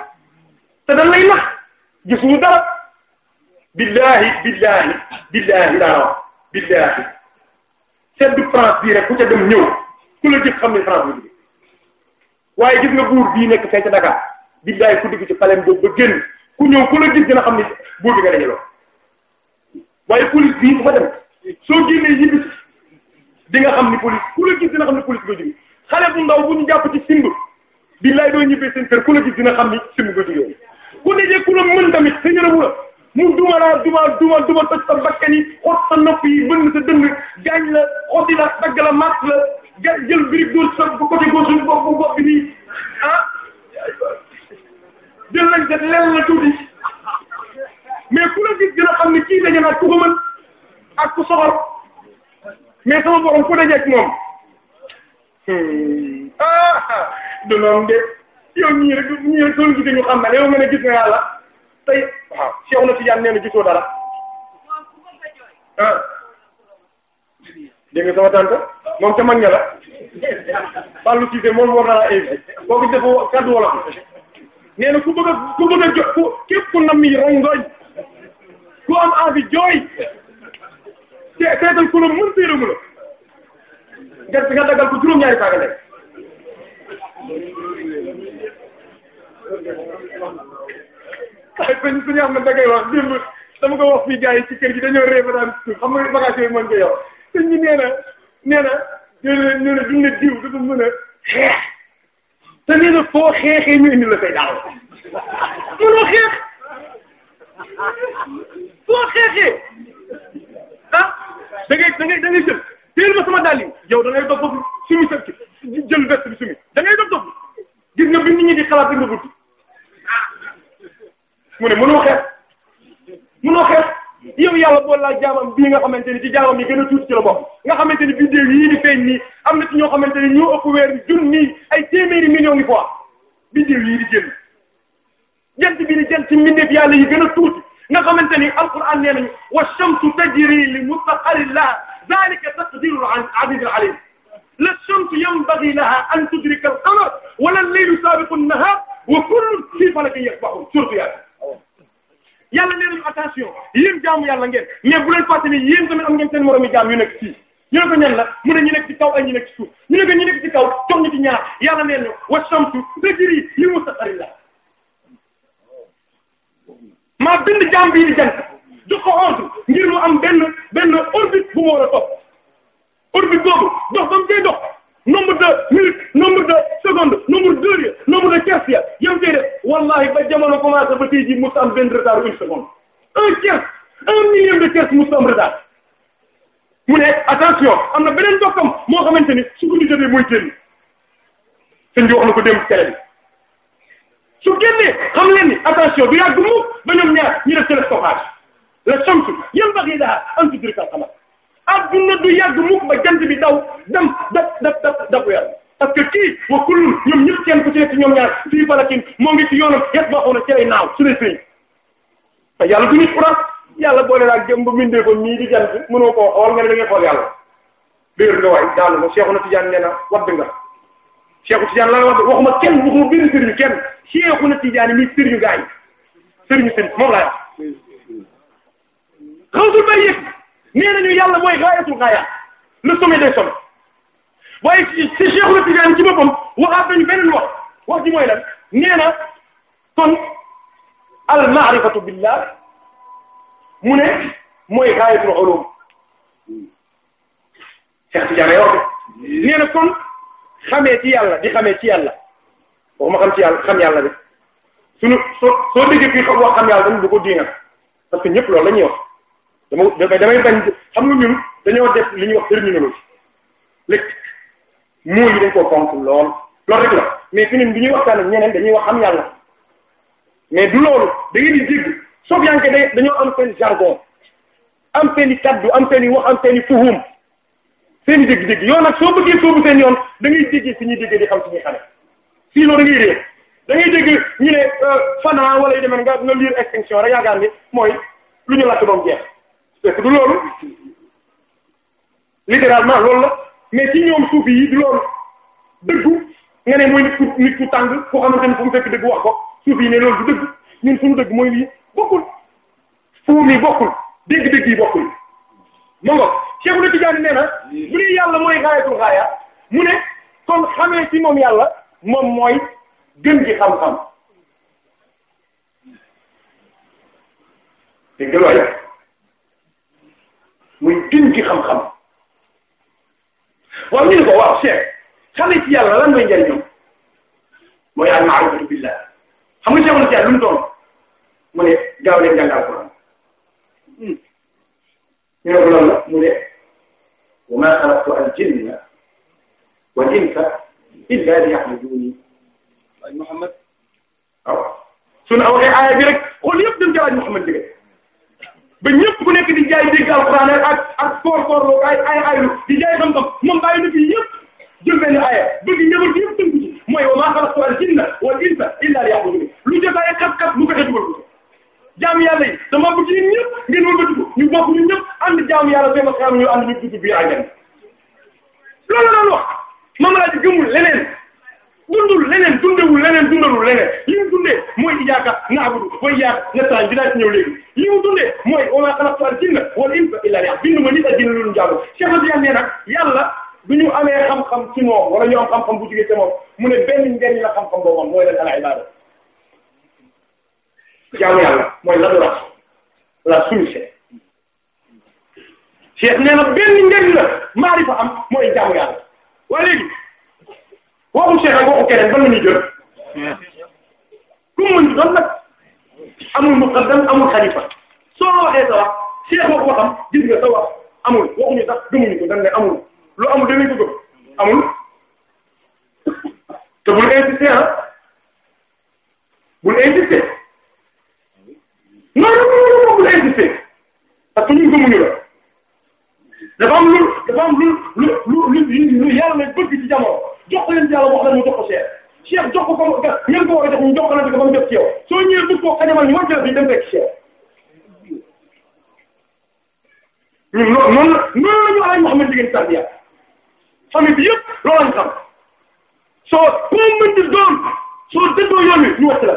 te dañ lay nax gisuñu dara billahi billahi billahi laa billahi seddu France bii ku ca dem ñëw ku la jëf xam ne France bi waaye gis nga buur bii nekk fee ca Dakar billaay ku dugg ci palem boobu ba génn ku ñëw ku la gis dina xam ni buur bi nga dañu loo waaye police bii bu fa dem soo génnee yibbi di nga xam ni police ku la gis dina xam ni police bu ndaw bu ñu jàpp ci ku la gis dina xam ni simb nga jóge ku dajee ku la mën tamit sa ñërëbu la mu duma laa duma duma duma toj sa bakkan yi xot nopp yi bënn sa dëng gaañ la xotti la dagg la màtt la jël jël birig dóor sa côté gauche suñu bopp bu bopp bi nii ah jël lañ set leel la tuuti mais ku la gis dina xam ne kii daje na ku ko ak ku soxor mais sama borom ku daje ak moom hmm. ah! du noonu de yow ñii rek ñii rek soo gisee ñu xam ne yow nga ne gis nga yàlla tey waaw Cheikh na Tidiane nee na gisoo dara ah dégg nga sama tante. moom ca mag nga la Fallou Cissé moom war naa invité kooku dafa kaddu wolof nee na ku bëgg a ku bëgg a jo ku képp ku nam yi rangoñ ku am envie jooy te seetal ku la mën séeréeru la nga nga dagal ko juróom-ñaari saaga nekk. ay sëñ suñu am na dangay wax démb dama ko wax fii gars yi ci kër gi dañoo réew daan xam nga vacances yooyu mën nga yor te ñu nee na. nee na nee na duñ la diw dafa mën a xeex te nee na foo xeexee ñu indi la fay daaw mënoo xeex foo xeexee ah da ngay da ngay da ngay jël teel ma sama dàll yi yow da ngay doog foofu sumi sa jël veste bi sumi da ngay doog doog gis nga bi nit ñi di xalaat di nga gudd ah. mu ne mënoo xeex mënoo xeex. yow yàlla bool laa jaamam bii nga xamante ni ci jaamam yi gën a tuuti ci la bokk nga xamante ni biddéew yii ni feeñ nii am na ci ñoo xamante ni ñoo ëpp weer junni ay téeméeri millions yi fois biddéew yii di jël jant bi di jant ci mbindeef yàlla yi gën a tuuti nga xamante ni alquran nee nañu wa shamsu tajri li mustaqarrin laha zalika taqdiru al-aziz al-alim la shamsu yanbaghi laha an tudrika al-qamar wala al-laylu sabiqu an-nahar wa kullun fi falakin yasbahun yàlla nee nañu attention yéen jaamu yàlla ngeen mais bu leen fàtte ni yéen tamit am ngeen seen moromi jaam yu nekk fii ñu ne ko ñan la mu ne ñu nekk ci kaw ak ñu nekk ci suuf ñu ne ko ñu nekk ci kaw jox ñu ci ñaar yàlla nee nañu wa shamsu tajri li mustaqarrin la maa bind jaam bii di jant jox ko ordre ngir mu am benn benn orbite bu mu war a topp orbite boobu dox ba mu koy dox. nombre de minutes nombre de secondes nombre d'heures ya nombre de tierces ya yow wallahi ba jamono commencé ba tey musta am benn retard une seconde un tierce un millième de tierce musta am retard mu ne attention am na beneen dokkam moo xamante ni su ko di jotee mooy génn sëñ bi wax na ko démb télé bi su génnee xam leen ni attention du yàgg mukk ba ñoom ñaar def seen stockage la samtu yan bax yi daa am ci biir kàllaama adduna du yàgg mukk ba jant bi daw dem dab dab dab dab weer parce que kii wa kullum ñoom ñëpp kenn ku ci nekk ñoom ñaar fii falakin moo ngi ci yoonam yet boo xam ne ci lay naaw su lay sëy te yàlla du nit urat yàlla boole naag jëm ba mindee ko nii di jant mënoo koo xool nga ne da ngay xool yàlla déer nga waay daanu nga Cheikhu na Tidiane nee na wadd nga Cheikhu Tidiane la nga wadd waxuma kenn waxuma benn sëriñu kenn Cheikhu na Tidiane mi sëriñu gaay sëriñu sëriñ moom laa wax xaw sul nee nañu yàlla mooy gaayatul gaaya le sommet des sommets waaye ci ci ci boppam waxaat nañu beneen wax wax ji mooy nee na kon al maarifatu billah mu ne mooy gaayatul ulum Cheikh nee na kon xamee di xamee ci yàlla waxuma xam soo soo déggee wax xam yàlla ko diingat parce que ñëpp loolu la ñuy wax. dama damay bañ xam nga ñun dañoo def li ñuy wax terminologie lek mooy yi dañ bi ñuy dañuy wax am yàlla mais du loolu da ngeen di dégg soo yanke da dañoo am seen jargon am seen i kaddu am seen i wax am seen i fuhum seen i dégg-dégg yoon nag soo bëggee soobu seen yoon da ngay déggee si ñuy déggee di xam si ñuy xamee si loolu da ngay réer da ngay dégg ñu ne euh, fana wala yu demee nga nga lire extinction rek yaakaar ni mooy lu ñu lakk moom jeex fekk du loolu la mais ci ñoom suufi yi du dëggu nga ne mooy nit ku nit ku tàng koo xamante ni fu mu fekk dëgg wax ko suufi yi ne loolu du dëgg ñun suñu dëgg mooy lii bokkul fuum yi bokkul dégg-dégg yi bokkul ma ngo Cheikh Ahmed Tidiane nee na bu lii yàlla mooy xaayatul xaaya mu ne kon xamee ci moom yàlla moom mooy gën gi xam-xam dégg nga muy gën gi xam-xam waaw ñu ne ko waaw Cheikh xale ci yàlla lan mooy njëriñam mooy al-ma'rifatu billah xam nga Cheikh Oudou lu mu doon mu ne gaaw leen jàngal Alxuraan hmm. ñu ne ko loolu la mu ne wa ma xalaqtu al-jinna wal insa illa liya'buduni Muhammad waaw suñu awee aaya bi rek xool yëpp dem jalaaj Muhammad ba ñëpp ku nekk di jaay dégg alxuraan ak ak foor foor loo ay ay aylu di jaay xam-xam moom bàyyi na fi yëpp jël benn aaya bëgg njaboot gi yëpp tënku mooy wa maa xalaqtu al jinna wal insa illa liya'budun lu jotaay xat-xat lu ko xëjuwal ko jaam yàlla yi dama bëgg yéen ñëpp ngeen wëlbati ko ñu bokk ñu ñëpp ànd jaam yàlla fee ma xam ñu ànd ñu dugg biir àjjana loolu la doon wax moom laa ci gëmul leneen dundul leneen dundewul leneen dundalul leneen li mu dundee mooy iyyaka na'budu wa iyyaka nasta'in dinaa ci ñëw léegi li mu dundee mooy wa ma khalaqtul jinna wal insa illa liya'budun binduma nit ak jinne lu ñu jaamu Cheikh Abdiane nee nag du ñu amee xam-xam ci moom ñu am xam-xam bu jugee ci moom mu ne benn njariñ la xam-xam mooy lan al ibada jaamu yàlla mooy l'adoration la soumission Cheikh nee na benn njariñ la maarifa am mooy jaamu yàlla waa léegi. waxu Cheikh ak waxu keneen ban la ñuy jël ku mu mën doon nag amul muqaddam amul xalifa soo waxee sa wax wax waxam gis nga sa wax amul waxuñu sax gëmuñu ko dañ ne amul lu amul ko gëm amul bul insister ah bul insister non bul insister parce que ñun gëmuñu la dafa am lu dafa am lu lu lu lu yàlla bëgg ci jamono. jox ko yéen yàlla wax la mu jox ko Cheikh Cheikh jox ko ko yéen ko war a jox mu jox ko la ko ba mu jot ci yow soo ñëwee bëgg koo xañamal ñu war jël bi dem fekk Cheikh ñun noonu noonu la noonu la ñu alaaj Mouhamed jigéen tarbiya famille bi yëpp loolu lañ xam soo ko mën di doon soo dëddoo yoon wi ñu wàcc la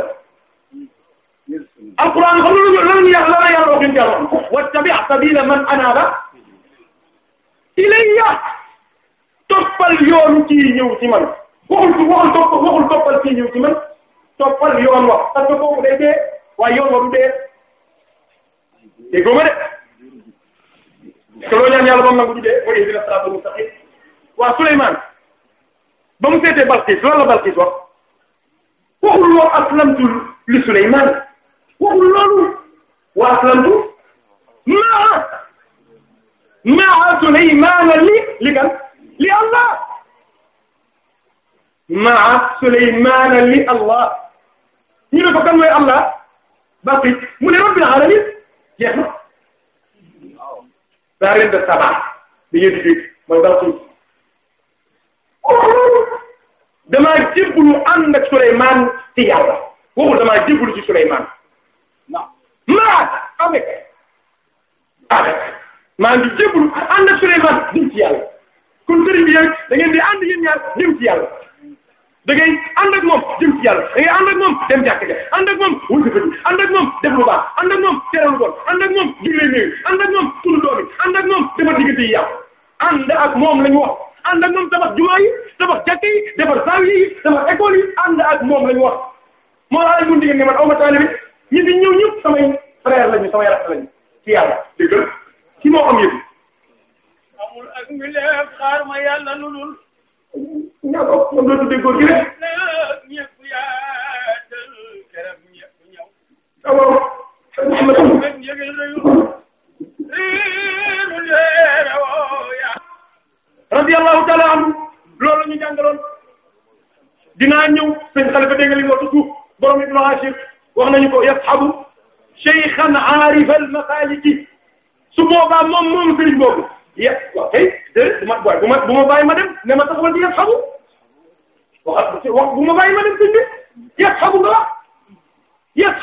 alquran xam nga lan la yàlla la yàlla wax wattabi' sabila man anaba ilayya toppal yoon kii ñëw ci man waxul waxul topp waxul toppal kii ñëw ci man toppal yoon wax parce que kooku day dee waaye yoon wa du dee dégg nga de te loo ñaan yàlla ba mu nangu du dee mooy dina siraatal mustaqim waa Souleymane ba mu seetee Balqis loolu la Balqis wax waxul loo aslamtu li Souleymane waxul loolu wa aslamtu maa maa Souleymane li li kan. li Allah maa Suleymaana li Allah ñu ne ko kan Allah baqi mu ne rabbil alamin jeex na daa ren de sabaa da ngeen di dégg mooy baa suuf damaa jébbalu ànd ak Suleymaan ci yàlla waxul damaa jébbalu ci kon sëriñ bi yéen da ngeen di ànd yéen ñaar jëm ci yàlla da ngay ànd ak moom jëm ci yàlla da ngay ànd ak moom dem jàkk ja ànd ak moom wërsëgati ànd def lu baax ànd ak moom tere lu bon ànd ak moom digle néew ànd ak ànd ak moom lañu wax ànd ak moom tabax jumaa yi tabax jàkk yi defar saaw yi tabax école yi ànd ak moom lañu wax moo laa lañ mun diggante man aw ma taalibi ñi fi ñëw ñëpp samay frère lañu samay rakk lañu ci yàlla dëgg ci moo am yëpp amul ak mi leef xaar ma yàlla lu dul. ña ko moom la tuddee góor gi rek. ñëpp yaatal keroog ñëpp ñëw. waaw. radiyallahu taala anhu loolu ñu jàngaloon dinaa ñëw seen xalifa dégg nga li mu wax toujours borom Ibnu Ashir wax nañu ko yashabu shaykhan aarif al maqaaliki su boobaa moom moom sëriñ boobu. yëpp waaw tey déedéet du ma waaye bu ne ma taxawal di yëpp xamu wax bu ma bàyyi ma dem sëñ bi yëpp xamu la wax yëpp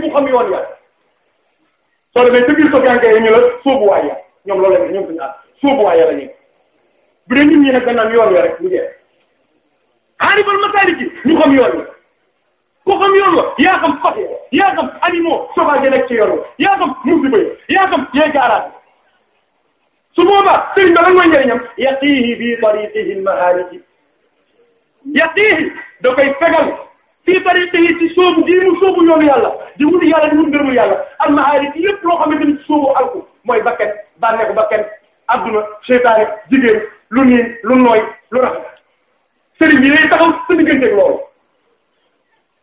ya soo demee tëgil ko gàncax yi ñu la sóobuwaay ya ñoom loolu la ñoom suñu ya bu dee nit ñi nag gannaaw yoon wa rek ñu jeex xaaribal masalik yi ñu xam yoon ku xam yoon wa yaa xam fas yaa xam animaux sauvage nekk yee gaaraat su boobaa sëriñ ba lan mooy njëriñam yaqiihi fi tariqihi al ci soobu gii mu soobu yoonu yàlla di wut yàlla di wut ngërëmul yàlla al-mahaliki lépp loo xamante ni ci soobu alku mooy bakkan bànneeku bakkan adduna seytaane jigéen lu niin lu nooy lu rafet sëriñ bi day taxaw sa digganteeg loolu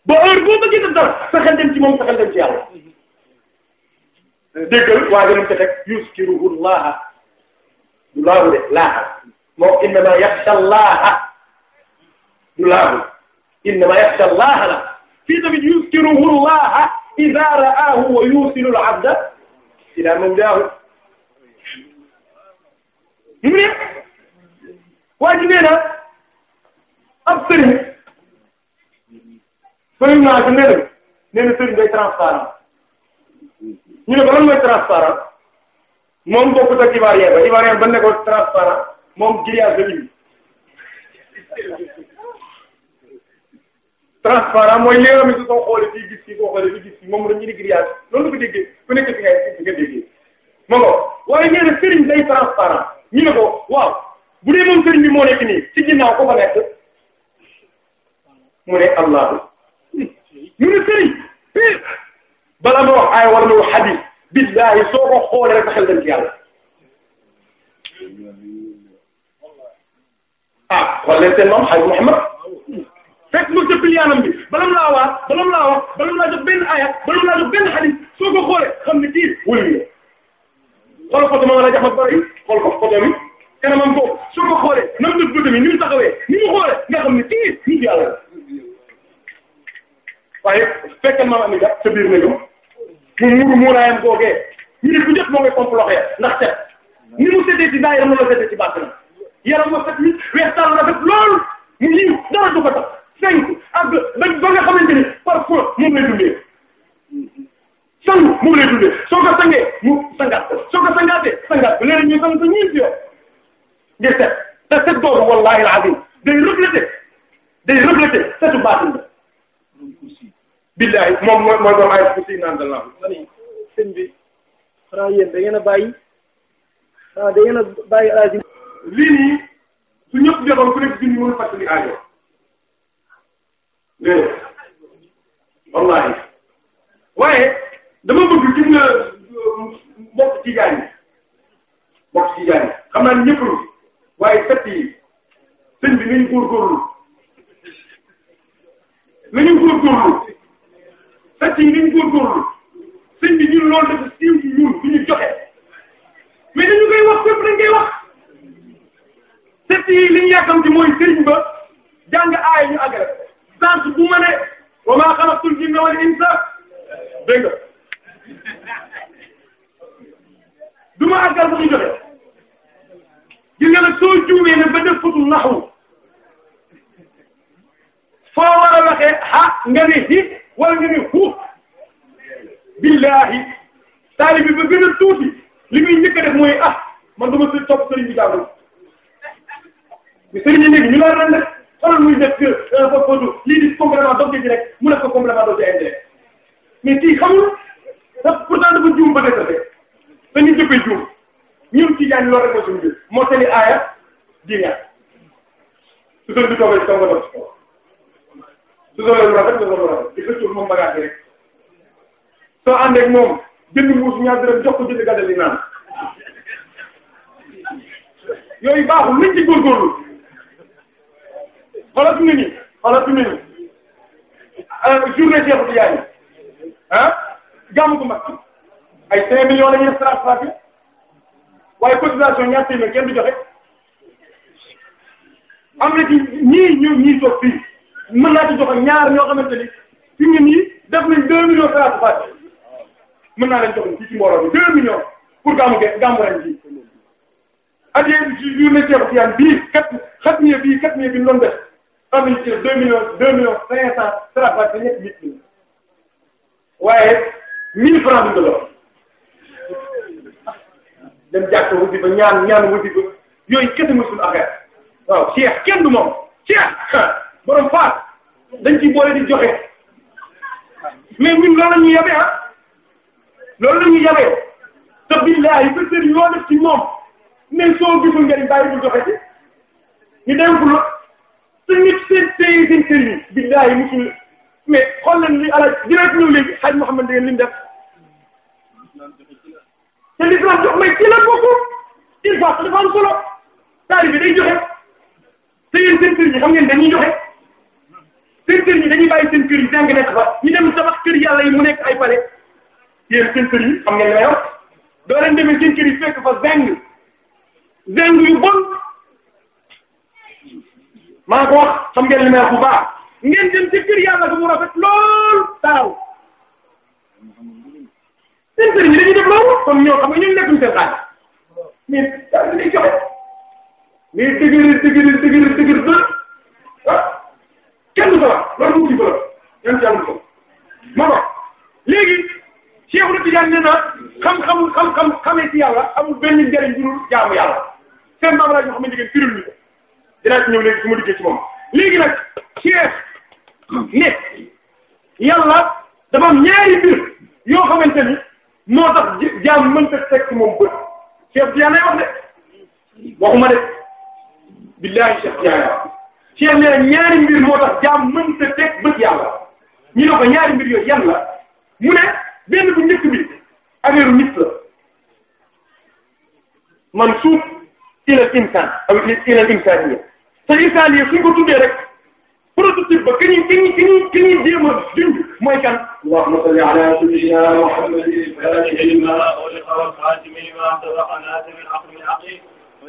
ba heure boo bëggee def dara sa xel dem ci moom sa xel dem ci yàlla déggal waa gënum te teg yuskiruhu llaha du laahu de laaha moo innama yaxsha llaha du laahu innama yaxsha llaha la fii tamit yuskiruhu llaha ida ra'aahu wa yusilu l abda ila mawlaahu mu ne waa ji nee ab sëriñ sëriñ naa ko nee na nee na sëriñ day transparent ñu ne ko lan mooy transparent moom bokkut ak ivoirien ba ivoirien ba nekkoon transparent moom grillage de nuit transparent mooy li nga moom la ñu di grillage loolu ko déggee ku nekk fi nga fi nga waaye nee na sëriñ day transparent ñu ne ko waaw bu dee moom sëriñ bi moo nekk nii ci ginnaaw ko fa nekk mu ne allahu mu ne sëriñ bala ma wax aaya wala ma wax hadis billahi soo ko xoolee rek xel dem ci yàlla ah xool leen seen maam xaaj Muhammad fekk mu ca plianam bi balam laa waa balam laa wax balam laa jox benn aaya balam laa jox benn hadis soo ko xoolee xam ne kii wëlu la xool photo ma la jox ma bari xool ko photo bi kanamam boobu soo ko xoolee na mu def bëtam yi ni mu taxawee ni mu xoolee nga xam ne kii nit yàlla la waaye fekkal maam Amina sa biir nga ñëw mu muuru muuraayam googee ñu ne bu njëkk moo koy pompe loxo ya ndax ni mu setee ci daay yaram la setee ci bàtt na yaram moo set mi weex tàll rafet lool mu yiw dara du ko tax cinq ak ba ba nga xamante ni parfois moom lay dundee sangu moom lay dundee soo ko sangee mu sangaat ko soo ko sangaatee sangaat ko léeg-léeg ñu sang di set te set boobu wallahi alazim day reflété day reflété setu baatin la billahi moom mooy mooy doom ay kursi naan da la sëñ bi xanaa yéen da ngeen a bàyyi xanaa da ngeen a bàyyi alaaji lii nii su ñëpp defoon ku nekk junni mën a fàttali aajo dé wallahi waaye dama bëgg gis nga mbokk ci jaan yi mbokk ci jaan yi xam naa ñëpp waaye sët yi sëñ bi nañ góorgóorlu nañu góorgóorlu sët yi nañ góorgóorlu sëñ bi ñun loolu dafa siiw ñun bu ñu joxe mais dañu koy wax fépp dañ koy wax sët yi li ñu yàkkamti mooy sëriñ ba jàng aaya ñu agare sant bu ma ne wa maa xalaqtul jinna wal insa dégg du ma àggal bu ñu joxe gis nga nag soo juumee ba def fatul naxwu foo war a waxee ha nga ne hi wala nga ne hu billahi taali ba gën tuuti li muy njëkk a def mooy ah man dama si topp sëriñ bi jàngal bi sëriñ bi léegi ñu la ren rek xoolal muy def euh, euh, photo lii di complément d'objet direct mu def ko complément d'objet indirect mais kii xamul pourtant dafa juum ba desate dañu jëppee juum ñun ci jaan loolu rek mooy suñu biir moo tënni aaya di ñaar su doon bi toogee nga doon si kaw su doon lu rafet nga doon lu rafet di xëccul moom bagage rek soo ànd ak moom jënd mbuus ñaar dërëm jox ko jënd gàdda li naan yooyu baaxul nañ ci góorgóorlu xoolal fi mu ne mu ne nii euh, journée Cheikh Tidiane ah gàmm gu waaye cotisation ñaar téeméer kenn du joxe am na ci ñii ñoom ñii toog fii mën naa ci joxe ñaar ñoo xamante ni fi mu nii def nañ deux millions trente vingt mën naa leen jox ci mbooloo bi deux millions pour gàmmu ge gàmmu ren ji. ak yéen ci journée Cheikh Tidiane bii kat xat mi bii kat mi bi ñu doon def am nañ ci deux millions deux millions cinq cent trente vingt ñetti nit ñi waaye mille francs bi nga doon. dem jàkka wuti ba ñaan ñaan wuti ba yooyu kenn mësul affaire waaw Cheikh kenn du moom Cheikh borom faat dañ ci boole di joxe mais ñun loolu la ñuy yabee ah loolu la ñuy yabee te billahi ba tey yoo def moom mais soo gisul njëriñ bàyyi bul joxe ci ñu dénku la te nit seen tey seen sëriñ billahi musul mais xool leen li ala direct ñëw léegi xaj Mouhamed dégg ngeen li mu te l'islam jox may ci la bokku il faut dafa am solo taari bi day joxe te yéen seen kër yi joxe seen kër yi dañuy bàyyi seen kër dem tabax kër yàlla yi mu nekk ay pale yéen seen kër yi xam ngeen li may wax doo leen demee seen kër yi fekk fa yu bon maa ko wax xam li may wax bu ngeen dem ci kër yàlla ko mu rafet lool taaw seen sëriñ yi dañuy def loolu kon ñoo xam nga ñoom nekkuñ seen xaalis mais daal di lay joxe mais dëgër dëgër dëgër dëgër dëgër ah kenn du ko wax loolu mu ngi ko la yan ko ma ko léegi Cheikh Tidiane nee na xam-xamul xam-xam xamee ci yàlla amul benn njëriñ bu dul jaamu yàlla seen maam laaj yoo xamante ne firul ñu ko dinaa ci ñëw léegi su ma dikkee ci moom léegi nag Cheikh ne yàlla dafa am ñaari mbir yoo xamante ni. moo tax jaam mënta teg ci bët Cheikh Tidiane wax de waxuma de billahi Cheikh Tidiane Cheikh nee na ñaari mbir moo tax jaam mënta teg bët yàlla ñu ne ko ñaari mbir yooyu mu ne benn bu njëkk bi affaire nit la man suuf ila insan aw ila insaniya te insaniya suñ ko tuddee rek. xutba ki ñuy ki ñuy ki ñuy ki ñuy jéem a junj mooy kan allahumma salli ala sayyidina muhammadin al-fatihi lima ughliqa wal khatimi lima sabaqa nasir al-haqqi bil haqqi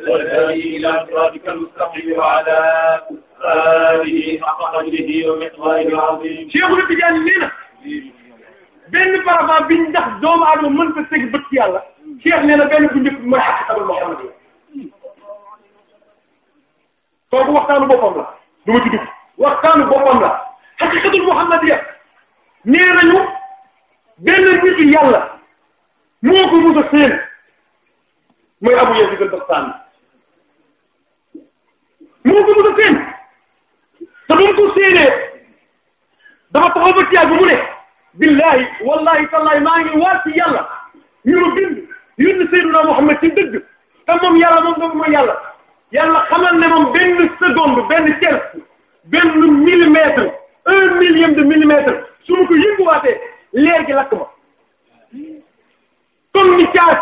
wal hadi ila siratika al-mustaqim wa ala alihi haqqa qadrihi wa miqdarihi al-azim Cheikh Tidiane nee na benn paragraphe bi ndax doomu aadama mën ta teg bët ci yàlla Cheikh nee na benn bu njëkk mooy haqiqatul muhammadiyya kooku waxtaanu boppam la du ma ci dugg waxtaanu boppam la xaqiqatul muhammadiya nee nañu benn nit yàlla moo ko mos a séen mooy Abu Yazid al-Bastami moo ko mos a séen te ba mu ko séenee dafa taxaw ba ci yàgg mu ne billahi wallahi tallahi maa ngi waat ci yàlla ñu ma bind yónni Seydina Muhammad ci dëgg te moom yàlla moom doomu ma yàlla yàlla xamal ne moom benn seconde benn tiers benn millimètre un millième de millimètre su ma ko yënguwaatee leer gi lakk ma comme ni caas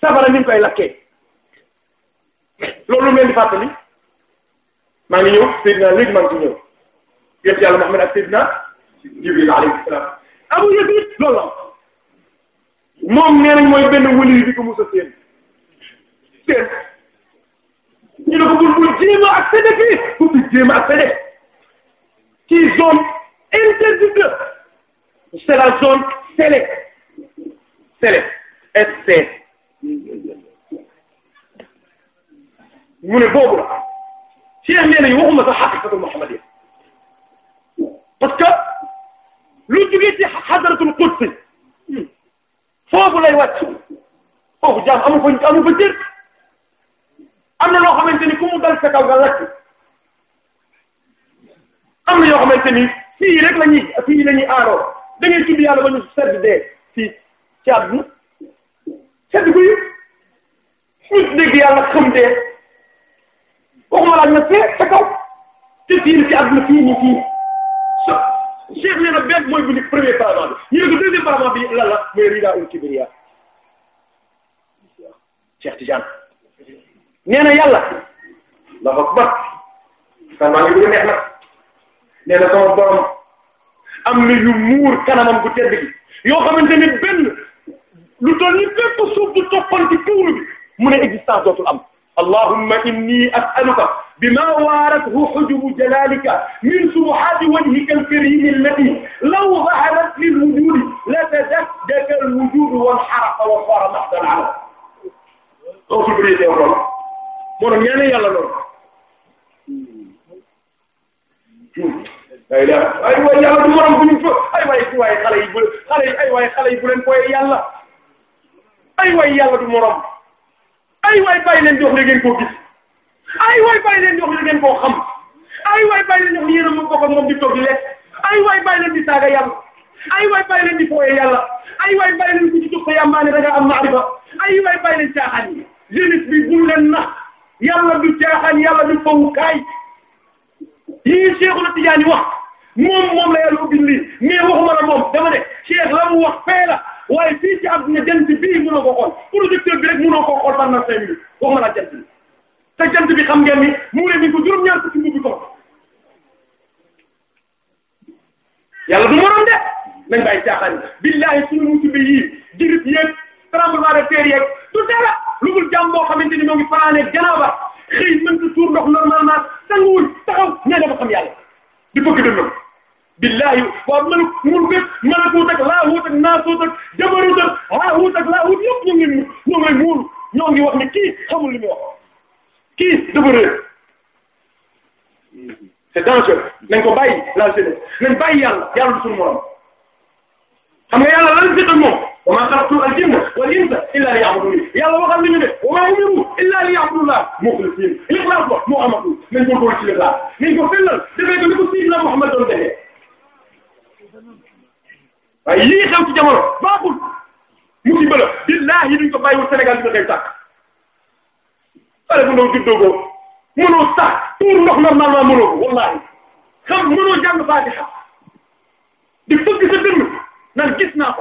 sabara ni ñu koy lakkee loolu mel ni fàttali maa ngi ñëw Seydina léegi maa ngi ci ñëw yéen yàlla Muhammad ak Seydina Jibril alayhi salaam Abu Yazid loolu la moom nee nañ mooy benn wëli bi ko Musa seen seen ñu ne ko bul bul jéem a accéder fii pour di jéem a accéder zone interdite c'est la zone scellée scellée ne boobu la Cheikh nee nañu waxuma sax xaqiqatul muhammadiyya parce que lu jugee ci xadaratul qudsi foofu lay wàcc foofu jaam amu fa amu am na loo xamante ni ku mu dal sa am na yoo xamante ni fii rek la ñuy fii la ñuy aaroo da ngay tudd yàlla ba ñu sedd dee fii ci àdduna sedd guy ñu dégg yàlla xam dee waxuma laaj na fee sa kaw te fii ci àdduna fii nii fii so cheikh nee na benn mooy bu ni premier paravent bi ñu ne ko deuxième paravent bi lan la mooy rida ul kibriya nee na yàlla la ko bat kan maa ngi bëgg a neex nag nee na sama borom am na yu muur kanamam bu tedd gi yoo xamante ni benn lu toll ni bépp suuf bu toppan ci tuulu bi mu ne existence dootul am allahumma inni as'aluka bima waarathu hujubu jalalika min subuhati wajhika alkarim allati law zaharat lil wujudi la tadakkaka al wujud wal haraqa wa sara mahdan ala moo tax ñaanee yàlla lool. ay la ay waay yàlla du morom bu ñu fa ay waay waay xale yi bu xale yi ay waay xale yi bu leen koyee yàlla ay waay yàlla du morom ay waay bàyyi leen jox la ngeen koo gis ay waay bàyyi leen jox la ngeen koo xam ay waay bàyyi leen jox li yéen a bokk ak moom di toog di lekk ay waay bàyyi leen di saaga yàlla ay waay bàyyi leen di fooyee yàlla ay waay bàyyi leen ku ci jox ko yàmbaane da nga am maarifa ay waay bàyyi leen caaxaan yi jeunesse bi bu leen nax yalla du caaxaan yàlla du fawukaay yii Cheikhul Tidiane wax moom moom la yàlla ubbi lii waxuma la moom dama ne Cheikh la mu wax fee la waaye fii ci àdduna jant bii mënoo ko xool producteur bi rek mënoo koo xool par na cinq waxuma la jant bi te jant bi xam ngeen ni mu ne ni ko juróom-ñaar fukki mbubbi ko du moroom de nañ bàyyi caaxaan billahi sunu musiba yii jirib yépp tremblement de terre yeeg du dara lu dul jàmm boo xamante ni moo ngi fanaanee janaaba xëy mënta tuur ndox normalement sanguwul taxaw nee dafa xam yàlla di bëgg dëndam billahi waaw mën mun bépp malakuut ak laahuut ak naasuut ak jabaruut ak laahuut ak laahuut yëpp ñu ngi ñoo ngi lay muul ñoo ngi wax ni kii xamul li muy wax kii dafa réer c'est dangereux nañ ko bàyyi la jeunesse nañ bàyyi yàlla yàlla du suñu morom xam nga yàlla lan la moom. wa maa xalaqtu al jinna wal insa illaa liya'budun yàlla waxal li ñu ne wa maa umiru illaa liya'budullah muxlisiin lixlaas ba moo amatul nañ ko góor ci lixlaas nañ ko fellal defee ko ni ko Seydina Muhammad doon defee waaye lii xew ci jamono baaxul musiba la billahi duñ ko bàyyiwul Sénégal bi nga koy sàkk. pare bu ndaw juddoo ko mënoo sax tuur ndox normalement mënoo ko wallaahi xam mënoo jàng Faatiha di fëgg sa dënn naan gis naa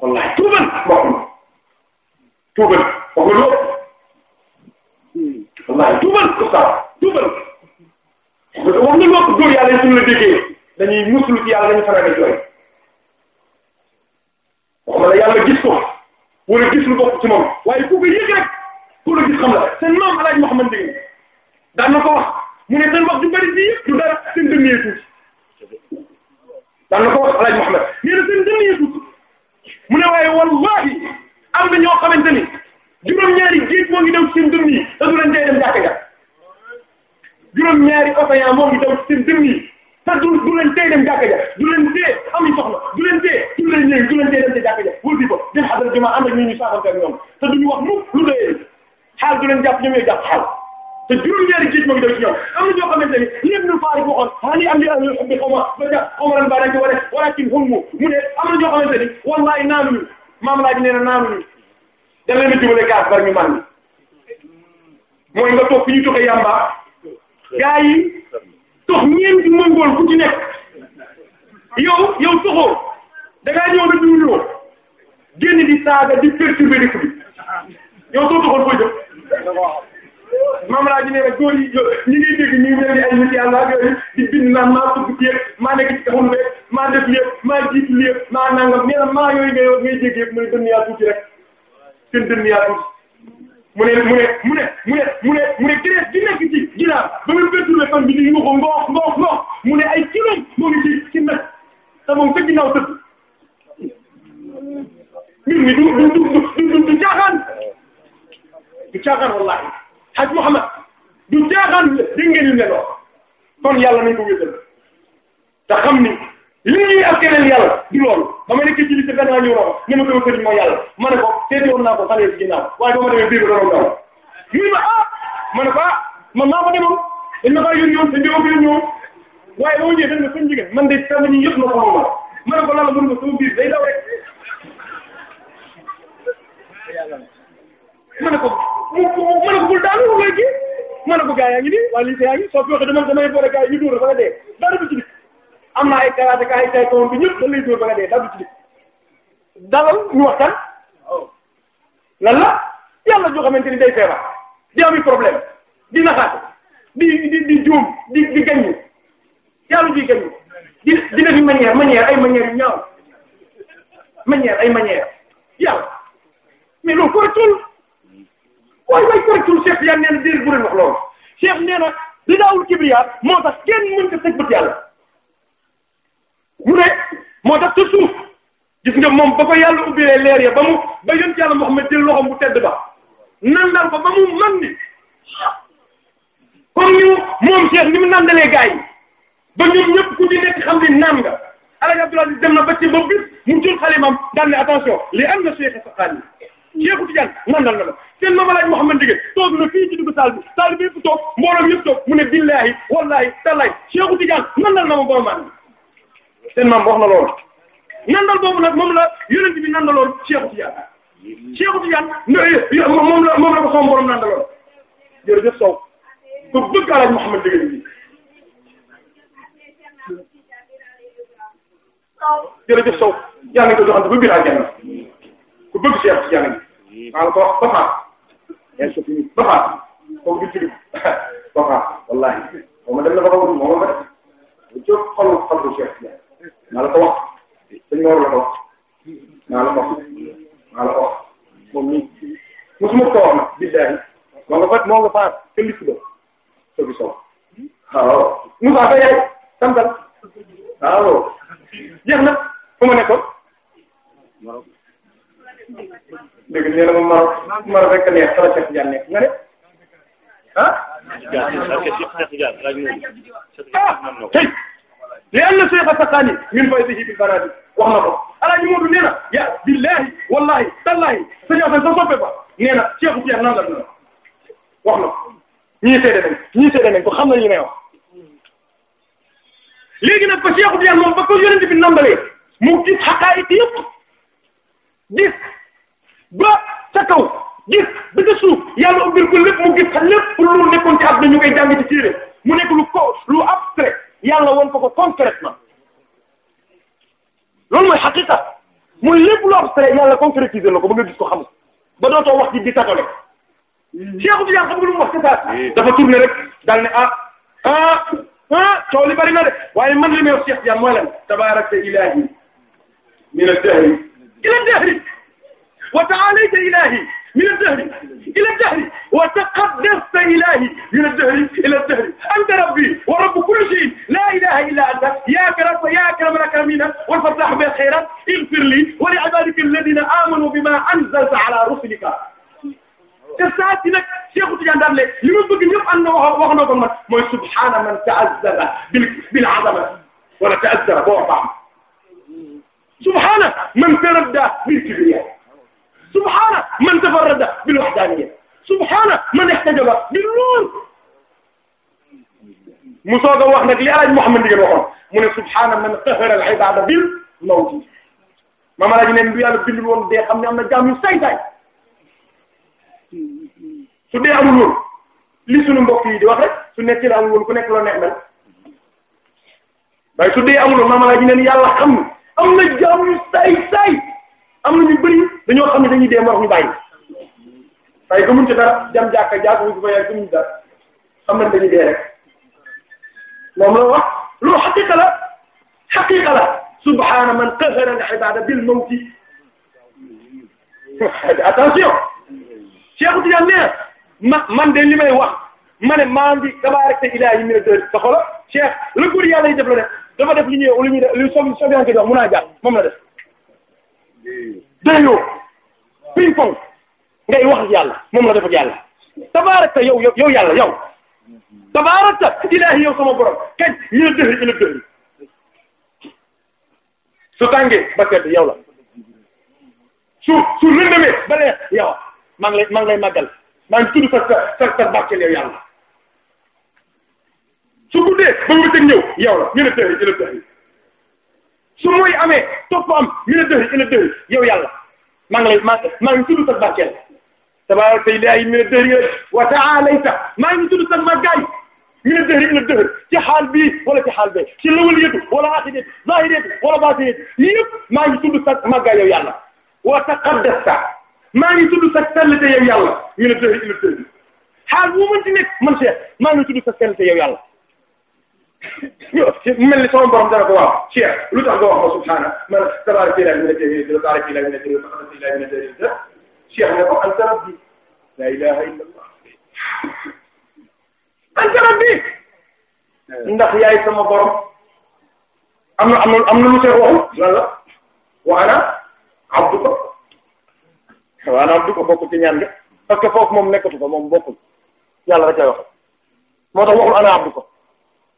wallaay tuubal wax ma tuubal wax nga lool wallaay tuubal oustaz tuubal wax nga la déggee dañuy muslu ci yàlla dañu faral di jooy wax ma la yàlla gis ko wala gis lu bokk ci waaye ku ko yëg ku la gis xam la seen maam alaaj Muhammad Ndieguene daan mu ne seen wax du bari fii du dara seen dënn yee tuuti daan na ko wax alaaj Muhammad nee na seen mu ne waaye wallahi am na ñoo xamante ni juróom-ñaari géej moo ngi daw seen dënn yi ta du leen dee dem jàkka ja juróom-ñaari océan moo ngi daw seen dënn yi te du du leen tey dem ja du leen tee am ñu soxla du leen tee du leen ñëw du leen tee dem ca jàkka ja wóor bi ko dem xadara juma ànd ak ñu ñu saafante ak ñoom te duñu wax mukk lu doyee xaal du leen jàpp ñoom ñooy jàpp xaal te juróom-ñaari géej moo ngi doon ci am na ñoo xamante ni lépp lu faari waxoon xanaa ni am li ba ca xaw ma am na ñoo xamante ni wallaay naanuñu maam laaj nee na naanuñu dañ leen a jubale gaz bari man mooy nga toog fi ñu tuxee yamba gaa yi tox ñeenti mëngool ku ci yow yow toxoo da ngaa ñëw ba duuloo génn di saaga di perturber di yow soo toxoon koy jëf maam laa ji nee na góor yi ñi ngay dégg ñu ngi ay nit yàlla ak yooyu di bind naan maa bëgg ci maa nekk ci taxawu lépp maa def lépp maa jiitu lépp maa nangam nee na maa yooyu ngay ngay dégg yëpp mooy dënnu yaa tuuti rek seen dënnu yaa tuuti mu ne mu ne mu ne mu ne mu ne mu ne graisse gi nekk ci ginnaaw ba muy perturbé fan bi di yuuxu ngoox ngoox ngoox mu ne ay kilos moo ngi ci ci nag te moom sa ginnaaw tëdd mbir mi du du du du du caaxaan du caaxaan wallaahi Haj Muhammad du jaaxaan dégg ngeen ñu ne yàlla nañ ko wéetal te xam ni li ñuy askaneel yàlla du loolu ba ma nekk ci li si gannaaw ñëw na ko ni ma ko sëriñ yàlla ma ne ko seeti woon naa ko xale si ginnaaw waaye ba ma demee biir ba doon daw ñu ma ah ma ne ko ah man naa ko ma faa yónni woon dañ ma ko yónni woon waaye boo ñëwee ma sëñ jigéen man de sama ñi yëpp na ko moom ma ne ko lala mën nga sama ma ne ko ma ne ko bul daanu wala kii ma ne ko gaa yaa ngi nii waa lycée yaa ngi soo fi waxee dama damay gaa yi ñu ba nga dee dara du ci am na ay karaté ay taekwondo bi ñëpp dañ lay dóor ba nga dee dara du ci dikk dalal ñu waxtaan lan la yàlla joo xamante ni day feebar di ami problème di naxaate di di di juum di di gaññu yàlla ji gaññu di di defi manière manière ay manière yu ñaaw manière ay manière yàlla waay waay correctul Cheikh Tidiane nee na déedéet bu leen wax loolu Cheikh nee na li kibriyaat moo tax kenn mën nga teg yàlla mu ne moo tax te suuf gis moom ba ko yàlla ubbilee leer ya ba mu ba yónni yàlla Muhammad jël loxoom bu tedd ba nandal ko ba mu man ni ni moom Cheikh ni mu nandalee gaa yi ba ñun ñëpp ku di nekk xam ne naan nga attention li am na Cheikh Saxaani Cheikh Tidiane nandal na la seen Mame El Hadj Mouhamed Ndieguène toog na fii ci dugg saal bi saal bi yëpp toog mbooloo yëpp toog mu ne billahi wallahi tallahi nandal na ma boromam seen maam wax na loolu nandal boobu nag moom la yonent bi nandaloon Cheikh Tidiane Cheikh Tidiane eh, eh, moom la moom la ko sama borom nandaloon jërëjëf Sow ba bëgg El Hadj Mouhamed Ndieguène bi jërëjëf Sow yaa ngi ko joxante ba biir àjjana ku bëgg Cheikh Tidiane maa ko wax Bafa yaa ngi soppi nii Bafa kooku du jullit Bafa wallaahi moom dem na ba ko moom la bu jóg xol xol bu Cheikh maa la ko wax dañ ma war la ko wax maa la ko wax maa la ko wax moom nii mosuma ko wax nag billahi moo nga fat moo nga faat te lipp ba soo gi soo waaw Moussa Faye yaay santal waaw jeex na fu ma nekkoon dëgg nee na ma Maroc Maroc rek neex fa la Cheikh Tidiane nekk nga ne ah. tey li am na Cheikh Sakani min faydihi bil banadi wax na ko alaaji Modou nee na ya billahi wallahi tallahi sañoo xam sa soppe ba nee na Cheikh Tidiane nan la dina wax na ko ñii seede nañ ñii seede ko xam na li may wax mu gis xaqaayit yëpp gis ba ca kaw gis ba ca suuf yàlla ubbil ko mu gis xa lépp lu nekkoon ci àdduna ñu koy jàng ci téere mu nekk lu ko lu abstrait yàlla ko ko concrètement loolu mooy xaqiqa mooy lépp lu abstrait yàlla concrétiser na ko ba nga ko xam ba dootoo wax ci di tatole Cheikh Tidiane xam nga mu wax ci saa dafa tourné rek daal ne ah ah ah coow li bari na de waaye man li may wax Cheikh Tidiane mooy lan tabaraka ilahi وتعاليت إلهي من الدهر إلى الدهر وتقدست إلهي من الدهر إلى الدهر أنت ربي ورب كل شيء لا إله إلا أنت يا أكرم يا أكرم الأكرمين والفتاح بالخيرات اغفر لي ولعبادك الذين آمنوا بما أنزلت على رسلك te saa si nag Cheikh Tidiane daan léegi li ma bëgg ñëpp ànd na wax wax na ko man mooy subhaana man ta'azzara bil bil azama wala ta'azzara boo baax subhaana man taradda bil kibriya subhaana man tafarrada bil wahdaaniyya subhaana man ihtajaba bil nuur mu soog a wax nag li alaaj Muhammad Ndieguène waxoon mu ne subhaana man qahara al ibaada bil mawti maam alaaj ne bu yàlla bindul woon am na jaam yu saytaay di wax rek su nekkee amul woon ku nekk loo nekk mel waaye su dee amul woon am na jaam say say am na ñu bëri dañoo xam ne dañuy dee wax ñu bàyyi waaye gëmuñ ci dara jam jàkka jàkka wuñ ko yaay gëmuñ dara xam nañ dañuy dee ma moom la wax loolu xaqiqa la xaqiqa la subhaana man qahara al-ibaada bil mawti attention Cheikh Tidiane nee ma man de li wax ma ne maa ngi tabaarakta ilaahi min ad-dahr sa xola Cheikh la góor yàlla yi def la def dafa def li ñuy li ñuy def li sobi sobianke di wax mun naa jàpp moom la def dayoo ping pong ngay wax yàlla moom la def ak yàlla tabaarakta yow yàlla yow tabaarakta ilaahi yow sama borom kañ ñu ne dëxri ñu ne dëxri su tàngee ba sedd yow la su su lëndëmee ba leer yow maa ngi lay maa ngi lay màggal yàlla su guddee ba wëccëg ñëw yow la ñu ne dëxri ñu ne dëxri su amee topp am mi na dëxi ina dëxi yow yàlla maa ngi lay maa maa ngi tudd sa barkeel tabaraka ilaahi mi na dëxi wa ta'aalayta maa ngi tudd sa màggaay mi na dëxi ina dëxi ci xaal bii wala ci xaal bee ci lawal yëtu wala aaxireetu zaahireetu wala baatineetu yëpp maa ngi tudd sa màggaay yow yàlla wa taqaddasta maa ngi tudd sa sellte yow yàlla a na dëxi ina dëxi xaal bu mën ci nekk man seet maa ngi tudd sa sellte yow yàlla yow mel ni sama borom dara ko waaw Cheikh lu tax nga wax ma subhaana man tabaaraka illaahi min al-jaahiliin tabaaraka illaahi min al-jaahiliin tabaaraka illaahi min al-jaahiliin Cheikh ne ko anta rabbi laa ilaaha illallaah anta rabbi ndax yaay sama borom am na am na am na lu Cheikh waxu lan la wa ana abduka wa ana abduka bokk ci ñaan nga parce que foofu moom nekkatu ko moom bokkul yàlla rek lay wax moo tax waxul ana abduka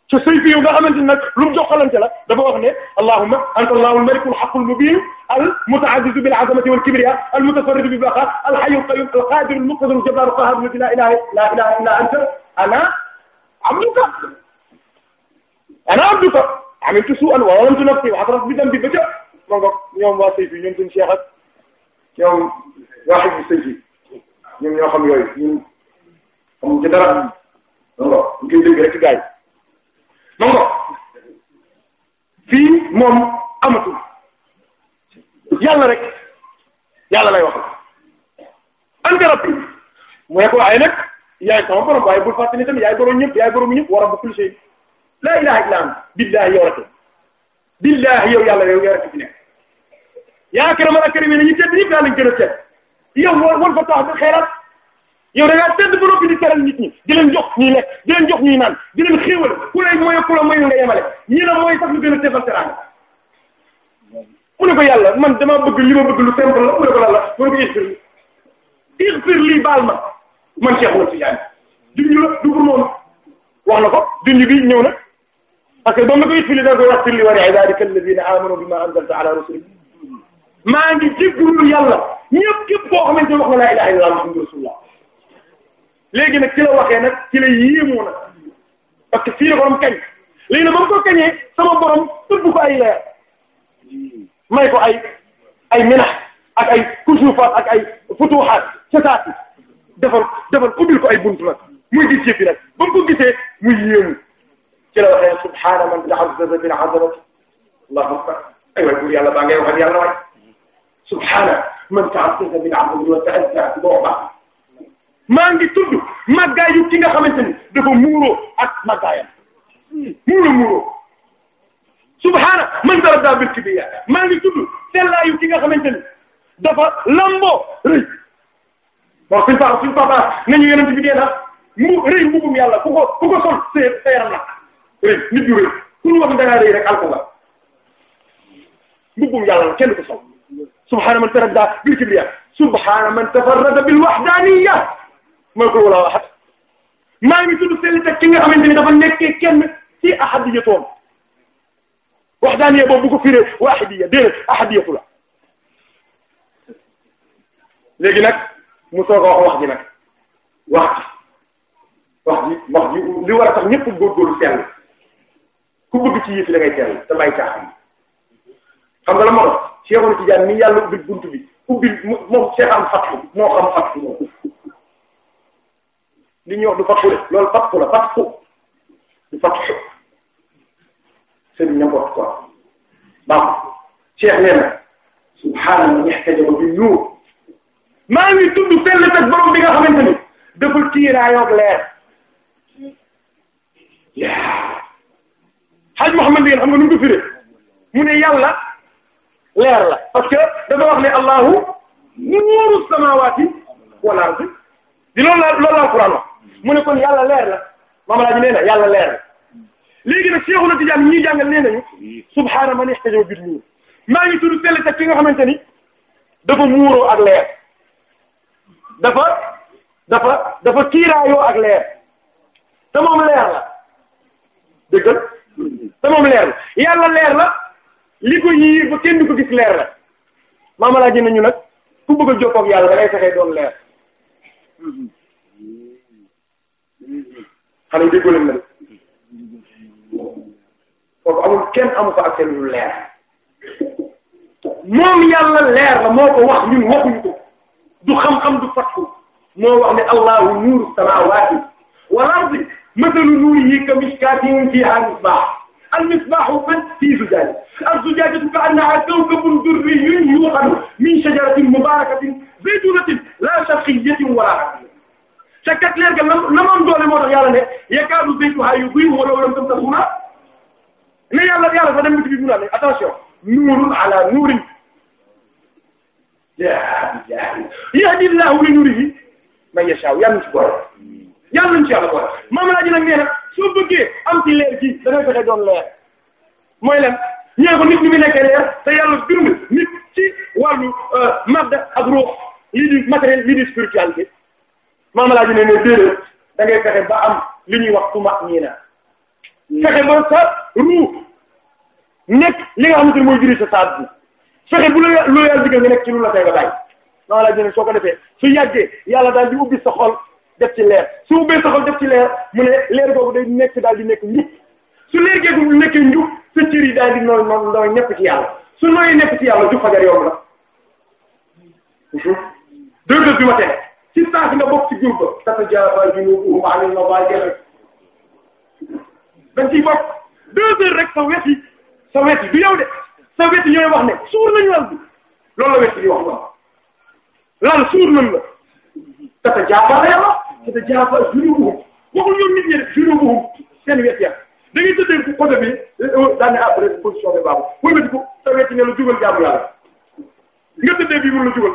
ca sëy bi nga xamante ne nag lu mu joxalante la dafa wax ne allahumma anta allahul malikul haqqul mubin al muta'azzizu bil azamati wal kibriya al mutafarridu bil baqa al hayyul qayyum al qadirul muqtadirul jabbarul qahharul la ilaha la ilaha illa anta ana abduka ana abduka amiltu su'an wa zalamtu nafsi wa atraftu bi dambi ba ca ma nga ñoom waa sëy bi ñoom suñu cheikh ak ñoom waa xib sëy bi ñoom ñoo xam yooyu ñun xam ci dara donc ñu koy dégg rek ci gars yi ma ngo fii moom amatul yàlla rek yàlla lay wax ante rabbi mu ne ko waaye nag yaay sama borom waaye bul fàtte ni tamit yaay borom ñëpp yaay borom ñëpp war a bu kulli shay laa ilaha illa anta billahi yow rek billahi yow yàlla yow yow rek fi nekk yaa karamal akramiin ñu tedd ñëpp yaa lañ gën a tedd yow woon fa tax xeeral yow da ngaa tedd ba noppi di teral nit ñi di leen jox ñuy lekk di leen jox ñuy naan di leen xéewal ku lay mooy ku la mooy nga yemale mooy sax lu gën a tefal teraanga mu ne ko yàlla man dema bëgg li ma bëgg lu simple la mu ne ko lan la mu ne ko ixfir ixfir lii baal ma man Cheikh Oumar Tidiane junj la du pour noonu wax na ko junj bi ñëw na parce que doon na ko ixfir li da koy wax li wa li ibadika alladhina amanu bima anzalta maa ngi jéggalu koo xamante ne wax na la léegi nag ci la waxee nag ci la yéemoo nag parce que fii la borom kañ léegi nag ba mu ko kañee sama borom tudd ko ay leer may ko ay ay minax ak ay kusufaat ak ay futuxaat ca saati defal defal ubbil ko ay buntu nag muy gis yëpp nag ba mu ko gisee muy yéemu ci la waxee subhaana man ta'azzaza bil azamati allahu akbar ay waay buur yàlla baa ngay waxal yàlla waay subhaana man ta'azzaza bil azamati wa ta'azza bi maa ngi tudd màggaay yu ki nga xamante ni dafa muuroo ak màggaayam muuroo muuroo subhaana man tarada bil kibriya maa tudd sellaayu ki nga xamante ni dafa lamboo rëy bon suñ papa ko ko sol sa sa yaram la rëy nit yu wax da ngaa rek alko nga mbubum yàlla la kenn sol subhaana man tarada bil kibriya subhaana man tafarrada bil wahdaniyya mooy xul wala ahad maa ngi tudd sellit ak ki nga xamante ni dafa nekkee kenn ci ahadiyatoom wahdaniyya boobu bu ko firee wahidiyya déedéet ahadiyatu la léegi nag mu soog a wax wax ji nag wax wax li war tax ñëpp góorgóorlu sell ku bëgg ci yëf yi da ngay sell te bàyyi caaxaan xam nga la moo tax Cheikhoul Tidiane mi yàlla ubbil am fattu moo li ñuy wax du fatfu de loolu fatfu la fatfu du fatfu c'est du n'importe quoi baaxul nee na subhaana man ihtajaba bi nuur maa ngi tudd fenn teg borom bi nga xam nga nu mu ko mu ne yàlla leer la parce dafa wax ne allahu nuuru samaawaati wal ardi di loolu la loolu la alquran wax mu ne kon yàlla leer la maam laa ji nee na yàlla leer la léegi nag Seexuna Tijaan ñi jàngal nee nañu subhaana man ihtajaba bil nuur maa ngi tudd tell teg ki nga xamante ni dafa muuroo ak leer dafa dafa dafa kiiraayoo ak leer te leer la dëggal te leer la yàlla leer la li ko yiir ba kenn du ko gis leer la maam laa ji nañu nag ku bëgg a yàlla da ngay fexee doon leer xale yi déggoo leen nag foofu amul kenn amu fa accès lu leer moom yàlla leer la moo ko wax ñun waxuñu ko du xam-xam du fattu moo wax ne allahu nuuru samaawaati wal ardi mathalu nuurihi ka mishkaatin fiihaa misbaah al-misbaahu fii zujaaja az-zujaajatu ka-annahaa kawkabun durriyyun yuuqadu min shajaratin mubaarakatin zaytuunatin laa sharqiyyatin wa laa te kat leer ga nam namoon doole moo tax yàlla ne yakaadu zaytuhaa yudhi'u walaw lam tamsashu naar ne yàlla yàlla sax dem biti bi mu naan ne attention nuurun ala nuurin yahdi llaahu li nuurihi man yashaa'u yàlla ci boole yàlla ci yàlla boole maam laa ji nag nee na soo bëggee am ci leer gi da ngay fexe doon leer mooy len ñee ko nit ñi mu nekkee leer te yàlla bind nit ci wàllu euh, madda ak ruux lii di matériel lii di spiritualité maam laa ji ne déedéet da fexe ba am li ñuy wax tuma ñii na fexe ba sa ruux nekk li nga xamante ne mooy jëriñ sa saat fexe bu la lu yàlla digal nga nekk ci lu la tey nga bàyyi maam laa ji ne soo ko defee su yàggee yàlla daal di ubbi sa xol def ci leer su ubbee sa xol def ci leer mu ne leer boobu day nekk daal di nekk njub su leer geegu nekkee njub sa cër yi daal di nooy nooy nekk ci yàlla su nooy nekk ci yàlla ju fajar yomb la ci saa si nga bokk ci jur ba tatajaaba junuubuhum anil madaaji'i dañ ciy bokk deux heures rek sa wet sa wet yi du yow sa wet yi ñooy wax ne suur nañu lal bi loolu la wet yi wax ba lal suur nañ la tatajaaba la yàlla tatajaaba junuubuhum waxul ñoom nit ñi de junuubuhum seen wet ya da ngay tëddee ko côté bi euh, euh, daan na après position bi baaxul wëlbati ko sa wet yi ne la jugal jaamu yàlla nga tëddee bii mun la jugal.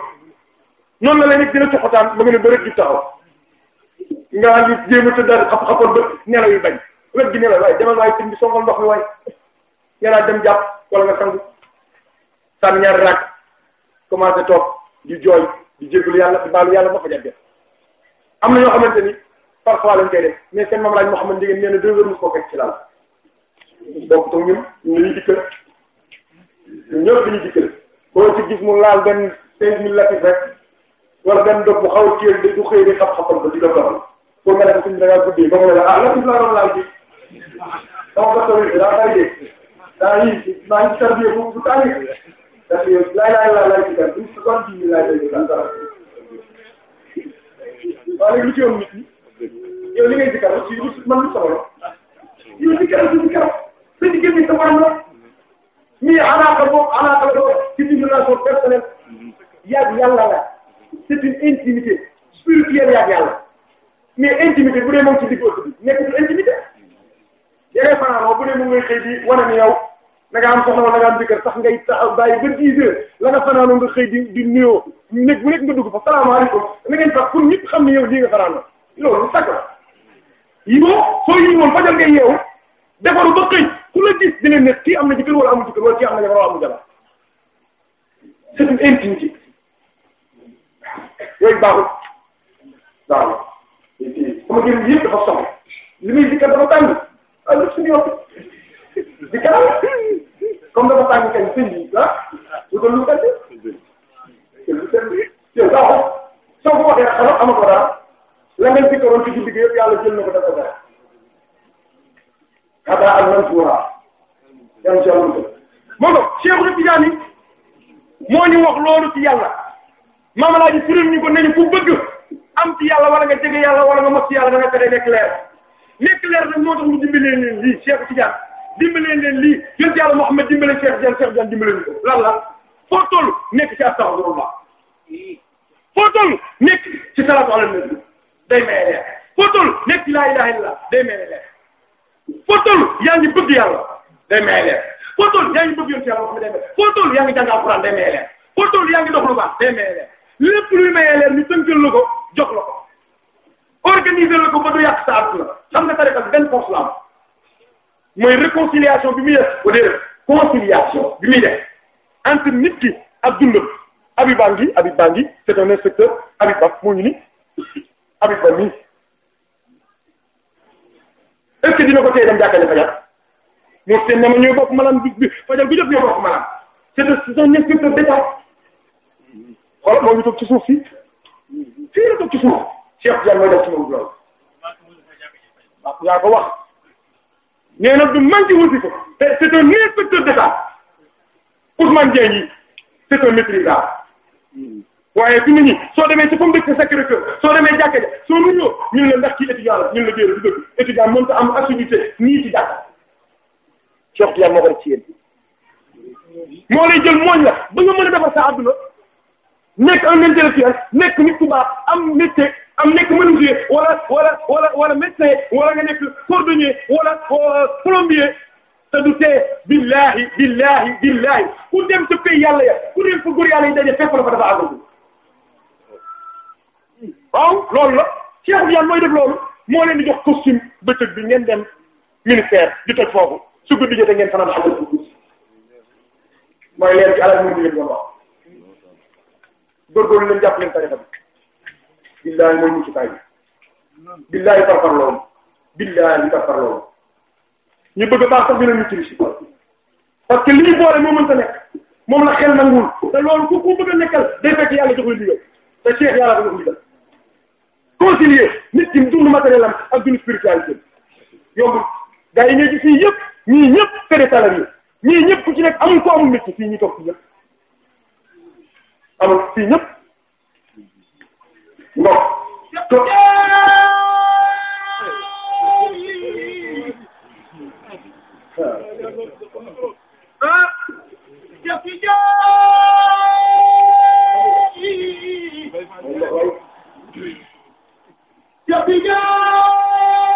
noonu la léegi dina coxotaan ba nga ne ba a tëddaat xap xapoon ba nelaw yu bañ wet gi nelaw waaye demal waaye tim bi songal ndox mi waaye yàlla dem jàpp wala nga sangu sànni ñaari raak commencé toog di jooy di jégalu yàlla di baalu yàlla ba fa jàppee am na ñoo xamante ni parfois lañ koy def mais seen maam laaj moo xamante ne nee na mu koo ci laal donc toog ñun ñu ngi dikkal ñun ñëpp dañuy dikkal boo ci gis mu laal benn cinq mille latif rek. wala benn dof bu xaw a ceeb du xëy di xam-xamal ba di dof doxal pour nga def suñu da ngaa guddee ba mu ne la ah lan it laa doon laal ji donc dafa wér daa fay dee daa yi maa ngi tardé bu bu tànn parce que laay laay laay laay ci kan une seconde bii laay lay def dara waaye lu ci yoon nit ñi yow li ngay dikkal aussi lu man lu soxla yow dikkal si dikkal sa diggante sa wàll mi alaaka boobu alaaka la doon ci dimension personnelle yàgg yàlla la. c'est une intimité spirituelle yaa yàlla mais intimité bu dee moom ci digg aussi nekkatul intimité yéenay fanaanoo bu dee moom ngay xëy di wane ni yow da soxla wala sax ngay taxaw bàyyi la nga fanaanoo nga xëy di di nuyoo nekk bu nekk nga dugg fa salaamaaleykum na ngeen fa pour ñëpp xam ni yow lii nga fanaanoo loolu soo yi moom fajal ngay yeewu defaru ba xëy ku la gis dina ne kii am na jëkkër wala amu jëkkër wala kii am na jabar wala amu jabar c'est une intimité yooyu baaxul waaw sama génn yëpp dafa soxla li muy dikkal dafa tàng allo suñu yoon di kanam comme dafa tàng kañ sëñ bi ah lu ko lu tëddee lu tëddee yow baaxul soo ko waxee rek xanaa amatoo dara la ngeen dikkaloon ci jullit gi yëpp yàlla jël na ko def ko dara xataa ak man suura yàlla ci yàlla moo tax Cheikh Tidiane moo ñu wax loolu ci yàlla. maam laa ji firil ñu ko nañu ku bëgg am ci yàlla wala nga jege yàlla wala nga mos ci yàlla nga fexe nekk leer nekk leer nag moo tax ñu dimbalee leen lii Cheikh Tidiane dimbalee leen lii yonent yàlla Muhammad dimbalee Cheikh Tidiane Cheikh Tidiane dimbalee ñu ko la foo toll nekk ci astaghfirullah foo toll nekk ci salatu ala nabi day maye leer foo toll nekk ci laa ilaha illallah day maye leer foo toll yaa ngi bëgg yàlla day maye leer foo toll yaa ngi bëgg yonent yàlla Muhammad yaa ngi jàng yaa ngi dox lépp luy mayee leer ñu tënkal la ko jox la ko organiser la ko ba du yàq sa àdduna xam nga tariqa benn force la am mooy réconciliation bi muy def au delà conciliation bi muy def entre nit ki ak dundam Habib Bangui Habib Bangui c'est un inspecteur Habib Ba moo ñu ni Habib Ba mii est-ce que dina ko tey dem jàkkale fajar moo seen nama ñooy bokk malaan bi fajar bi jot ñooy bokk malaan c'est un inspecteur d'État xoolal moo ngi toog ci suuf fii fii la toog ci suuf Cheikh Diagne mooy def ci moom loolu yaa ko wax nee na du manqué wuti ko te c'est un inspecteur d'État Ousmane Diagne yi c'est un maîtrisard waaye fi mu ne soo demee ci pomme de terre Sacré-Cœur soo demee jàkka ja soo nuyoo ñun la ndax ci étudiant la ñun la jéem a dugg étudiant mën ta am activité nii ci jàkka Cheikh Diagne moo ko def ci yéen moo lay jël mooñ la ba nga mën a defar sa adduna. nekk un intellectuel nekk nit ku baax am métier am nekk menuisier wala wala wala wala médecin wala nga nekk cordonnier wala euh, plombier te du tee billahi billahi billahi ku dem sa pays yàlla ya ku dem fa góor yàlla yi daje fekk na fa dafa àggagu waaw loolu la Cheikh Tidiane mooy def loolu moo leen di jox costume bëccëg bi ngeen dem ministère di toj foofu su guddi jotee ngeen fanaan xamal mooy leer ci alal moom ngeen doon wax góorgóorlu leen jàpp leen tarixa bi billaahi mooy muccukaay bi billaahi farfarloom billaahi farfarloom ñu bëgg a baax sax ñu ne mucc li si parce que li ñu boole moo mënta nekk moom la xel nanguwul te loolu ku ku bëgg a nekkal day fekk yàlla jox la ndigal te Cheikh yàlla ko jox ndigal concilier nit ki dund matériel am ak dund spiritualité yomb gaa yi ngay gis fii yëpp ñii ñëpp fere salarié ñii ñëpp ku ci nekk amul ko amul métier fii ñuy toog fii ñëpp am fii ñëpp ngox to jafi jaay jafi jaay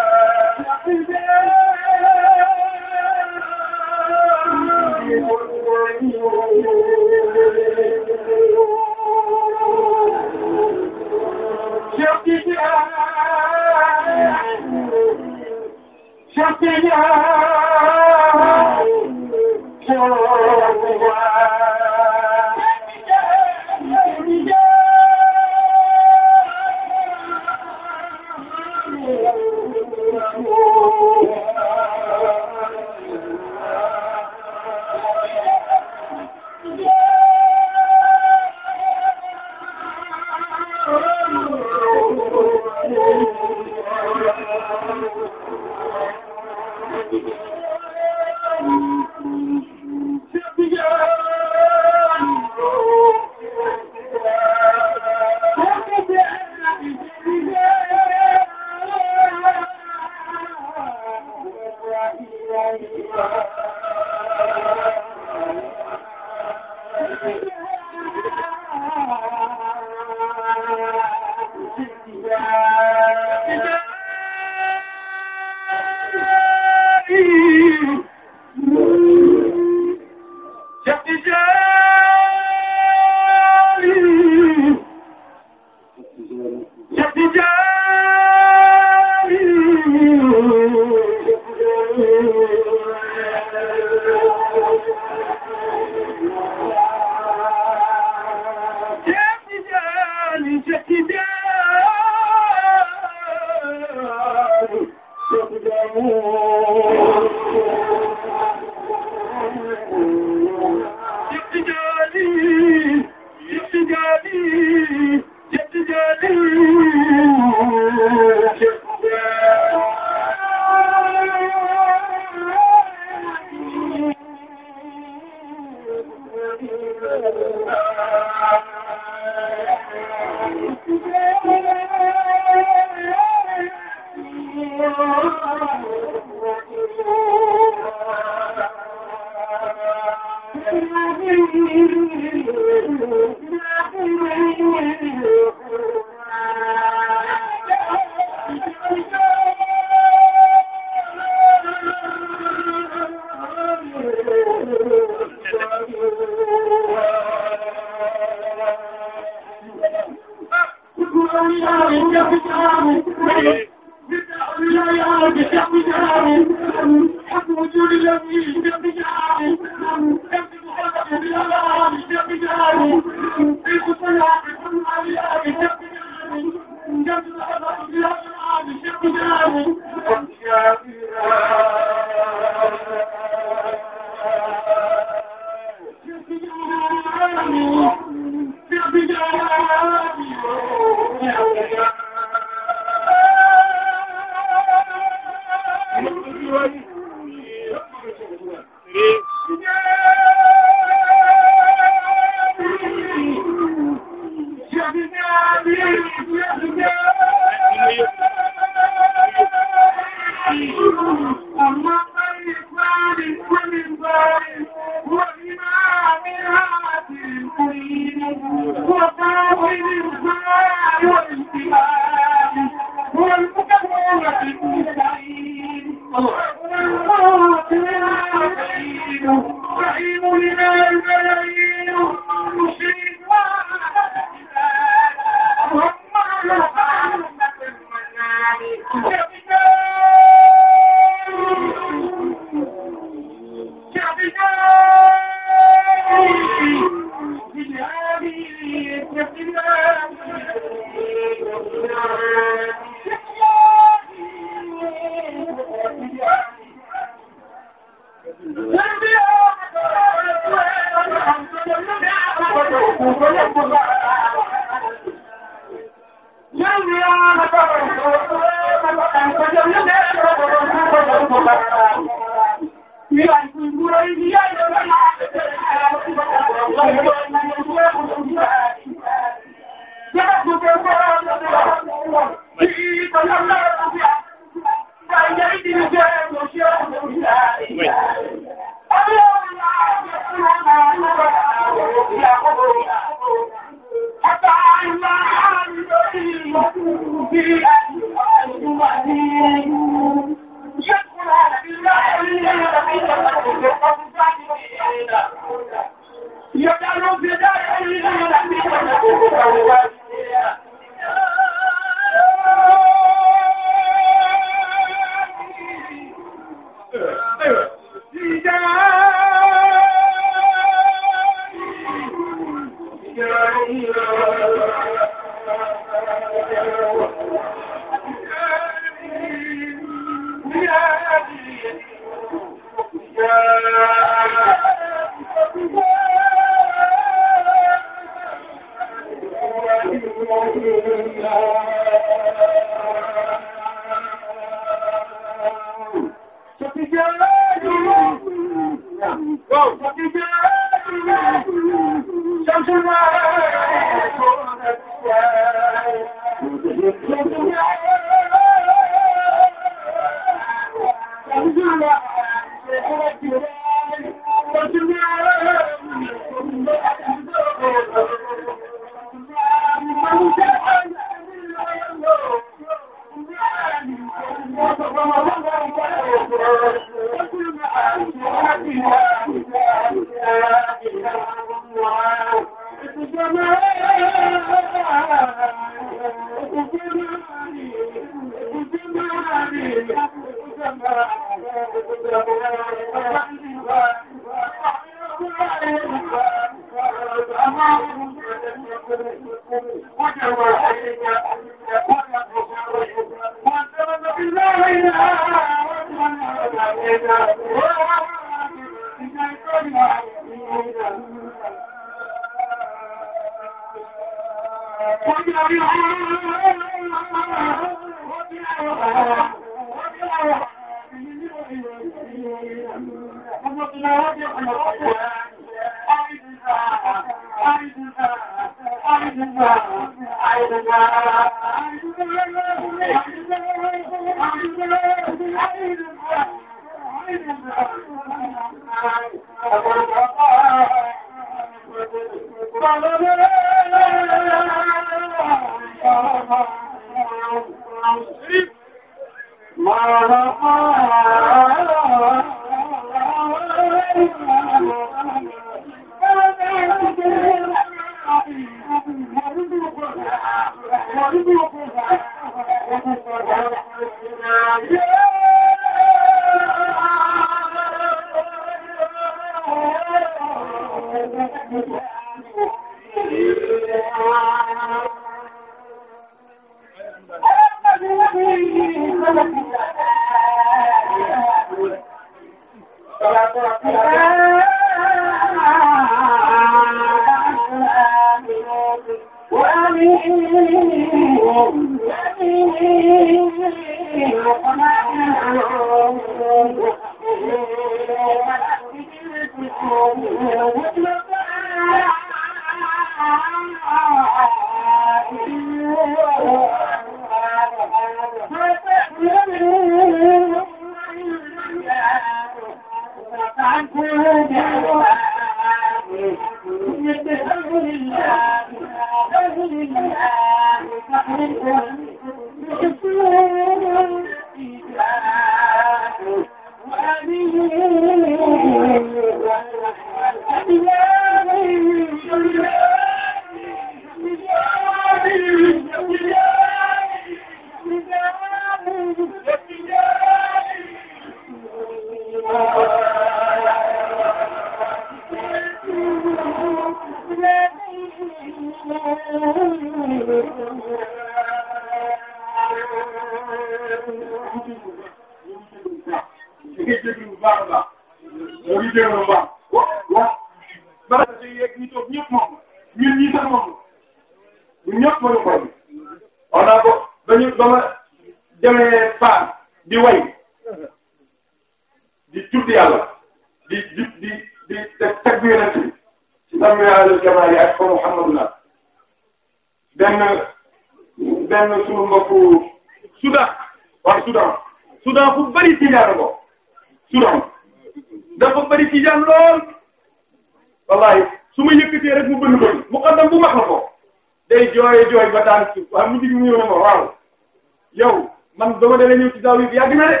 taw yi yàgg na de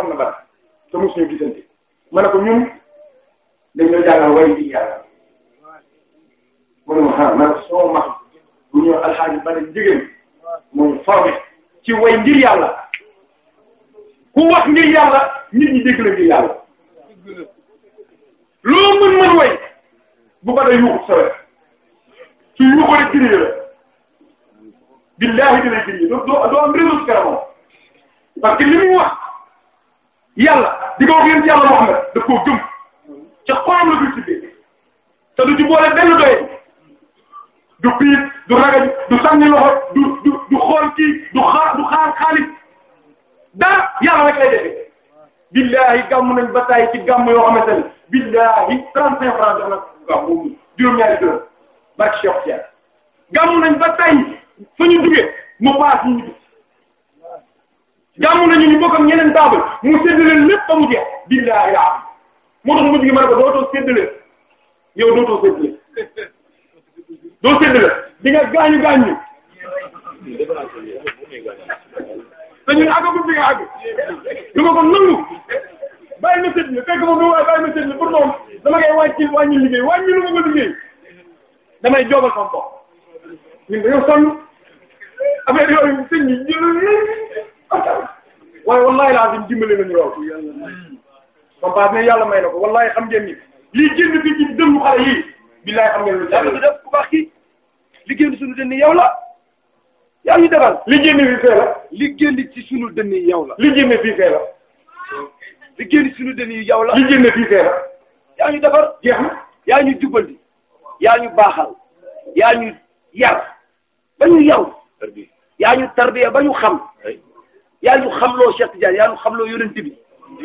xam na dara benn doye du piit du ragal du sànni loxo du du du du xaalis dara yàlla rek lay defi billahi gàmm nañ ba tay ci gàmm yoo xamante ne billahi trente cinq francs jox na gàmm boobu juróom-ñaari mu paas ñu dugg mu séddale lépp ba mu jeex billahi laa moo tax mujj gi ma ne ko dootoo séddale doo sédd la di nga gaañu gaañu bi nga àgg du ko nangu bàyyi ma fekk moom lu bàyyi ma sédd la pour moom dama koy wàññi liggéey wàññi lu ma liggéey damay joobal sama bopp ñun dañoo sonn affaire yooyu sëñ bi jëloon waaye wallaahi laa fi dimbali nañu lool. comme ça ne yàlla may na ko wallaahi xam ngeen ni lii billaay xam nga loolu. yàlla du def ku baax kii li génn suñu dënn yow la yaa ñu defal. li génn fii fee la. li génn ci suñu dënn yow la. li génn fii fee la. li génn suñu dënn yow la. li génn fii fee la. yaa ñu defal jeex na yaa ñu jubbanti yaa ñu baaxal yaa ñu yar ba ñu yaw yaa ñu tarbiya ba ñu xam yaa ñu xamloo Cheikh Tidiane yaa ñu xamloo yonent bi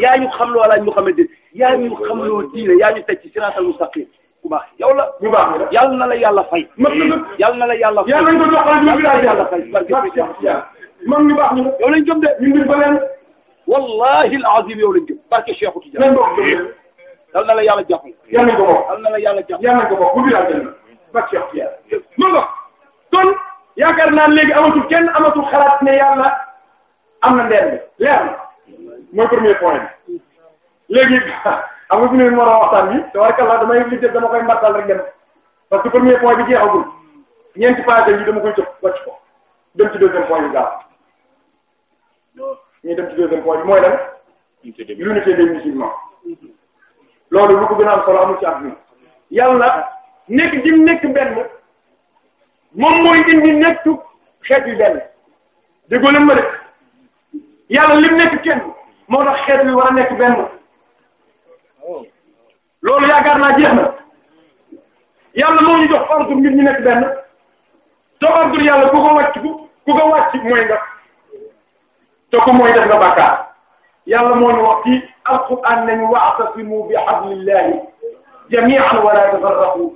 yaa ñu xamloo alaaj Muhammad yaa ñu xamloo diine yaa ñu teg ci siraatal mustaqim ku baax yow la. bu baax yàlla na la yàlla fay. yàlla na la yàlla fay. yàlla nañ ko jox rajo bi daal yàlla fay. mag ñu baax ñu la. yow lañ jëm de. ñun duñ fa leen. wallahi al-azim yow lañ jëm. barke Cheikh Tidiane. nañ ko yàlla na la yàlla jàppale. yàlla nañ ko bokk yàlla na la yàlla jàppale. yàlla nañ ko bokk bu dul yàlla jënd. barke Cheikh Tidiane. mën nga kon yaakaar naa léegi amatul kenn amatul xalaat ne yàlla am na ndeer bi leer na mooy premier point bi léegi xam nga fi mu a waxtaan bi te war kàllaa damay li jël dama koy mbattal rek dem parce que premier point bi jeexagul ñeenti page yi dama koy jëf wàcc ko dem ci deuxième point bi gaaw ñu dem ci deuxième point bi mooy lan. loolu lu ko gën a am solo amul ci àdduna yàlla nekk di nekk benn moom mooy indi nekk xeet yu benn déggoo leen ma de yàlla lim nekk kenn moo tax xeet yu war nekk benn. loolu yaakaar naa jeex na yàlla moo ñu jox ordre ngir ñu nekk benn te ordre yàlla ku ko wàcc ku ko wàcc mooy nga te ku mooy def nga bàkkaar yàlla moo ñu wax ci alquran nañu wa'tasimu bi hablillahi jami'an wa la tafarraqu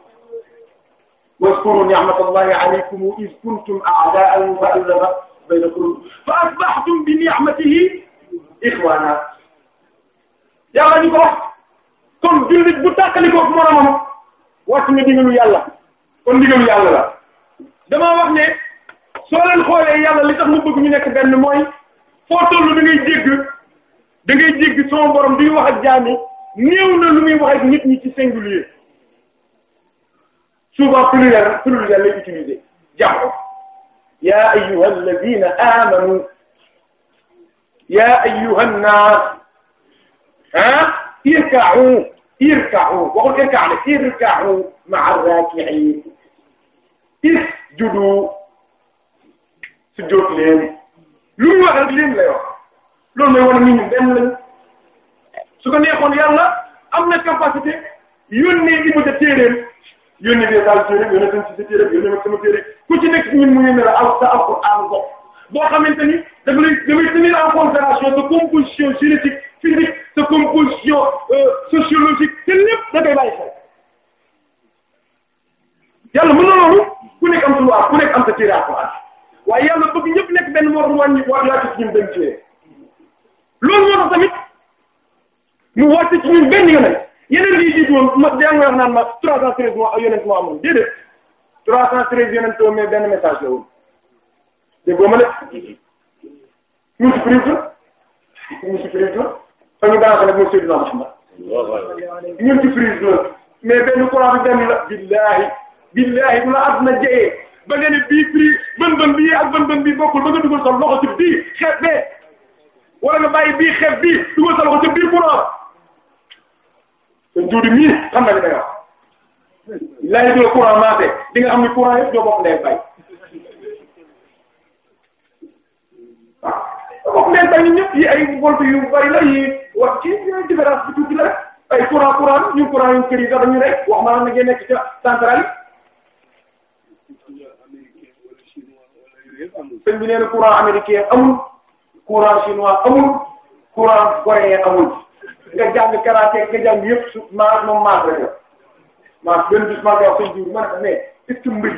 واذكروا نعمة الله عليكم إذ كنتم أعداء فألف بين قلوبكم فأصبحتم بنعمته إخوانا yàlla ñu ko wax kon jullit bu tàqalikoo ak moromam wàcc nga digalu yàlla kon digalu yàlla la damaa wax ne soo leen xoolee yàlla li tax mu bëgg ñu nekk benn mooy foo tollu da ngay jégg da ngay jégg sama borom wax ak jaami néew na lu muy wax ak nit ñi ci singulier souvent pluriel pluriel lay utiliser jàpp ya ayyuha alladhina amanu ya ayyuha an-nas irka'u irka'u waxul irka'u ne irka'u isjudu sujjóot leen lu mu wax rek leen lay wax loolu mooy wane ni ñu benn lañ su ko neexoon yàlla am na capacité yónnee li mu sa téeréem yónnee bi daal téeréem ku ci nekk ñun mu ngi la aw sa alquran boo xamante ni da ngay da ngay tenir sa composition génétique physique sa composition euh, sociologique te lépp da ngay bàyyi xel yàlla mën na loolu ku nekk am sa loi ku nekk am sa téere Alxuraan waaye yàlla bëgg ñëpp nekk benn moo tax mu wàññi wàññiwaat ci ñun benn téere loolu moo tax tamit mu wàcc ci ñun benn yonent yeneen yi jiitu woon ma yaa ngi wax naan ma 313 mois yonent moo amoon déedéet 313 yonent mais benn message la woon. te boo ma ne musu prise la musu prise la fa ñu daanaka nag moom Seydina benn courant bi benn la billahi billahi bu la àdduna jeyee ba nga ne bii prise bën bën ak bën bën bii bokkul ba nga dugal loxo ci bii xeeb bee wala nga bàyyi bii xeeb bii dugal sa loxo ci bii courant te juudi mii xam na li may wax billahi du la courant maase di nga xam ni courant yëpp ñoo bokk ndey bay moom leen bàyyi ñëpp yi ay volts yu bari la yi wax ci différence bi tuuti la rek ay courant courant ñu courant yu kër yi sax dañu rek wax maanaam na ngeen nekk ci centrale yi sëñ bi nee na courant américain amul courant chinois amul courant coréen amul nga jàng karaté nga jàng yëpp su maas moom maas la def maas benn bés maa ngi wax sëñ bi ma ne ko mais est-ce que mbir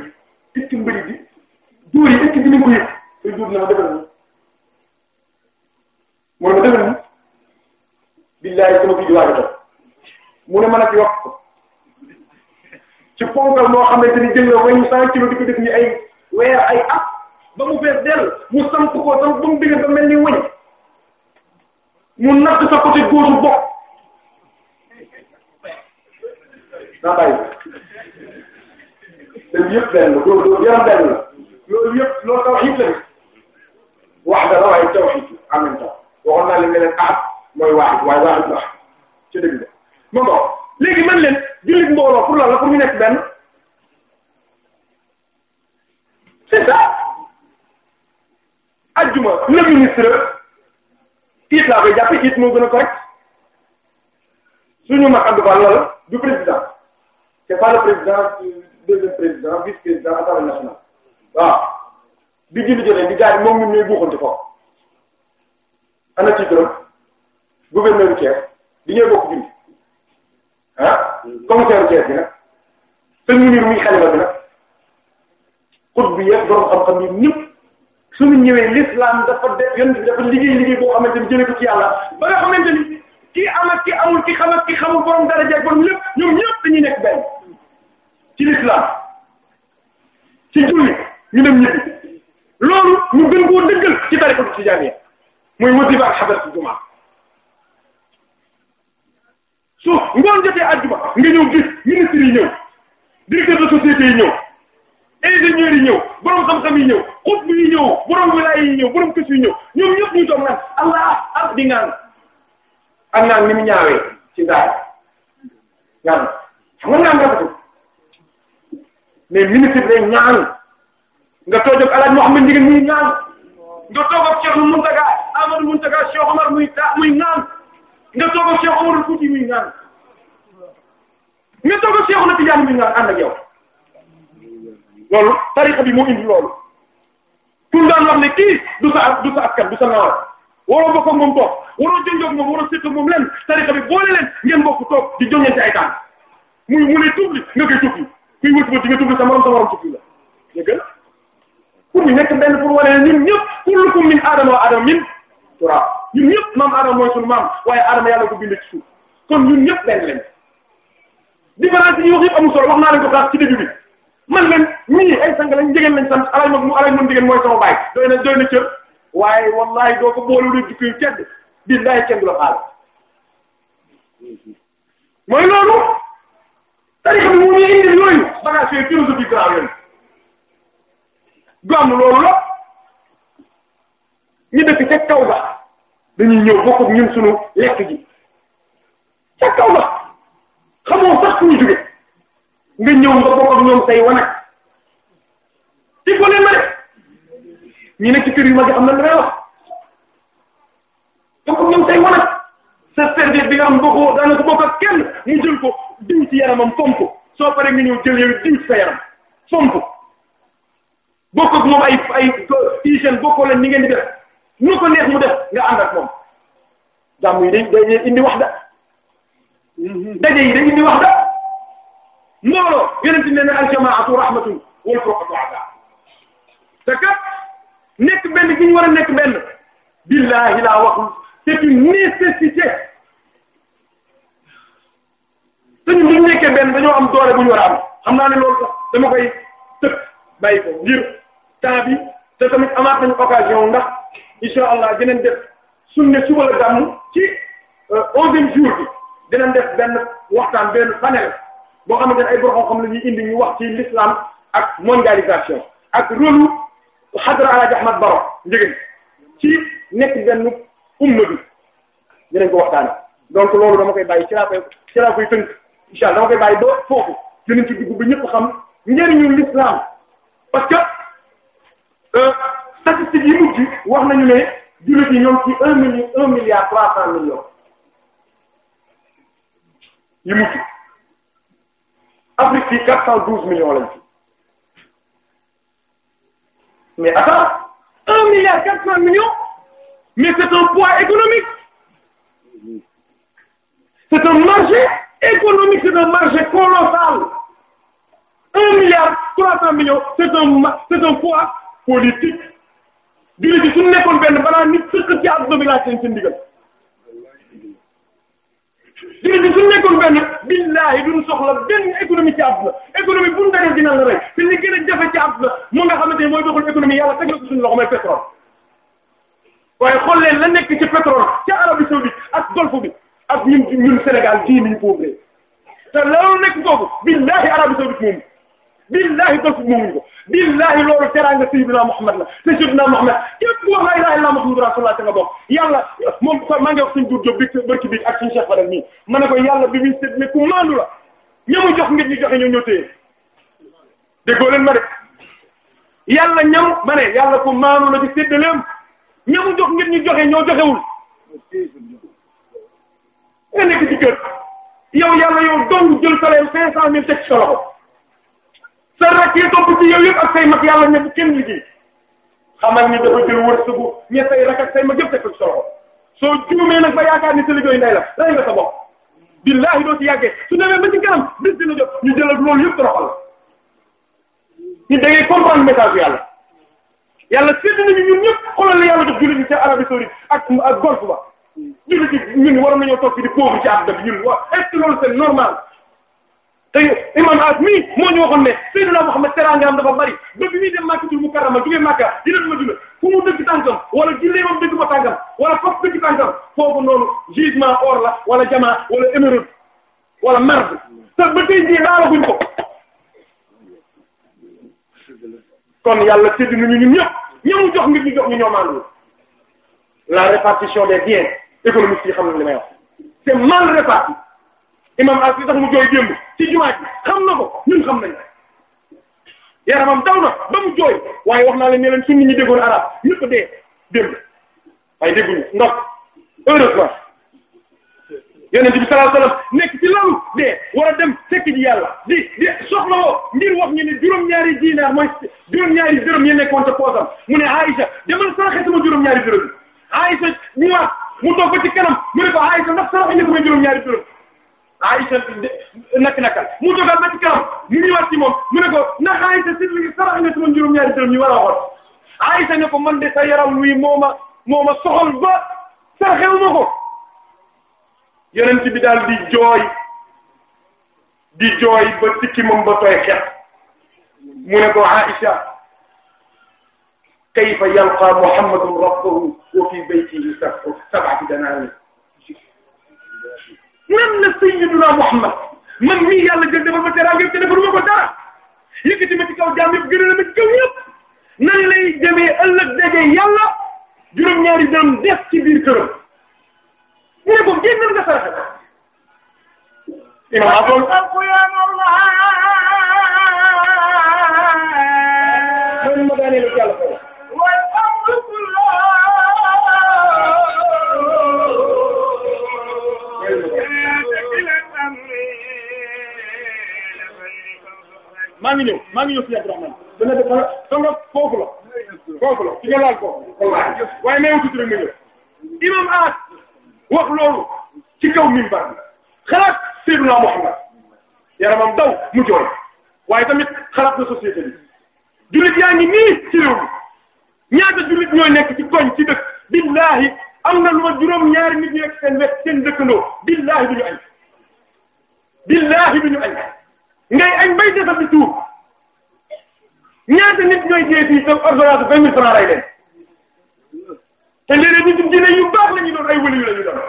yi est-ce que mbir yi bi duur yi est-ce que dinañ ko yëg sëñ bi na ma mooy ma dëgg billahi sama bi mu ne mën a ci ci ponkal moo xam ne dañuy jël la weñu cent kilos di ko ni ay weer ay at ba mu fees mu samp ko samp ba mu dëgg ba mel ni weñ mu natt sa côté góosu bopp naa bàyyi loolu la loolu loolu yaram wax dara waaye tawhid en waxoon naa leen ne leen ah mooy waaxit waaye waaxit la ca dëgg la ma ko léegi la la pour nekk benn c'est ça ajjuma le ministre tiit laa koy jàppe tiit moo gën a correct suñu mag Abdou Fall loolu du président c'est pas le président deuxième président vice président assemblée nationale waaw bi julli jotee di gars yi moom ñun ñooy ana ci dërëm gouverneur Thiès di bokk junni ah commissaire Thiès bi nag sëñ Munir muy xalifa bi nag xut bi yëpp borom xam-xam yi ñëpp suñu ñëwee l'islam dafa def yoon dafa liggéey liggéey boo xamante ni jëlee ko ci yàlla ba nga xamante ni ki am ak ki amul ki xam ak ki xamul borom daraja ak borom lépp ñoom ñëpp dañuy nekk benn ci l'islam ci julli ñu dem ñëpp loolu ñu gën koo dëggal ci tariqa tijaaniyya muy wasifa ak xadaratu jumaa su ngoon jotee àjjuma nga ñëw gis ministre yi ñëw directeur de société yi ñëw ingénieurs yi ñëw borom xam-xam yi ñëw xutb yi ñëw borom wilaay yi ñëw borom kës yi ñëw ñoom ñëpp ñu toog naan allah ak di ngaan ak naan ni mu ñaawee ci ndaay ngaan xam nga ngaan rafetul mais ministre bi ñaan nga toog ak alaaj Mouhamed muy ñaan nga toog ak Cheikh Mountaga Amadou Mountaga Cheikh Omar muy ta muy naan nga toog ak Cheikh muy naan nga toog ak Cheikh na Tidiane muy naan ànd ak yow loolu tariqa bi moo indi loolu daan wax ne kii du sa du sa askan du sa nawal waroo bokk ak moom toog waroo jonjoog moom waroo séq moom leen tariqa bi boole leen ngeen bokk toog di joŋee ci ay tànk mu ne tubli nga koy tubli kuy wëtu wëtu nga tubli sa morom sa tubli la dégg nga pour ñu benn pour wane turaab ñun ñëpp maam Adama mooy sunu maam waaye Adama yàlla ko bind ci suuf kon ñun ñëpp benn lañ différence yi wax yëpp amul wax naa leen ko sax ci début bi man leen ñii ay sang lañ jigéen lañ sant alay mag mu alay mën jigéen mooy sama doy na doy na cër waaye wallahi doo ko boole lu jikko yu tedd bi laay kenn la xaal mooy loolu tarixa bi mu ngi indi yooyu bagage yooyu philosophie grave yooyu du am loolu la ñu dëkk ca kaw ba dañuy ñëw bokk ñun suñu lekk ji ca kaw ba xamoo sax suñu jóge nga ñëw nga bokk say wanag ci kër yu mag yi xam na lu may wax say wanag sa serviette bi nga xam bokkoo daanaka bokk kenn mu jël ko diw yaramam fomp soo paree nga ñëw jël yow diw sa yaram fomp bokk moom ay ay hygiène bokkoo ni ngeen di def ni ko mu def nga ànd ak moom jàmm yi day day indi wax da daje yi day indi wax da mbooloo yonent ne na aljamaatu rahmatun wal furqatu adaa te kat nekk benn gi war a nekk benn billahi laa waxul c'est une nécessité te ñun nekkee benn dañoo am doole bu war am xam naa ne loolu dama koy tëb bàyyi ko ngir temps bi tamit amaat nañu occasion ndax. incha allah dinañ def suñu ne suba la gàmmu ci euh, onzième jour bi dinañ def benn waxtaan benn panel boo xamante ne ay borom xam la indi ñu wax ci l'islam ak mondialisation ak rôle xadra Alaaji Ahmad Baro njëgën ci nekk benn umma bi dinañ ko waxtaanee donc loolu dama koy bàyyi ci laa koy ci laa koy tënk incha allah dama koy bàyyi ba foofu dinañ ci dugg ba ñëpp xam njëriñu l'islam parce que. Euh, statistiques yi mujj wax nañu ne jullit yi ñoom ci un million un milliard trois cent millions yi mujj Afrique ci quatre cent douze millions lañ ci mais attends un milliard quatre cent millions mais c'est un poids économique c'est un marché économique c'est un marché colossal un milliard trois cent millions c'est un c'est un poids politique jullit yi su nekkoon benn balaa nit sëkk ci àdduna bi laaj seen seen digal jullit yi su nekkoon benn billaahi duñ soxla benn économie ci àdduna économie bu ñu dara la rey te li gën a jafe ci àdduna mu nga xamante mooy doxul économie yàlla teg na ko suñu loxo mooy pétrole waaye xool leen la nekk ci pétrole ca Arabie saoudite ak golfe bi ak ñun ñun Sénégal ji niñ pauvre te loolu nekk kooku billaahi Arabie saoudite moomu billaahi golfe bi moomuñu ko billahi loolu teraanga sayyidina Muhammad la te sayyidina Muhammad yëpp boo la ilaha illa Muhammad rasulullah te nga bokk yàlla moom maa ngi wax suñ duur jóg bi bërki bi ak suñu Cheikh Fadel mii ma ne ko yàlla bi muy sët ne ku maandu la ñamu jox ngir ñu joxe ñoo ñoo téye déggoo leen ma de yàlla ñam ma ne yàlla ku maandu la ci séddaleem ñamu jox ngir ñu joxe ñoo joxewul nga nekk ci kër yow yàlla yow dong jël salaire cinq cent mille teg ci sa loxo sa rakk yi topp ci yow yëpp ak say mag yàlla ne bu kenn liggéey xamal ni dafa jël wërsëgu ñe say rakk ak say mag yëpp teg ko ci solo soo juumee nag ba yaakaar ni sa liggéey ndey la rey nga sa bopp billaahi doo ci yàggee su demee ba ci kanam bis dina jot ñu jëlal loolu yëpp toroxal ñu da ngay comprendre message yàlla yàlla seetlu nañu ñun ñëpp xoolal yàlla jox jullit ñi ca Arabie saoudite ak ak golfe ba jullit ñi ñun waroon nañoo toog ci di pauvre ci àdduna ñun te imam as mii moo ñu waxoon ne Seydina Muhammad teraangaam dafa bari ba bi muy dem Makkatul Mukarrama jugee Makka di leen Madina fu mu dëgg tànkam wala jillee moom dëgg ma tànkam wala foofu dëgg tànkam foofu noonu gisement or la wala jamaa wala émeraude wala marbre te ba tey jii laalaguñ ko kon yàlla tëdd nañu ñun ñëpp ñamu jox ngir ñu jox ñu ñoomaanul la répartition des biens économiques xam na li may wax c'est mal réparti imam as li tax mu jooy démb ci jumaat bi xam na ko ñun xam nañ yaramam daw na ba mu jooy waaye wax naa leen ne leen suñ nit ñi déggoon arab ñëpp dee démb waaye dégguñu ndax heureusement yonent bi sallallahu alayhi nekk ci lalu dee war a dem fekk ji yàlla di di soxla woo ngir wax ñu ne juróom-ñaari dinaar mooy juróom-ñaari dërëm yi nekkoon sa poosam mu ne Aïcha demal saraxe sama juróom-ñaari dërëm yi Aïcha mu wax mu toog ba ci kanam mu ne ko Aïcha ndax saraxe nga sama juróom-ñaari dërëm Aïcha nak nakal mu dogal ba ci kanam ñu ñëwaat ci moom mu ne ko ndax Aïcha si li sarax nga sama juróom-ñaari dërëm ñu war a waxoon Aïcha ne ko man de sa yaram wi moo ma moo ma soxal ba saraxewu ma ko yonent bi daal di jooy di jooy ba tikki moom ba tooy xet mu ne ko Aïcha kayfa yalqa Muhammadun rabbahu wa fi baytihi sab'atu danaar nan la sayyiduna Muhammad man mii yàlla jël defal ma teraanga yëpp te defaluma ko dara yëkkati ma ci kaw jaam yëpp gënal ma ci kaw yëpp nan lay demee ëllëg dajee yàlla juróom-ñaari dërëm def ci biir këram ñu ne ko génn nga saraxe imam Abdul ma daaneel yàlla maa ngi ñëw maa ngi ñëw si Abdourahmane dana def danga foofu la foofu la ci waaye nee wutu rek nga imam aat wax loolu ci kaw minbar bi xalaat Seydina Muhammad yaramam daw mu jooy waaye tamit xalaat na société bi jullit yaa ngi nii ci réew mi ñaata jullit ñooy nekk koñ ci dëkk billahi am na lu ma juróom ñaari nit ñu nekk seen wet seen dëkkandoo billahi ngay añ bay desal di tuur ñaata nit ñooy jiyee fii sa ordonnance vingt mille francs lay dem te léeg-léeg nit ñi dinañ yu baax la ñu doon ay wëli yu la ñu doon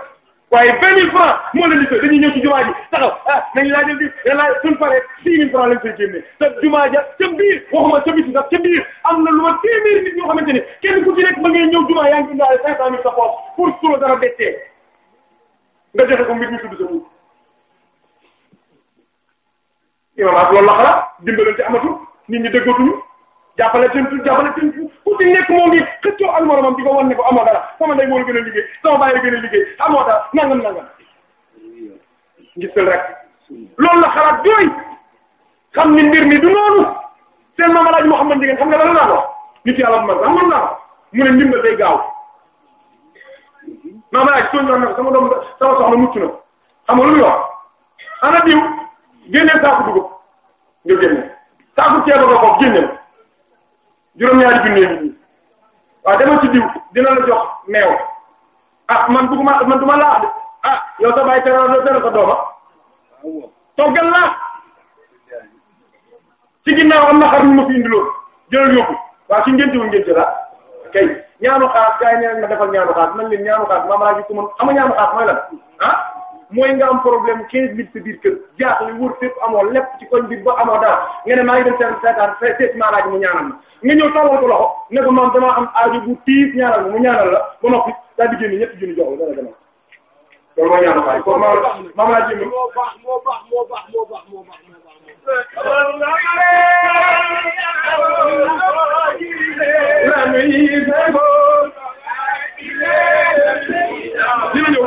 waaye vingt mille francs moo leen di tëj dañuy ñëw ci jumaa ji taxaw ah nañ laa di dañ laa suñ paree six mille francs lañ koy génne te jumaa ja ca biir waxuma ca biti sax ca biir am na lu ma téeméeri nit ñoo ni kenn ku ci nekk ba ngay ñëw jumaa yaa ngi indaale sa poche pour su dara dettee nga joxe ko mbir mi tudd sa imam ak loolu la xalaat dimbalante amatul nit ñi déggatuñu jàppale tënku jàppale tënku ku ci nekk moo ngi xëccoo ak moromam di ko wan ko amoo dara sama ndey moo la a liggéey sama baay la gën a liggéey amoo dara nangam nangam gisal rek loolu la xalaat doy xam ni mbir mi du noonu seen maam Alaaji Muhammad Ndieguène xam nga lan laa wax nit yàlla bu mag xam nga mu ne ndimbal day gaaw maam Alaaji soo ñëwaat nag sama doom sama soxna mucc na xam nga génneel saako dugub nga génne saako ceeb nga ko génneel juróom-ñaari junne nit ñi waaw demal ci diw dina la jox meew ah man bëgguma man duma laax de ah yow sa bàyyi teral la teral sa dooma ah. toggal laax ci ginnaaw am na xar ñu ma fi indiloon jëlal yóbbu waaw ci ngénte wu ngénte la kay ñaanu xaas gars yi nee nañ ma defal ñaanu xaas man leen ñaanu xaas maam laa ji ko mën xam nga ñaanu xaas mooy mooy nga am problème quinze mille sa biir kër jaaxle wër fépp amoo lépp ci koñ bi ba amoo dara nga ne maa ngi dem seen seetaan seet maanaam mu ñaanal ma nga ñëw tàllal ko loxo ne ko maam damaa am aajo bu tiis ñaanal mu ñaanal la ba noppi daa di génn ñetti junni jox la dara dama loolu mooy ñaanu fay kon maam maam laa jéem moo baax moo baax moo baax moo baax moo baax dina ñëw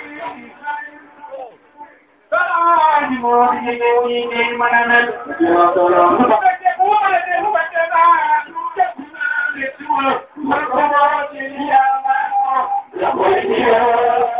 salaani moo di ne nii nii mën a mel. bu ko defee bu ko defee bu ko defee baax na mu def naa ne suba. man ko moo di lii yaa baax naa. la ko lii yaa baax naa.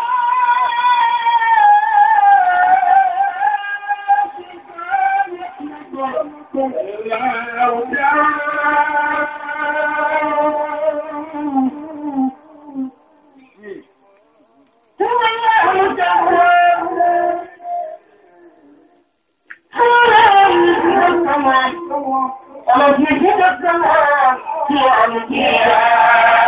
ربكم لو هو الله جهره هذا من السماء الذي هو السماء في أمتها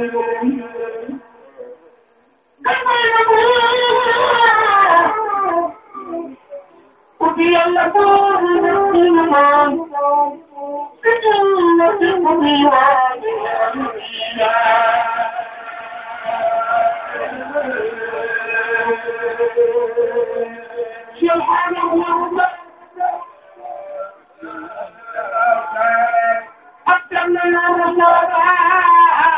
Thank you. قدم لنا رسولا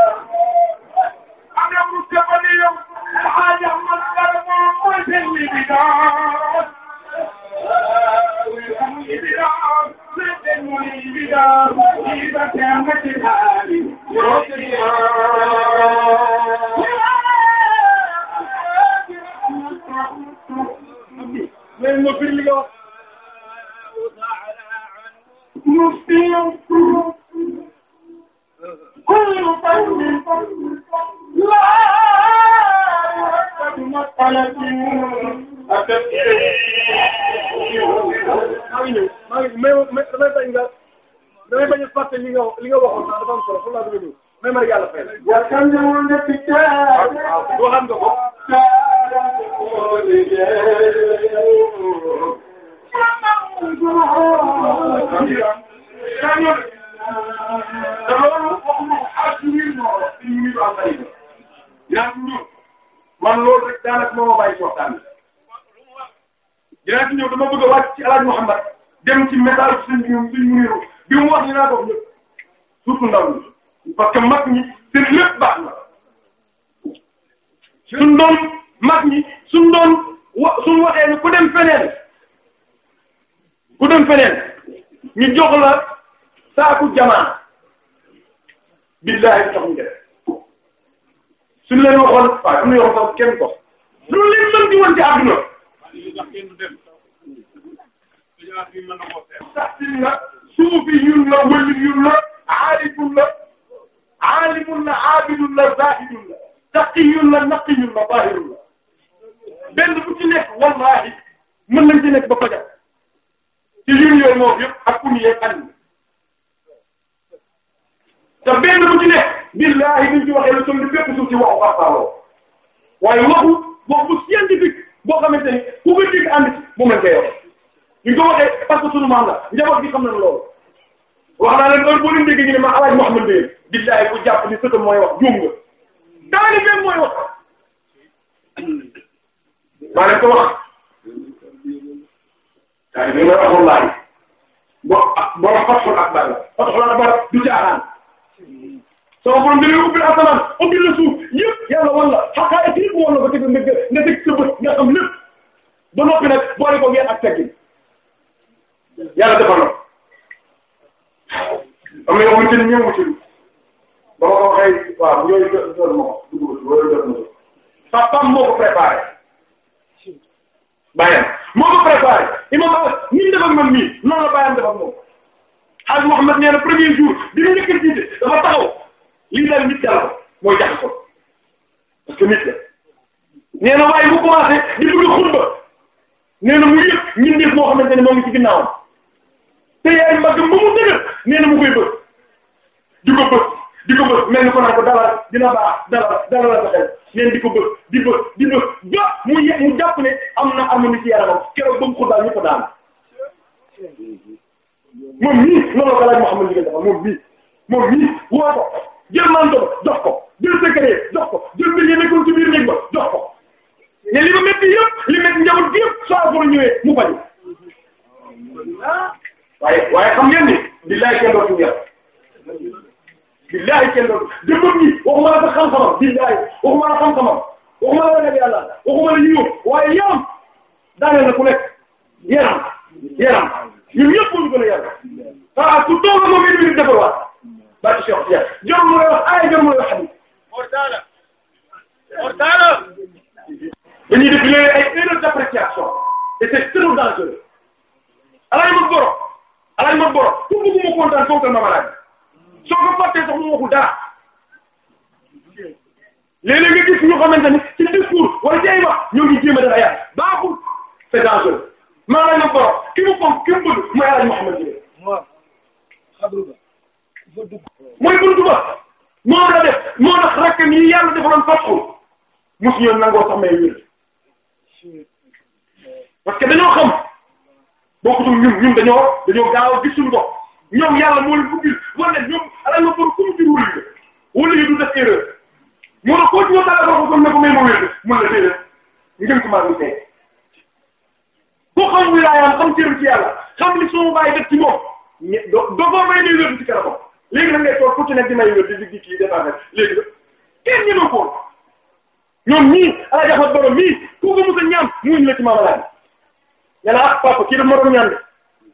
ma ko ñaan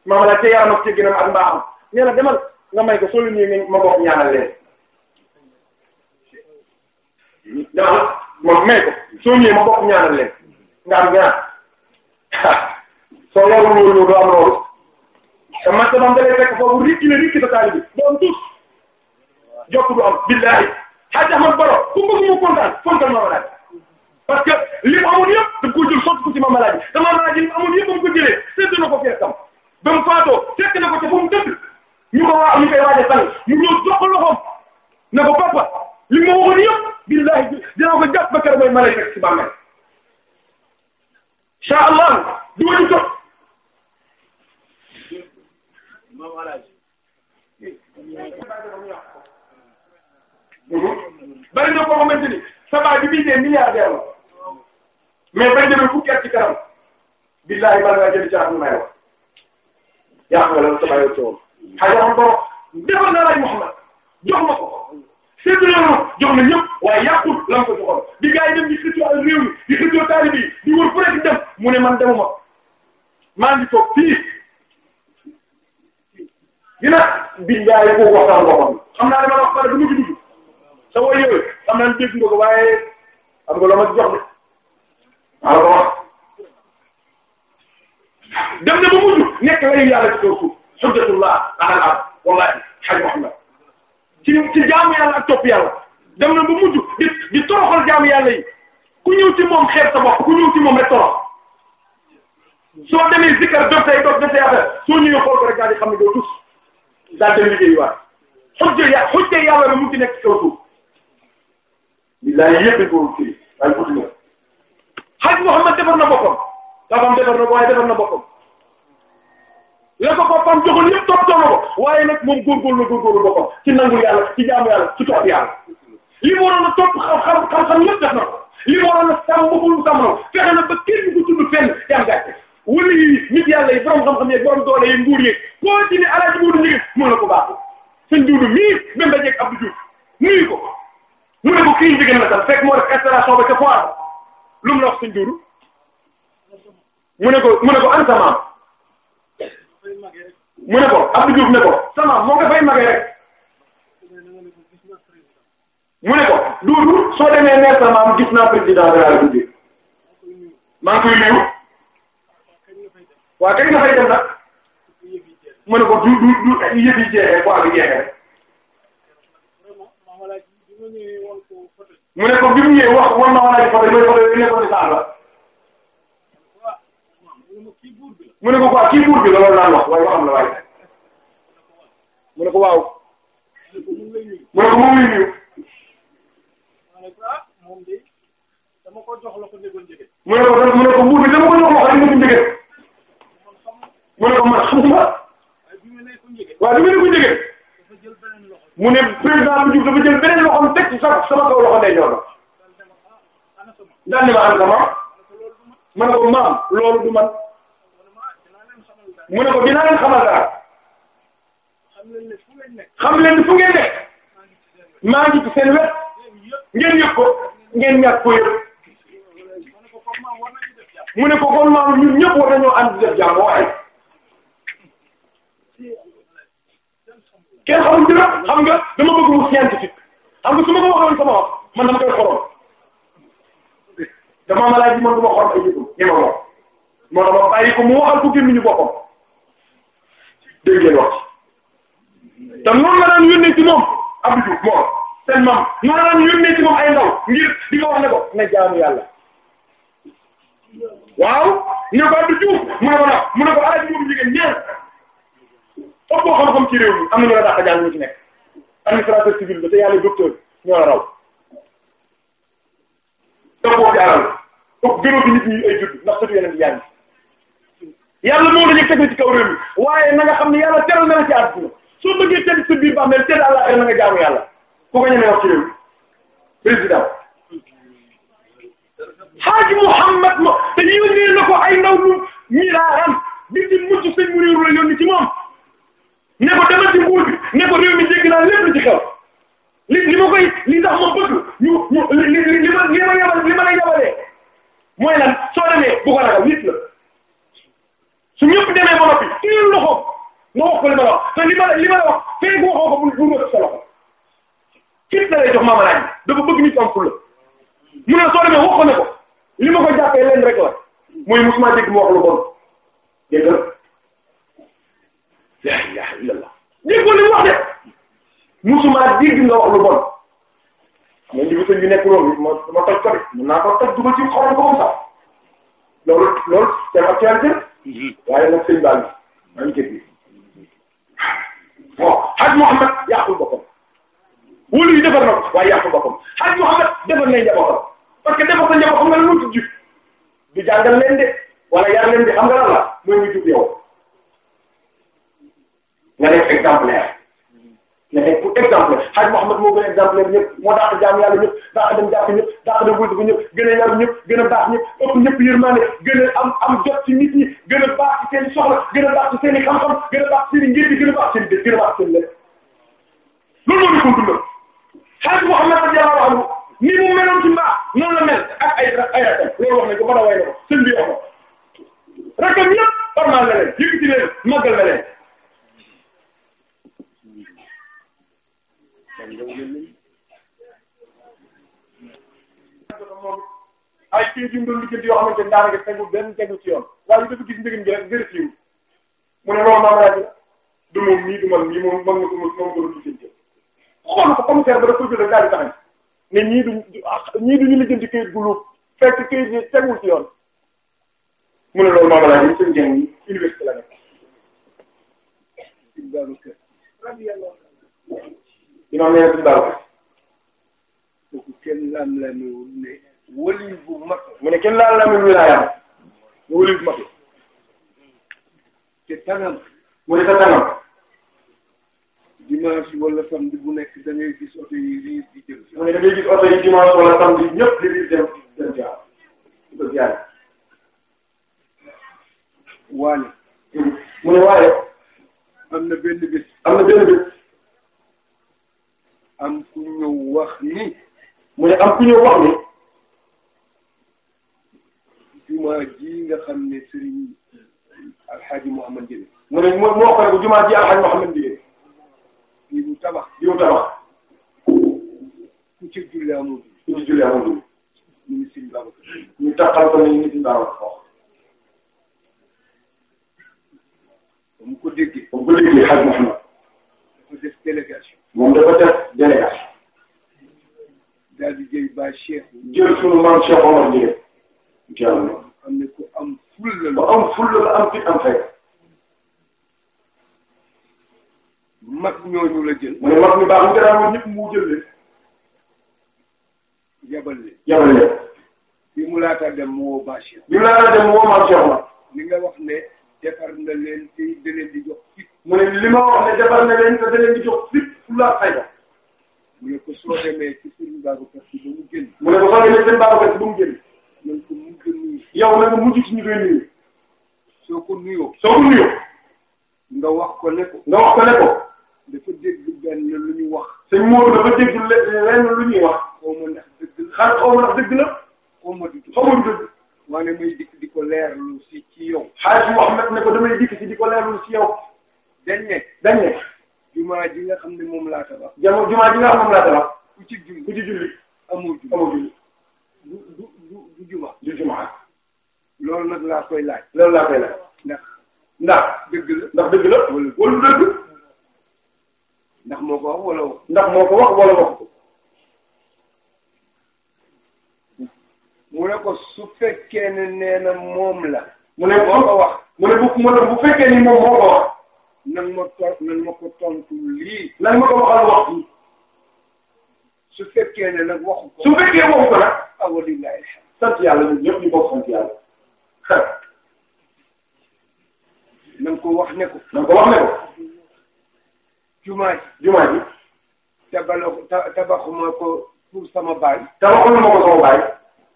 maama laaj ca yaram ak ca ginam ak mbaaxam nee na demal nga may ko soo leen yëngee ma bokk ñaanal leen. demal ma may ko soo ñëwee ma bokk ñaanal leen nga am ñaan soo loolu loolu doo am loolu te man de man da lay fekk foofu rikki la rikki ba taal bi doo am tuut jokk du am billahi xaj Ahmad Baro ku bëgg mu kontaan fontal ma ma laaj. parce que li mu amoon yëpp da ko jël sotti ko ci ma maladie te ma maladie li mu amoon yëpp ba mu ko jëlee sédd na ko fekkam ba mu faatoo fekk na ko ca fu mu dëkk ñu ko waa ñu koy waaj a tànn ñu ñëw jox ko loxoom na ko papa li ma waxoon yëpp billahi dinaa ko jàpp ba keroog mooy maladie rek ci bàmmeel incha allah du ma ñu jot. bari na ko xamante ni sa baa ji bii des milliardaires mais bañ demee fukki at ci kanam billahi bala ngaa jënd caaxaan may wax yaa nga lan sa bàyyi ci woon. xajal borom defal na laaj Muhammad jox ma ko séddale jox na ñëpp waaye yàqul la ko joxoon di gars dem di xëccoo ak réew di xëccoo taalib di wër fu dem mu ne man demuma maa ngi toog fii dina billahi ko waxtaan boppam xam naa dama wax pare du ma ci dugg sa woy yooyu xam naa dégg nga ko waaye am nga loo ma jox de. maa ko wax dem na mujj nekk layu yàlla ci kaw suuf hujjatullah ala al wallahi xaj Muhammad ci ci jaamu yàlla ak topp yàlla dem na mujj di di toroxal jaamu yàlla yi ku ñëw ci moom xeeb sa bopp torox soo demee zikkar dof tay dof soo ñëwee xool ko rek daal di xam ne ya xujja yàlla la mu ci nekk ci kaw suuf billahi yëpp ko kii xaj Muhammad defar ma defar na ko waaye defar na boppam la ko boppam joxul yëpp topp topp waaye nag moom góorgóorlu góorgóorlu boppam ci nangu yàlla ci jaamu yàlla ci topp yàlla li mu topp xam xam-xam yëpp def na ko li mu waroon a sàmm boppam sàmm na ba kenn ku tudd fenn yaa gàcce wala yi nit yàlla yi borom xam-xam yeeg borom doole yi nguur yeeg koo ci ne alaaji Moodu Njigéen mën na ko baax seen duudu mii même ba jeeg Abdou Diouf nuyu ko mu ne ko lu mu la wax suñ duuru mu ne ko mu ne ko an samaam mu ne ko Abdou Diouf ne ko samaam moo nga fay magee rek mu ne ko duuru soo demee ne samaam gis naa président de la République maa ngi koy nuyu waaw kañ nga fay dem nag mu ne ko du du du yëf yi jeexee bu ak jeexee mu ne ko bi mu ñëwee wax war na walaay foto yooyu foto yooyu nekkoon saa la mu ne ko quoi kii buur bi la loolu naan wax waaye waxam la waaye mu ne ko waaw mu ne ko moom lay nuyu. mu ne ko mu ne ko buur bi dama ko jox loxo nekkoon njëgën mu ne ko man xam nga waaw dama nekkoon njëgën. mu ne président bi Diouf dafa jël beneen loxoom teg ci sama sama kaw loxo ndeyjoor la daan ne ma am sama ma ne ko maam loolu du man mu ne ko dinaa leen xamal dara xam leen fu ngeen nekk maa ngi ci seen wet ngeen yëg ko ngeen ñàkk ko yëg mu ne ko kon maam ñun ñëpp war nañoo ànd def jàmm waaye. kenn xamuñ dina xam nga dama bëgg mu scientifique xam nga su ma ko waxoon sama wax man dama koy xorom damaa ma laaj bi man du ma xorom ay yëngu ñi ma wax moo dama bàyyi ko mu waxal ko gémmiñu boppam dégg ngeen wax ci te noonu la daan yónnee ci moom Abdou Diouf moo seen maam noonu la daan yónnee ci moom ay ndaw ngir di ko wax ne ko na jaamu yàlla waaw ne ko Abdou Diouf mu ne ko nag mu ne ko alal ji moom jigéen ñeent foog boo xam-xam ci réew mi am na ñu la dàq jàng ñu ci nekk administrateur civil ba te yàlla docteur ñoo la raw dogoo ci alal foog gënoo ci nit ñi ay judd ndax sëtu yeneen yaa ngi yàlla moo la ñu teg ci kaw réew mi waaye na nga xam ne yàlla teral na la ci àdduna soo bëggee tedd sa biir baax mel tedd àllaxira na nga jaamu yàlla ku ko ñemee wax ci réew mi président Haji Mouhamad ma te yónnee na ko ay ndaw ñu ñii daa am bitim mujj sëñ mu réeru la yónni ci moom. ne ko demal ci nguur gi ne ko réew mi jéggi naa lépp ci xew li li ma koy li tax ma bëgg ñu ñu li li li ma li ma yabal li ma la yabalee mooy lan soo demee bu ko ragal nit la su ñëpp demee ba noppi téyel loxo nga wax ko li ma la wax te li ma li ma la wax feeg waxoo ko bu bu sa loxo fit la lay jox maama laaj dafa bëgg nit am fulla mu ne soo demee wax ko ne ko li ma ko jàppee leen rek la mooy musuma dégg mu wax lu bon dégg nga la ilaha illallah déggoo li mu wax de musuma dégg nga wax lu bon xam nga li ko ñu nekk loolu ma ma toj ko de mun naa ko toj dugg ci xorom ko mu sax loolu loolu c'est actualité mhm. waaye nag sëñ Ba maa ngi dégg bon Hadj Mouhamed yàqul boppam wóolu yi defar na ko waaye yàqul boppam Hadj Mouhamed defar nañ njabootam parce que defar sa njabootam nga lu mu ci jub du jàngal leen de wala yar leen de xam nga lan la mooy ñu jub yow. nga def exemplaire nga def pour exemplaire xaj Mouhamed moo gën a exemplaire ñëpp moo dàq jaam yàlla ñëpp dàq dem jàpp ñëpp dàq dem wërsëg ñëpp gën a yar ñëpp gën a baax ñëpp ëpp ñëpp yërmande gën a am am jot ci nit ñi gën a baax ci seen soxla gën a baax ci seen i xam-xam gën a baax ci seen i njëriñ gën a baax seen i dëkk gën a baax seen lépp loolu moo nekkoon dundal xaj Mouhamed radiyallahu anhu ni mu meloon ci mbaax noonu la mel ak ay ay rakkam loolu wax nañ ko ba da way na ko sëñ bi wax ko rakkam yëpp formal na leen yëkkati leen màggal na leen ay kii yu mu doon liggéey yoo xamante ne daanaka tegu benn tegu ci yoon waaye dafa gis njëriñ bi rek vérifié wu mu ne loolu maam laaj la du moom nii du man nii moom man nga ko mos moom nga doon liggéey xool ko commissaire ba dafa jël rek daal di taxañ ne ñii duñ ñii duñu liggéey kayit gu lu fekk kayit yi tegul ci yoon mu ne loolu maam laaj la seen jàng yi université la nekk imam nee na suñu baaru ko kenn laam laamewul ne wali bu mat mu ne kenn laam laamewul wilaayam wali bu mat te tànnam mu ne sa tànnam dimanche wala samedi bu nekk da ngay gis oto yi riir di jëm mu ne da ngay gis oto yi dimanche wala samedi ñëpp di riir dem dem jaar di ko jaar waane mu ne waaye am na benn bés am na benn bés am ku ñëw wax ni mu ne ni jumaa ji nga xam ne Serigne Alhaji Mouhamad Ndiémé mu ne moo moo xoolee bu ji Alhaji Mouhamad Ndiémé di mu tabax di mu tabax ku ci julli amul ku ci julli amul ñu ngi Serigne Babacar ko ne ñu ngi Serigne Babacar mu ko déggee mu ko déggee Alhaji Mouhamad mu def délégation moom dafa def délégation. daal di jël ba Cheikh. jël sunu maam Cheikh Omar Ndiaye. jàll. am na ku am ful mu jël leen. yabal leen yabal leen. bi mu laata dem woo ba Cheikh. bi mu laata dem woo maam Cheikh Omar. nga wax ne defar na te da leen jox fit. mu ne li ma wax ne jabar na leen da leen di jox fit fulla mu ne ko soo demee ci sëriñ Babacar si ba mu génn mu ne ko soo ko mujj nuyu nga mujj ko nuyoo ko nga wax ko ne ko nga wax ko ne ko dafa dégg benn lu ñu wax sëñ Modou wax xaw ma ndax dëgg la xaar xaw ma ndax dëgg la xaw ma du xaw ma du dëgg maa ne ko leerlu si ci yow xaalis Mouhamed ne ko damay dikk si di ko leerlu si dañ ne dañ ne jumaa ji nga xam ne moom laa tabax jamo jumaa ji nga xam ne moom laa tabax ku ci julli ku ci julli amul julli amul julli du du du du jumaa du jumaa loolu nag laa koy laaj loolu laa koy laaj ndax ndax dëgg la ndax dëgg la wala wala dëgg ndax moo ko wax wala wax ndax moo ko wax wala wax ko mu ne ko su fekkee ne nee na moom la mu ne moo ko wax mu ne bu mu ne bu fekkee ni moom moo ko wax nan ma to nan ma ko tontu lii. nan ma ko waxal wax bi. su fekkee ne nag waxu ko. su fekkee waxu ko nag. alhamdulilah. sant yàlla ñun ñëpp ñu bokk sant yàlla. na nga ko wax ne ko. na nga ko wax ne ko. jumaa ji. jumaa ji. tabaxu tabaxuma ko pour sama baay. tabaxuma ko sama baay.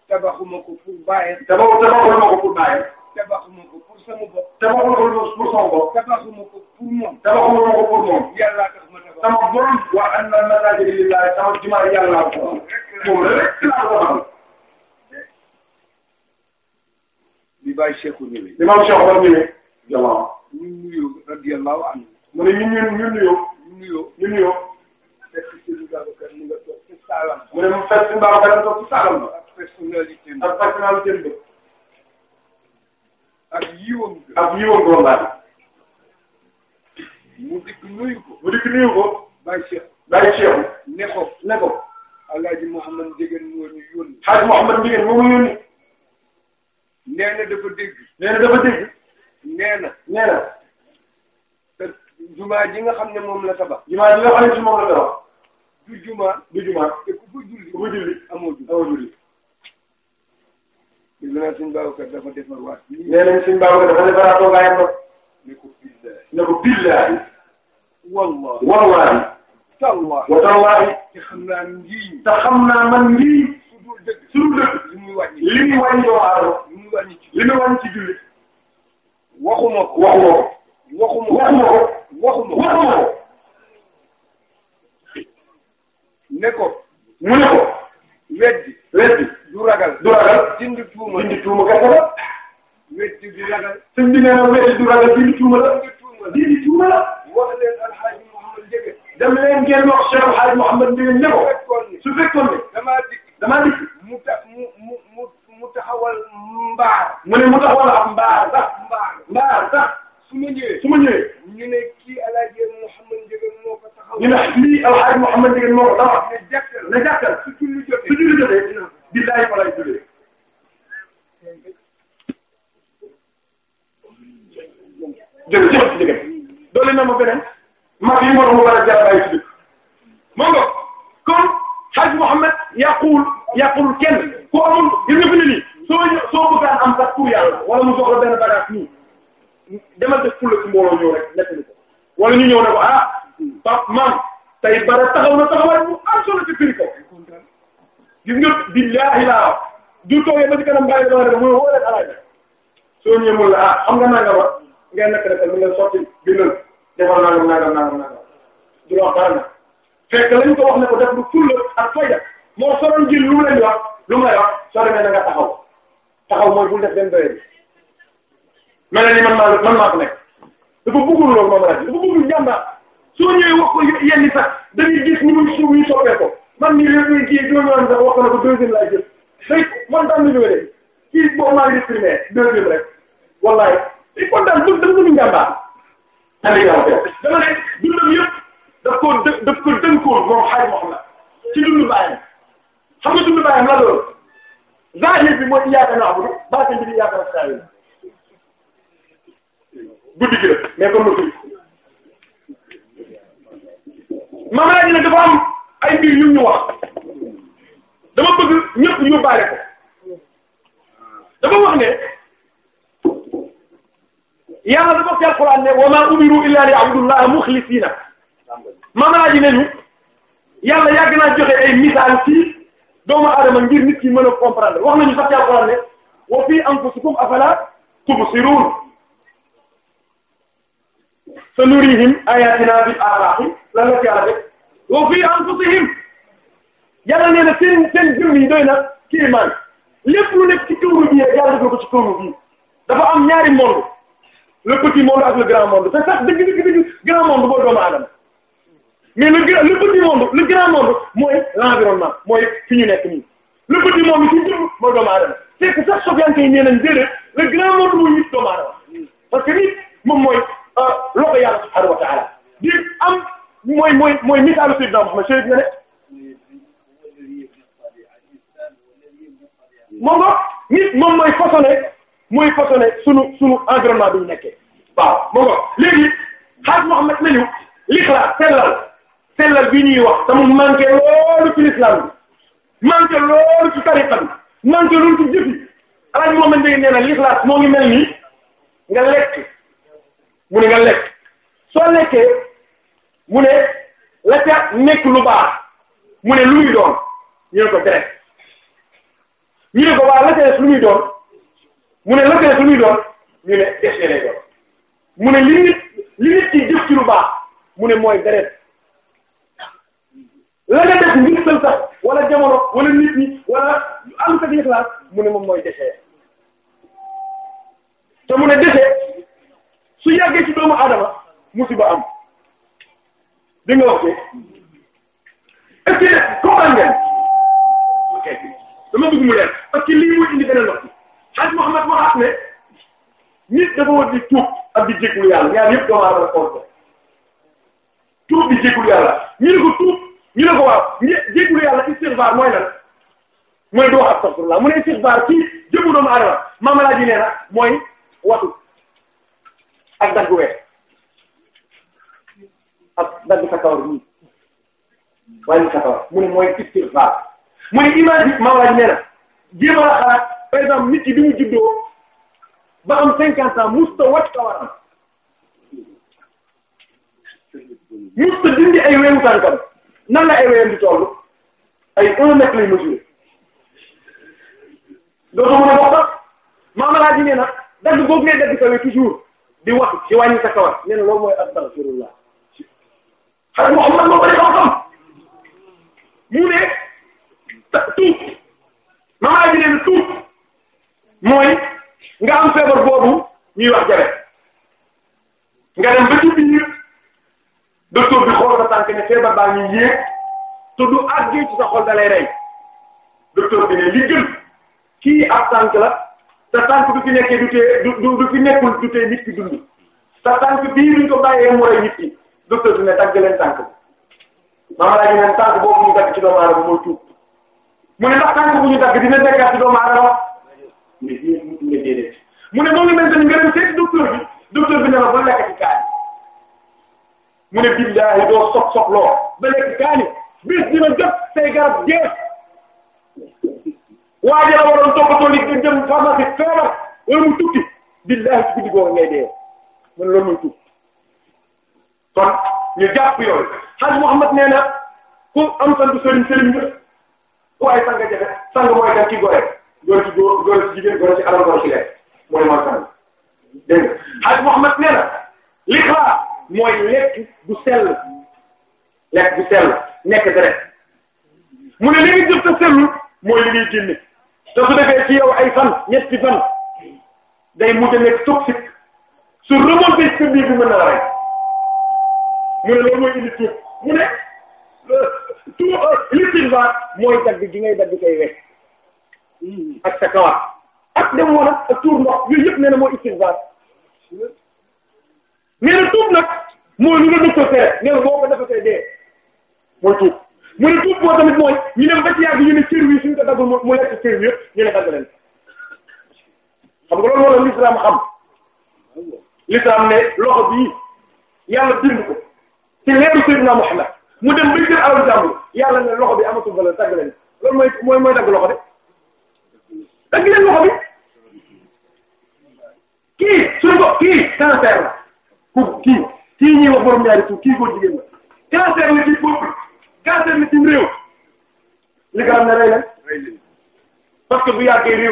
tabaxuma ko pour baay. tabaxuma ko pour baay. tabaxuma ko pour sama bopp. tabaxuma ko pour sama bopp. tabaxuma ko pour moom. tabaxuma ko pour moom. yàlla tax ma tabax. sama borom. wa anna masaajida lillaahi sama jumaa yàlla ko. moom rek laa ko xam. li bàyyi Cheikh ñëwee. li maam Cheikh war ñëwee. jamaa. ñu nuyoo radiyallahu anhu. mu ne ñu ñu ñu nuyoo. ñu nuyoo ñu nuyoo. fekk Serigne Babacar mu nga toog ci saalam. mu ne mu fekk Serigne Babacar mu toog ci saalam. ak personnalité bi ak personnalité bi. ak yiwam ak yiwam góor mu dikk nuyu mu dikk nuyu ko. bàyyi Cheikh bàyyi Cheikh. ne ko ne ko. El Hadj Mouhamad Ndieguène moo ñu yónni. Hadj Mouhamad Ndieguène moo ñu yónni. nee na dafa dégg. nee na dafa dégg. nee na nee na. te jumaa ji nga xam ne moom la tabax. jumaa ji nga xam ne moom la tabax. jumaa. jumaa te ku fa julli. ku fa julli. ñu ne suñu baabukat dafa defarwaat. nee nañ suñu baabukat dafa defaraat toogaayam ba. ne ko billahi. ne ko billahi. wallahi. wallahi. tallaahi. wa tallaahi. te xam naa ngi. te xam naa man ngi. su dul dëgg su dul dëgg. li muy wàññi li muy wàññi doomu aadama. li muy wàññi ci li muy wàññi ci jullit. waxuma ko. waxuma ko. waxuma ko waxuma ko. waxuma ko waxuma ko. ne ko. mu ne ko. weddi weddi du ragal du ragal dindi tuuma dindi tuuma kese la. weddi du ragal. sëñ bi nee na weddi du ragal dindi tuuma la. dindi tuuma la dindi tuuma la. wax leen alxaaji Mouhamed Ndieguène. dem leen ngeen wax Cheikh alxaaji Mouhamed Ndieguène ne ko. su fekkoon ne damaa dikk damaa dikk. mu ta mu mu mu mu taxawal mbaar. mu ne mu taxawal am mbaar sax. mbaar mbaar sax. su ma ñëwee su ma ñëwee. ñu ne kii ne lii ne jàkkal ne jàkkal. su julli jotee su julli jotee. billahi fa lay jullee. jërëjëf doole na ma beneen. mag yi ma doon war a jàpp ay tudd. ma nga kon Hadj Mouhamed yàquwul yàquwul kenn ku amul gis nga fi soo soo bëgg am sax pour wala mu soxla benn bagage nii. demal def fulla ci mbooloo ñëw rek nekk ni ko wala ñu ñëw ne ko ah pap maam tey bara taxaw na taxawaay bu am solo ci biir ko gis nga billahi laa du toogee ba ci kanam bàyyi dama rek mu ne xoolee alaaj soo ñëwee mu la ah xam nga nanga ba ngay nekk rek mu la sotti bindal defal nangam nangam nangam nangam du la wax dara nag fekk lañ ko wax ne ko def lu fulla ak fayda moo soroon ji lu mu leen wax lu mu lay wax soo demee na nga taxaw taxaw mooy bul def benn doyee mel na ni man maa la man maa ko nekk dafa bëggul loolu moom rajo dafa bëggul jàmbaar soo ñëwee wax ko yenn sax dañuy gis ni muy suuf ñu soppee ko man mii rek ñu kii doomu am sax wax na ko deuxième laay jël day kontaan nañu rek kii boobu maa ngi déprimé deuxième rek wallaay day kontaan du dafa bëgg jàmbaar. amiin yaa ngi dama ne dundam yëpp daf koo dë daf ko dënkoon moom xaaj Muhammad ci dundu baayam xam nga dundu baayam la loolu zahir bi mooy yaakaar naa amul baatin bi di yaakaar saa guddi gi mais comme ma tudd Mame El Hadj dafa am ay mbir yu ñu wax dama bëgg ñëpp ñu baale ko dafa wax ne yàlla dafa ci alquran ne wa ma umiru illa liya'budullaha mukhlisina Mame El Hadj ñu yàlla yàgg naa joxe ay misaal ci doomu aadama ngir nit ki mën comprendre wax nañu sax ci alquran ne wa fi anfusikum afala tubsirun sanurihim ayatina bil afaqi lan la ci yàlla def wa fi anfusihim yàlla nee na seen seen jëm yi doy na kiimaan lépp lu nekk ci kawlu bi yàlla def na ko ci kawlu bi dafa am ñaari monde le petit monde ak le grand monde sax dëgg dëgg dëgg grand monde boo doomu aadama mais le grand le petit monde le grand monde mooy l'environnement mooy fi ñu nekk nii le petit monde ci jëm mooy doomu aadama c'est que sax soxante yi nee nañ déedéet le grand Euh, loxo yàlla subhaanahu di mooy mooy mooy misaalu Seydina Muhammad Seydou moom nga nit mooy façonné mooy façonné sunu sunu environnement bi ñu nekkee waaw moom nga léegi xaaj Muhammad nañu lixlaas sellal sellal bi ñuy wax te mu manqué loolu ci l'islam bi manqué loolu ci tariqa bi manqué loolu ci jëf yi xaaj Muhammad nee na lixlaas moo ngi mel ni nga lekk. mu ne nga lekk soo lekkee mu ne la nekk lu baax mu ne doon ñu ne ko deret ñu ne ko waa la doon mu ne la ca des doon ñu ne déchet lay doon mu ne li nit li nit ci jëf ci baax mu ne mooy deret la nga def ngir wala jamono wala nit ñi wala am sa yëg mu mooy déchet te mu ne déchet su yàggee ci doomu adama musiba am di nga wax est-ce que comprendre ngeen ok dama bëgg mu leer parce que lii mooy indi beneen wax bi Hadj Mouhamed waxaat ne nit dafa war di tuub ak di jégalu yàlla ñaar yëpp doomu adama ko tuub di jégalu yàlla ñu ne ko tuub ñu ne ko waaw ñe jégalu yàlla istighfar mooy lan mooy doo wax astaghfirullah mu ne istighfar ci jëmu doomu adama maam El Hadj nee na mooy watu. ak dagg weer ak dagg sa kawar bi wàññi sa kawar mu ne mooy istigfaar mu ne image bi maa waaj nee na jéem a xalaat par exemple nit ki bi mu juddoo ba am cinquante ans musta wacc kawaram musta dindi ay weewu tànkam nan la ay weyam di toll ay un mètre lay mesuré doo ko mën a bokk maam El Hadj nee na dagg boobu ngay dagg sa wéy toujours. di wax ci wàññi sa kawar nee mooy astaghfirullah xanaa Muhammad moo ko def xam-xam bi ne tuub mooy nga am feebar boobu ñuy wax jabe nga dem ba ci biir docteur bi xool sa tànk ne feebar baa ngi yéeg te du àggee ci sa xol dalay rey kii ab tànk la te tànk du fi nekkee du tee du du fi nekkul du tee nit ki dund te tànk bii duñ ko bàyyee mu rey nit ki docteur bi ne dagg leen tànk bi maanaam daal di ne tànk boobu ñu dagg ci doomu aadama mooy tuub mu ne ndax tànk bu ñu dagg dina nekkaat ci doomu aadama mais yéen ñu ngi déedéet mu ne moom la mel ni nga dem seeti docteur bi docteur bi ne la ba lekk ci kaani mu ne billahi doo sox soxloo ba lekk kaani bis dina jot say garab jeex. waa ji la waroon toppatoo li nga jëm pharmacie feebar wala mu tukki billahi ci guddi googu ngay dee man loolu mooy tukki kon ñu jàpp yooyu xaj Muhammad nee na ku am sant sëriñ sëriñ nga ku ay sang jafe mooy def gore gore ci jigéen gore ci alal gore ci lekk mooy man sang dégg nga xaj Muhammad nee na lixlaas mooy lekk bu sell lekk bu sell nekk deret mu ne li nga jëf ta sellu mooy li ngay te su defee ci yow ay fan ñetti fan day mujj nekk toxique su remonté ci biir bi mën naa rey mu ne loolu mooy indi euh, gi ngay dagg koy wekk ak sa kawar ak dem woon ak tuur ndox yooyu yëpp nee na mooy istinfaar nee na tuub nag mooy lu nga dëkk ko tere nee na boo ko defee dee mooy tuub mu ne tuub boo tamit mooy ñu dem ba ci yàgg ñu ne cër wi suñu ko daggul mu lekk cër wi yëpp ñu ne dagg leen xam nga loolu moo la l'islam xam l'islam ne loxo bii yàlla bind ko ci leeru Seydina Muhammad mu dem ba jël alal jàmbur yàlla ne loxo bi amatul valeur dagg leen loolu mooy mooy mooy dagg loxo de dagg leen loxo bi kii suñu ko kii cancer la ku kii kii ñuy wax borom ñaari tur kii góor jigéen la cancer la ci bopp gàncax gi ci réew li nga xam ne rey leen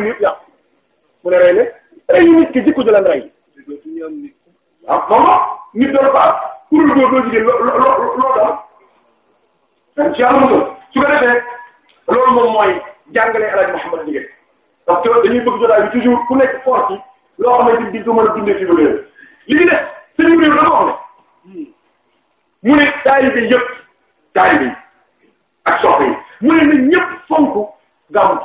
mi yëpp mu ne rey leen rey ki jikko ji lan rey. ah moom nit doon faam kuréel góor doo jigéen loo loo loo loo daal. dañ ci amul su ko defee loolu moom mooy jàngale El Hadj Mouhamed Ndieguène parce que dañuy bëgg jotaay bi toujours ku nekk force yi loo xamante ni di ko mën a dundee ci lu réew li ñu def seen réew dafa wax ne mu taalibe yi ak soxna yi mu ne na ñëpp fonk gàmmu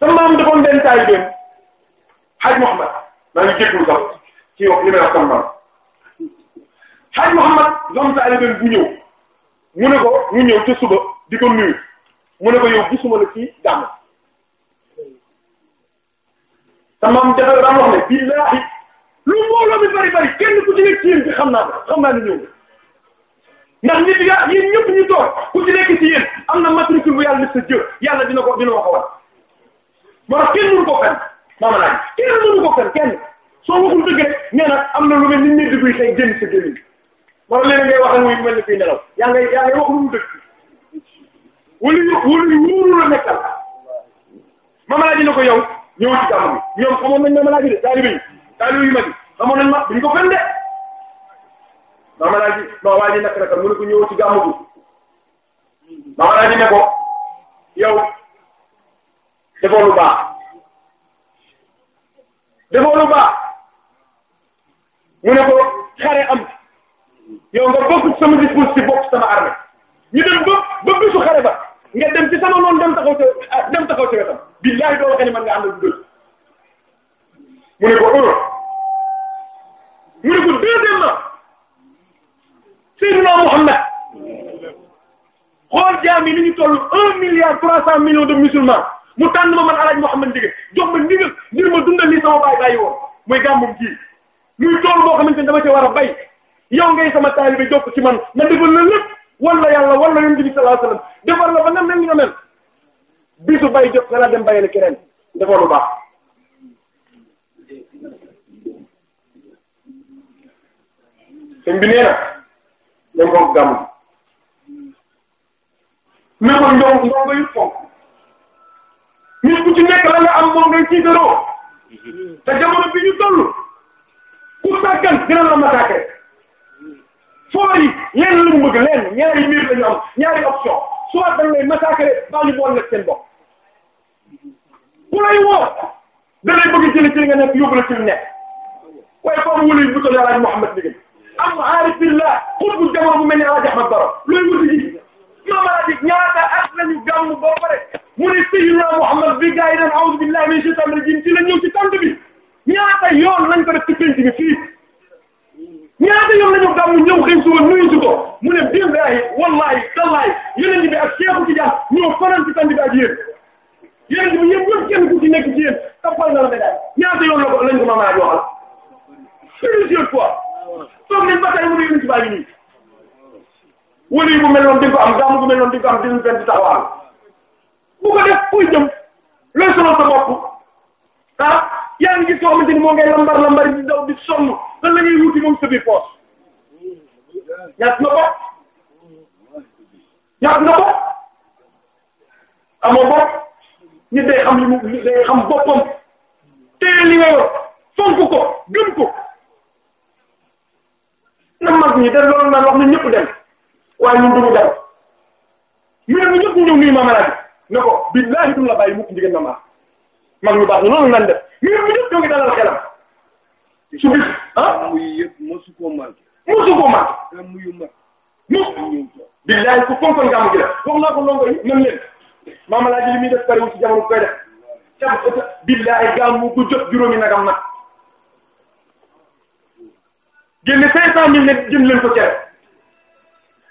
sama maam dafa benn taalibeem Hadj Mouhamad maa ngi jégalu sax ci wax li may wax sama maam Hadj Mouhamad doom taalibeem bu ñëw mu ne ko mu ñëw ca suba di ko nuyu mu ne ko yow gisuma la ci gàmm sama maam dafa daan wax ne billahi lu mbooloo mi bari bari kenn ku ci nekk ci yéen bi xam naa ko xam naa ne ñëw ndax nit ya yéen ñëpp ñu toog ku ci nekk ci yéen am na matricule bu yàlla def sa jëf yàlla dina ko dina ko wan. moo tax kenn mënu ko fen maama laaj kenn mënu ko fen kenn soo waxul dëgg rek nee na am na lu mel ni nit di buy tey génn sa génn moo tax léegi ngay wax ak muy mel ni kuy nelaw yaa ngay wax lu mu dëgg wala yu wala yu wóoru la nekkal maama laaj dina ko yow ñëw ci gàmm bi ñoom xamoon nañ maama laaj bi de taalibe yi taalibe yu mag yi xamoon nañ ma duñ ko fen de. maman aji non waa ji naka naka mu ne ko ñëw ci gàmmu bi maman aji ne ko yow defoo lu defoo lu mu ne ko xare am yow nga bokk sama dispositif bokk sama armée ñu dem ba ba bisu xare ba nga dem ci sama noonu dem taxaw ca ah, dem taxaw ca wetam billahi doo waxee ni man nga mu ne ko un mu ne ko deuxièmement Seydina Mohamed xool jaam yi ni ñu toll un milliard trois cent millions de mu tànn ma man El Hadj Mouhamed Ndieguene ma ndigal ngir ma dundal li sama baay bàyyi woon muy gàmmum ji muy tool boo xamante ni dama war a bay yow ngay sama taalibe jokk ci man ma defal la lépp wala yàlla wala yonent bi sallallahu alayhi la ba nga mel bisu bay jot nga la dem bayal keneen defal lu baax. ne moom gàmm ne ko ñoom ñoo ngay foog nit ku ci nekk la nga am moom ngay tiitaroo te jamono bi ñu toll ku sàggan dina la massacrer foor yi lu mu bëgg leen ñaari mbir la ñu am ñaari option soit dañ lay massacrer baa ñu bool nag ku lay woo da lay bëgg jëli ci li nga nekk yóbbu la ci lu nekk waaye foofu wuluy bu toll yàlla Muhammad liggéey am aarif billah xutbu jamono bu mel ni El Hadj Ahmad Baro looy wuti ji imam ñaata at lañu gàmm ba pare mu ne Sayyidina Muhammad bi gaa yi naan a'uuzu billahi minash shaytaanir rajiim ci la ñëw ci tant bi ñaata yoon lañ ko def ci penc bi fii ñaata yoon lañu gàmm ñëw xëy suba nuyu si ko mu ne billahi wallahi tallahi yonent bi ak Cheikhu Tidiane ñoo faral ci tant bi ak yéen yonent bi yéen ñëpp kenn ku ci nekk ci yéen tampal na la la ko lañ ko mën a toog nañ ba tey mu ne yonent baa ngi nii wëli bu mel noonu di ko am gàmm bu mel noonu di ko am di leen di bu ko def kuy jëm looy sonal sa bopp ah yaa ngi gis yoo xamante ni moo ngay lambar lambar di daw di sonn lan la ñuy wuti moom sa biir poos ñaat nga bopp ñaat nga bopp amoo bopp nit day xam li mu day xam boppam téye li nga yor fonk ko gëm ko. na mag ñi te loolu naan wax na ñëpp dem waaye ñun duñu dem ñu ne ñëpp ñu ñëw nuyu maam Alaaji ne ko billahi du la bàyyi mukk jigéen maam mag ñu baax na noonu lañ def ñu ne ñëpp ñoo ngi dalal xelam. su bis ah. muy yëpp mosu koo manqué. mosu koo manqué. gàmm yu mag. mosu. billahi ku fonkoon gi la wax naa ko ndongo yi nan leen maam Alaaji li muy def bariwul ci jamono koy def. billahi gàmm ku jot juróomi nagam nag. génne cinq cent mille ne leen ko cere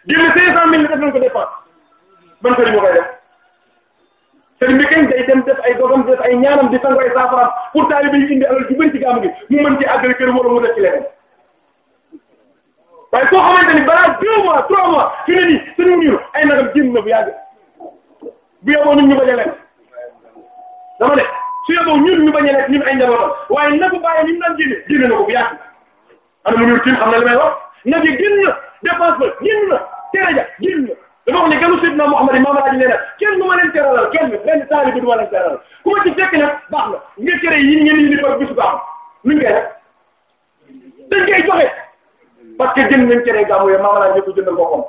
génne cinq cent def leen ko dépense ban sëriñ moo koy def sëriñ day dem def ay dogam def ay ñaanam di sango ay saafaraam pour taalibe yi indi alal ju bëri ci gàmm gi mu mën ci àggale kër wala mu def ci leneen waaye koo xamante ni balaa deux mois trois mois fi ne nii suñu niiru ay nagam jënd na bu yàgg bu yeboo ñun ñu bañ a lekk dama su yeboo ñun ñu bañ a lekk ñun ay njabootam waaye na ko bàyyi ni mu daan génne ana mu ñuul xam na li may wax ndaje génn dépense ba génn tereja génn dafa wax ne ganu Seydina Muhammad Maam Alaaji nee na kenn du ma leen teralal kenn benn taalibe du ma leen teralal ku ma ci fekk nag baax na nga tere yi ngeen indi ba bisu baax nuñ koy def dañ koy joxe parce que jënd nañ tere gàmmu yooyu Maam Alaaji ko jëndal boppam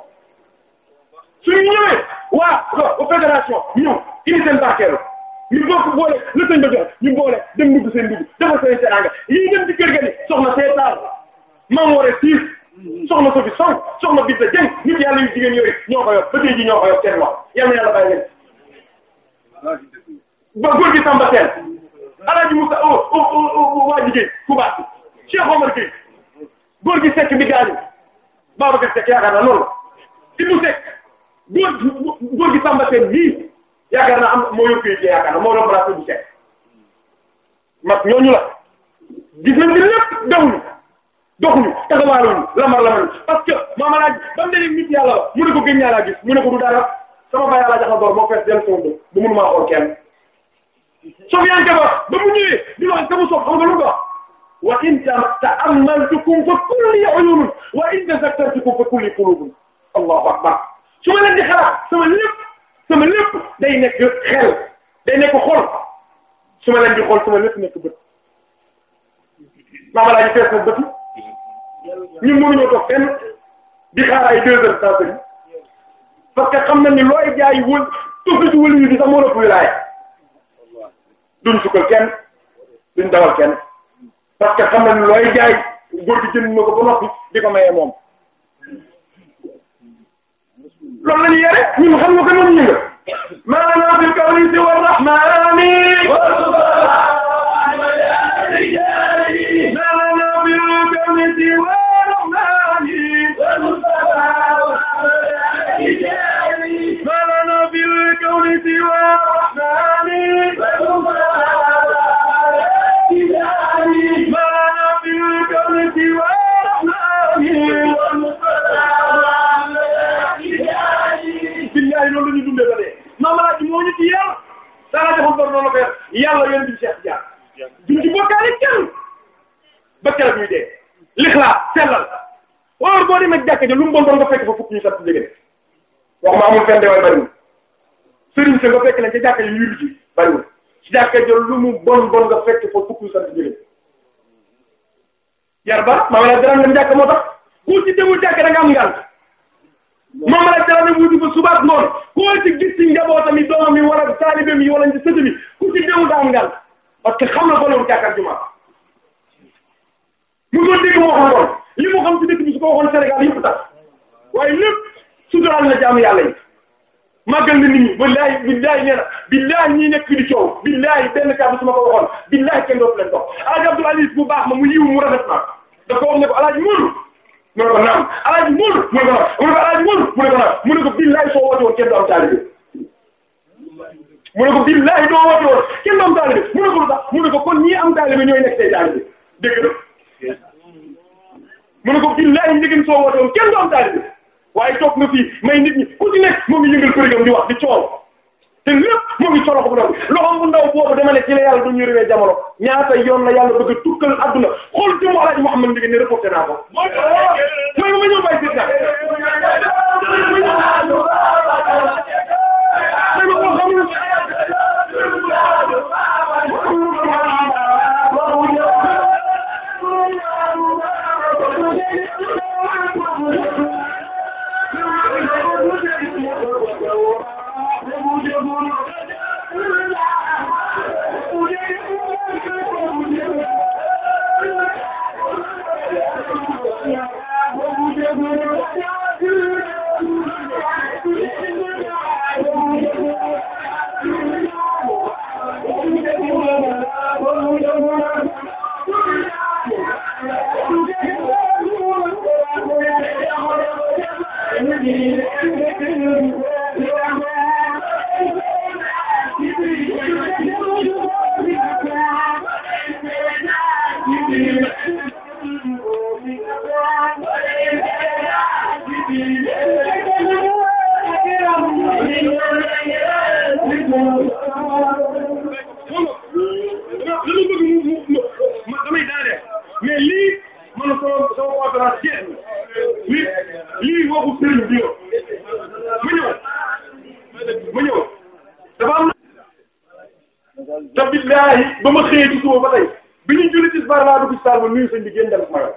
suñu ñëwee waa fédération ñëw indi seen barkeelu ñu bokk boole la sëñ ba joxe ñu boole dem dugg seen dugg defal seen dem ci kër maam war a tiis soxna Sofi Sow soxna Bidda Dieng nit yàlla yu jigéen yooyu ñoo ko yor ba tey jii ñoo ko yor seen wax yal na yàlla bàyyi leen. ba góor gi Samba Sène Alaaji Moussa oh oh oh, oh, oh waa jigéen ku baax Cheikh Omar Gueye góor gi Seck mi gaañu Babacar Seck yaakaar naa loolu Ibou Seck góor góor gi Samba Sène bii yaakaar naa am moo yëkkëyee ci yaakaar naa moo remplacé Ibou Seck mag ñooñu la gis nañ ci lépp dawul. doxuñu taxawaaluñu lamar lamar parce que maama laaj ba mu demee mu ne ko gën ñaa laa gis mu ne ko moo fees dem sama bu mu ñëwee di wax sama soxla xam nga lu mu wax wa in ta'ammaltukum fa kulli uyunun wa in tazakkartukum fa kulli qulubun allahu akbar su ma leen di xalaat sama lépp sama lépp day nekk xel day nekk ma leen di xool sama lépp nekk ñun mënuñoo toog fenn di xaar ay deux heures saa xam nañ ni looy jaay wël tuuti ci yi di sax moo ëpp wilaaya duñ sukkal kenn duñ dawal kenn parce xam nañ ni looy jaay góor gi jënd na ko ba noppi di ko maye moom. loolu la ñuy yore ñun xam nga ko noonu ñu nga maanaam bil kawri wa rahmaani yàlla yéen duñ seex jaar duñ ci bokkaale kenn ba keroog ñuy dee lixlaas sellal wóor boo demee jàkka ja lu mu bon bon nga fekk fa fukk ñu sat jege wax ma amul fenn bariwul sëriñ sa nga fekk leen ca jàkka ja ñu lu mu bon bon nga fekk fa fukk ñu sat jege yar ba maa la dara dem jàkka moo tax ku ci demul jàkka da am ngànt moom la dara dem wuti ba subaat noonu koo ci gis ci njabootam yi doomam yi wala taalibeem yi wala ci sët ku ci demul da am ngànt parce xam na ko loolu mun doon dégg moo xam lool li mu ne ci dëkk bi su ko waxoon Sénégal yëpp tax waaye lépp suturaal na jaamu yàlla yi màggal na nit ñi wallahi billahi billahi ñii nekk fi coow billahi benn kàddu su ma ko waxoon billahi kenn dootu leen dox alaaji Abdul Aziz bu baax ma mu yiw mu rafet ma da ne ko alaaji Modou mu ne ko naam alaaji Modou mu ne ko naam mu mu ne ko naam mu ne ko billahi soo woote woon kenn du am taalibe mu ne ko billahi doo woote woon kenn am taalibe mu mu ne mu ne ko billahi njëgën soo woote woon kenn du am taalibe waaye toog nga fii may nit ku ci moo ngi yëngal përigam di wax di coow te lépp moo ngi corox bu ndaw loxoom bu ndaw boobu dama ne ci la yàlla du ñu réwee jamono ñaata yoon la yàlla bëgg a tukkal adduna xool ci mu alaaji Muhammad Ndieguene ne reporté naa ko na ma billaahi ba ma xëyee ci suba ba tey bi ñu julli ci bar laa dugg ci saal ba nuyu sëñ bi génn dem sama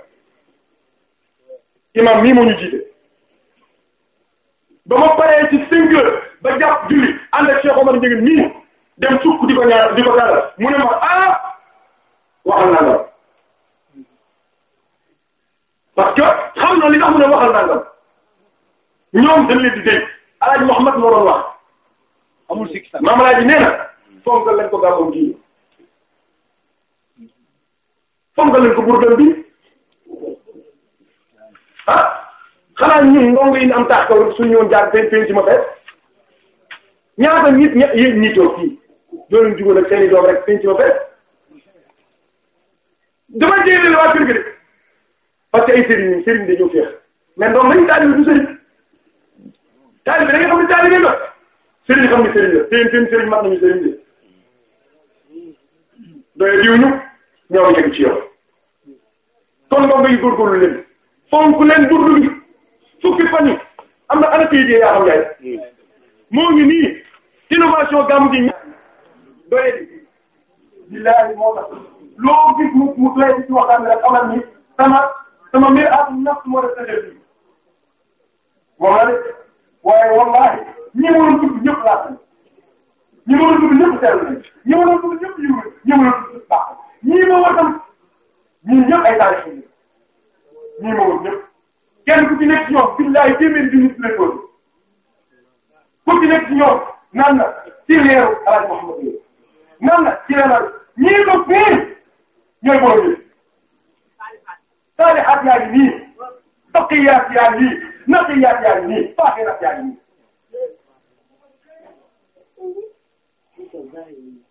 imam mii moo ñu jiite ba ma paree ci cinq heures ba jàpp julli ànd ak Cheikh Omar Ndiéguène mii dem sukk di ko ñaar di ko dara mu ne ma ah waxal naa la parce que xam na li tax mu ne waxal naa la ñoom dañ leen di dégg El Hadj Mouhamed moo doon wax amul sikki sax maam El Hadj nee na fonkal lañ ko gàllankoor. ponk lañ ko burdan bi ah xanaa ñun ndongo yi am taax kaw suñu ñëwoon jaar seen seen ci ma fees ñaata nit ña yéen ñi toog fii doo leen jugóon ak seen rek seen ci ma fees dama jéeréer waa kër gi de parce que ay sëriñ ñun sëriñ dañoo féex mais ndoom lañ taalibe du sëriñ taalibe da nga xam ne taalibe la sëriñ xam ne sëriñ la seen seen sëriñ mat nañu sëriñ de doye diw ñu ñoo ngi ci yow. kon ndongo yi góorgóorlu leen fonk leen durdu bi fukki fan yi am na ana kayit yaa xam yaay moo ngi nii innovation gàmm gi doye di billaahi moo tax loo gis mu mu doye di ci waxtaan rek xamal ni sama sama mbir atum nafs moo def sa bi waxale waaye wallaahi ñi waroon tudd ñëpp laata ñi waroon tudd ñëpp seetlu nañ ñi waroon tudd ñëpp yiw ñi waroon tudd baax ñii ma war tam ñun ñëpp ay taarix yi ñu ñëwoon ñëpp kenn ku ci nekk ci ñoom billahi téeméer bi nit la doon ku ci nekk ci ñoom naan na ci leeru alaaj Muhammad yi naan na ci leeral ñii ko fii ñooy borom yi saalihaat yaa ngi nii baqiyaat yaa ngi nii naqiyaat yaa ngi nii faaqiraat yaa ngi nii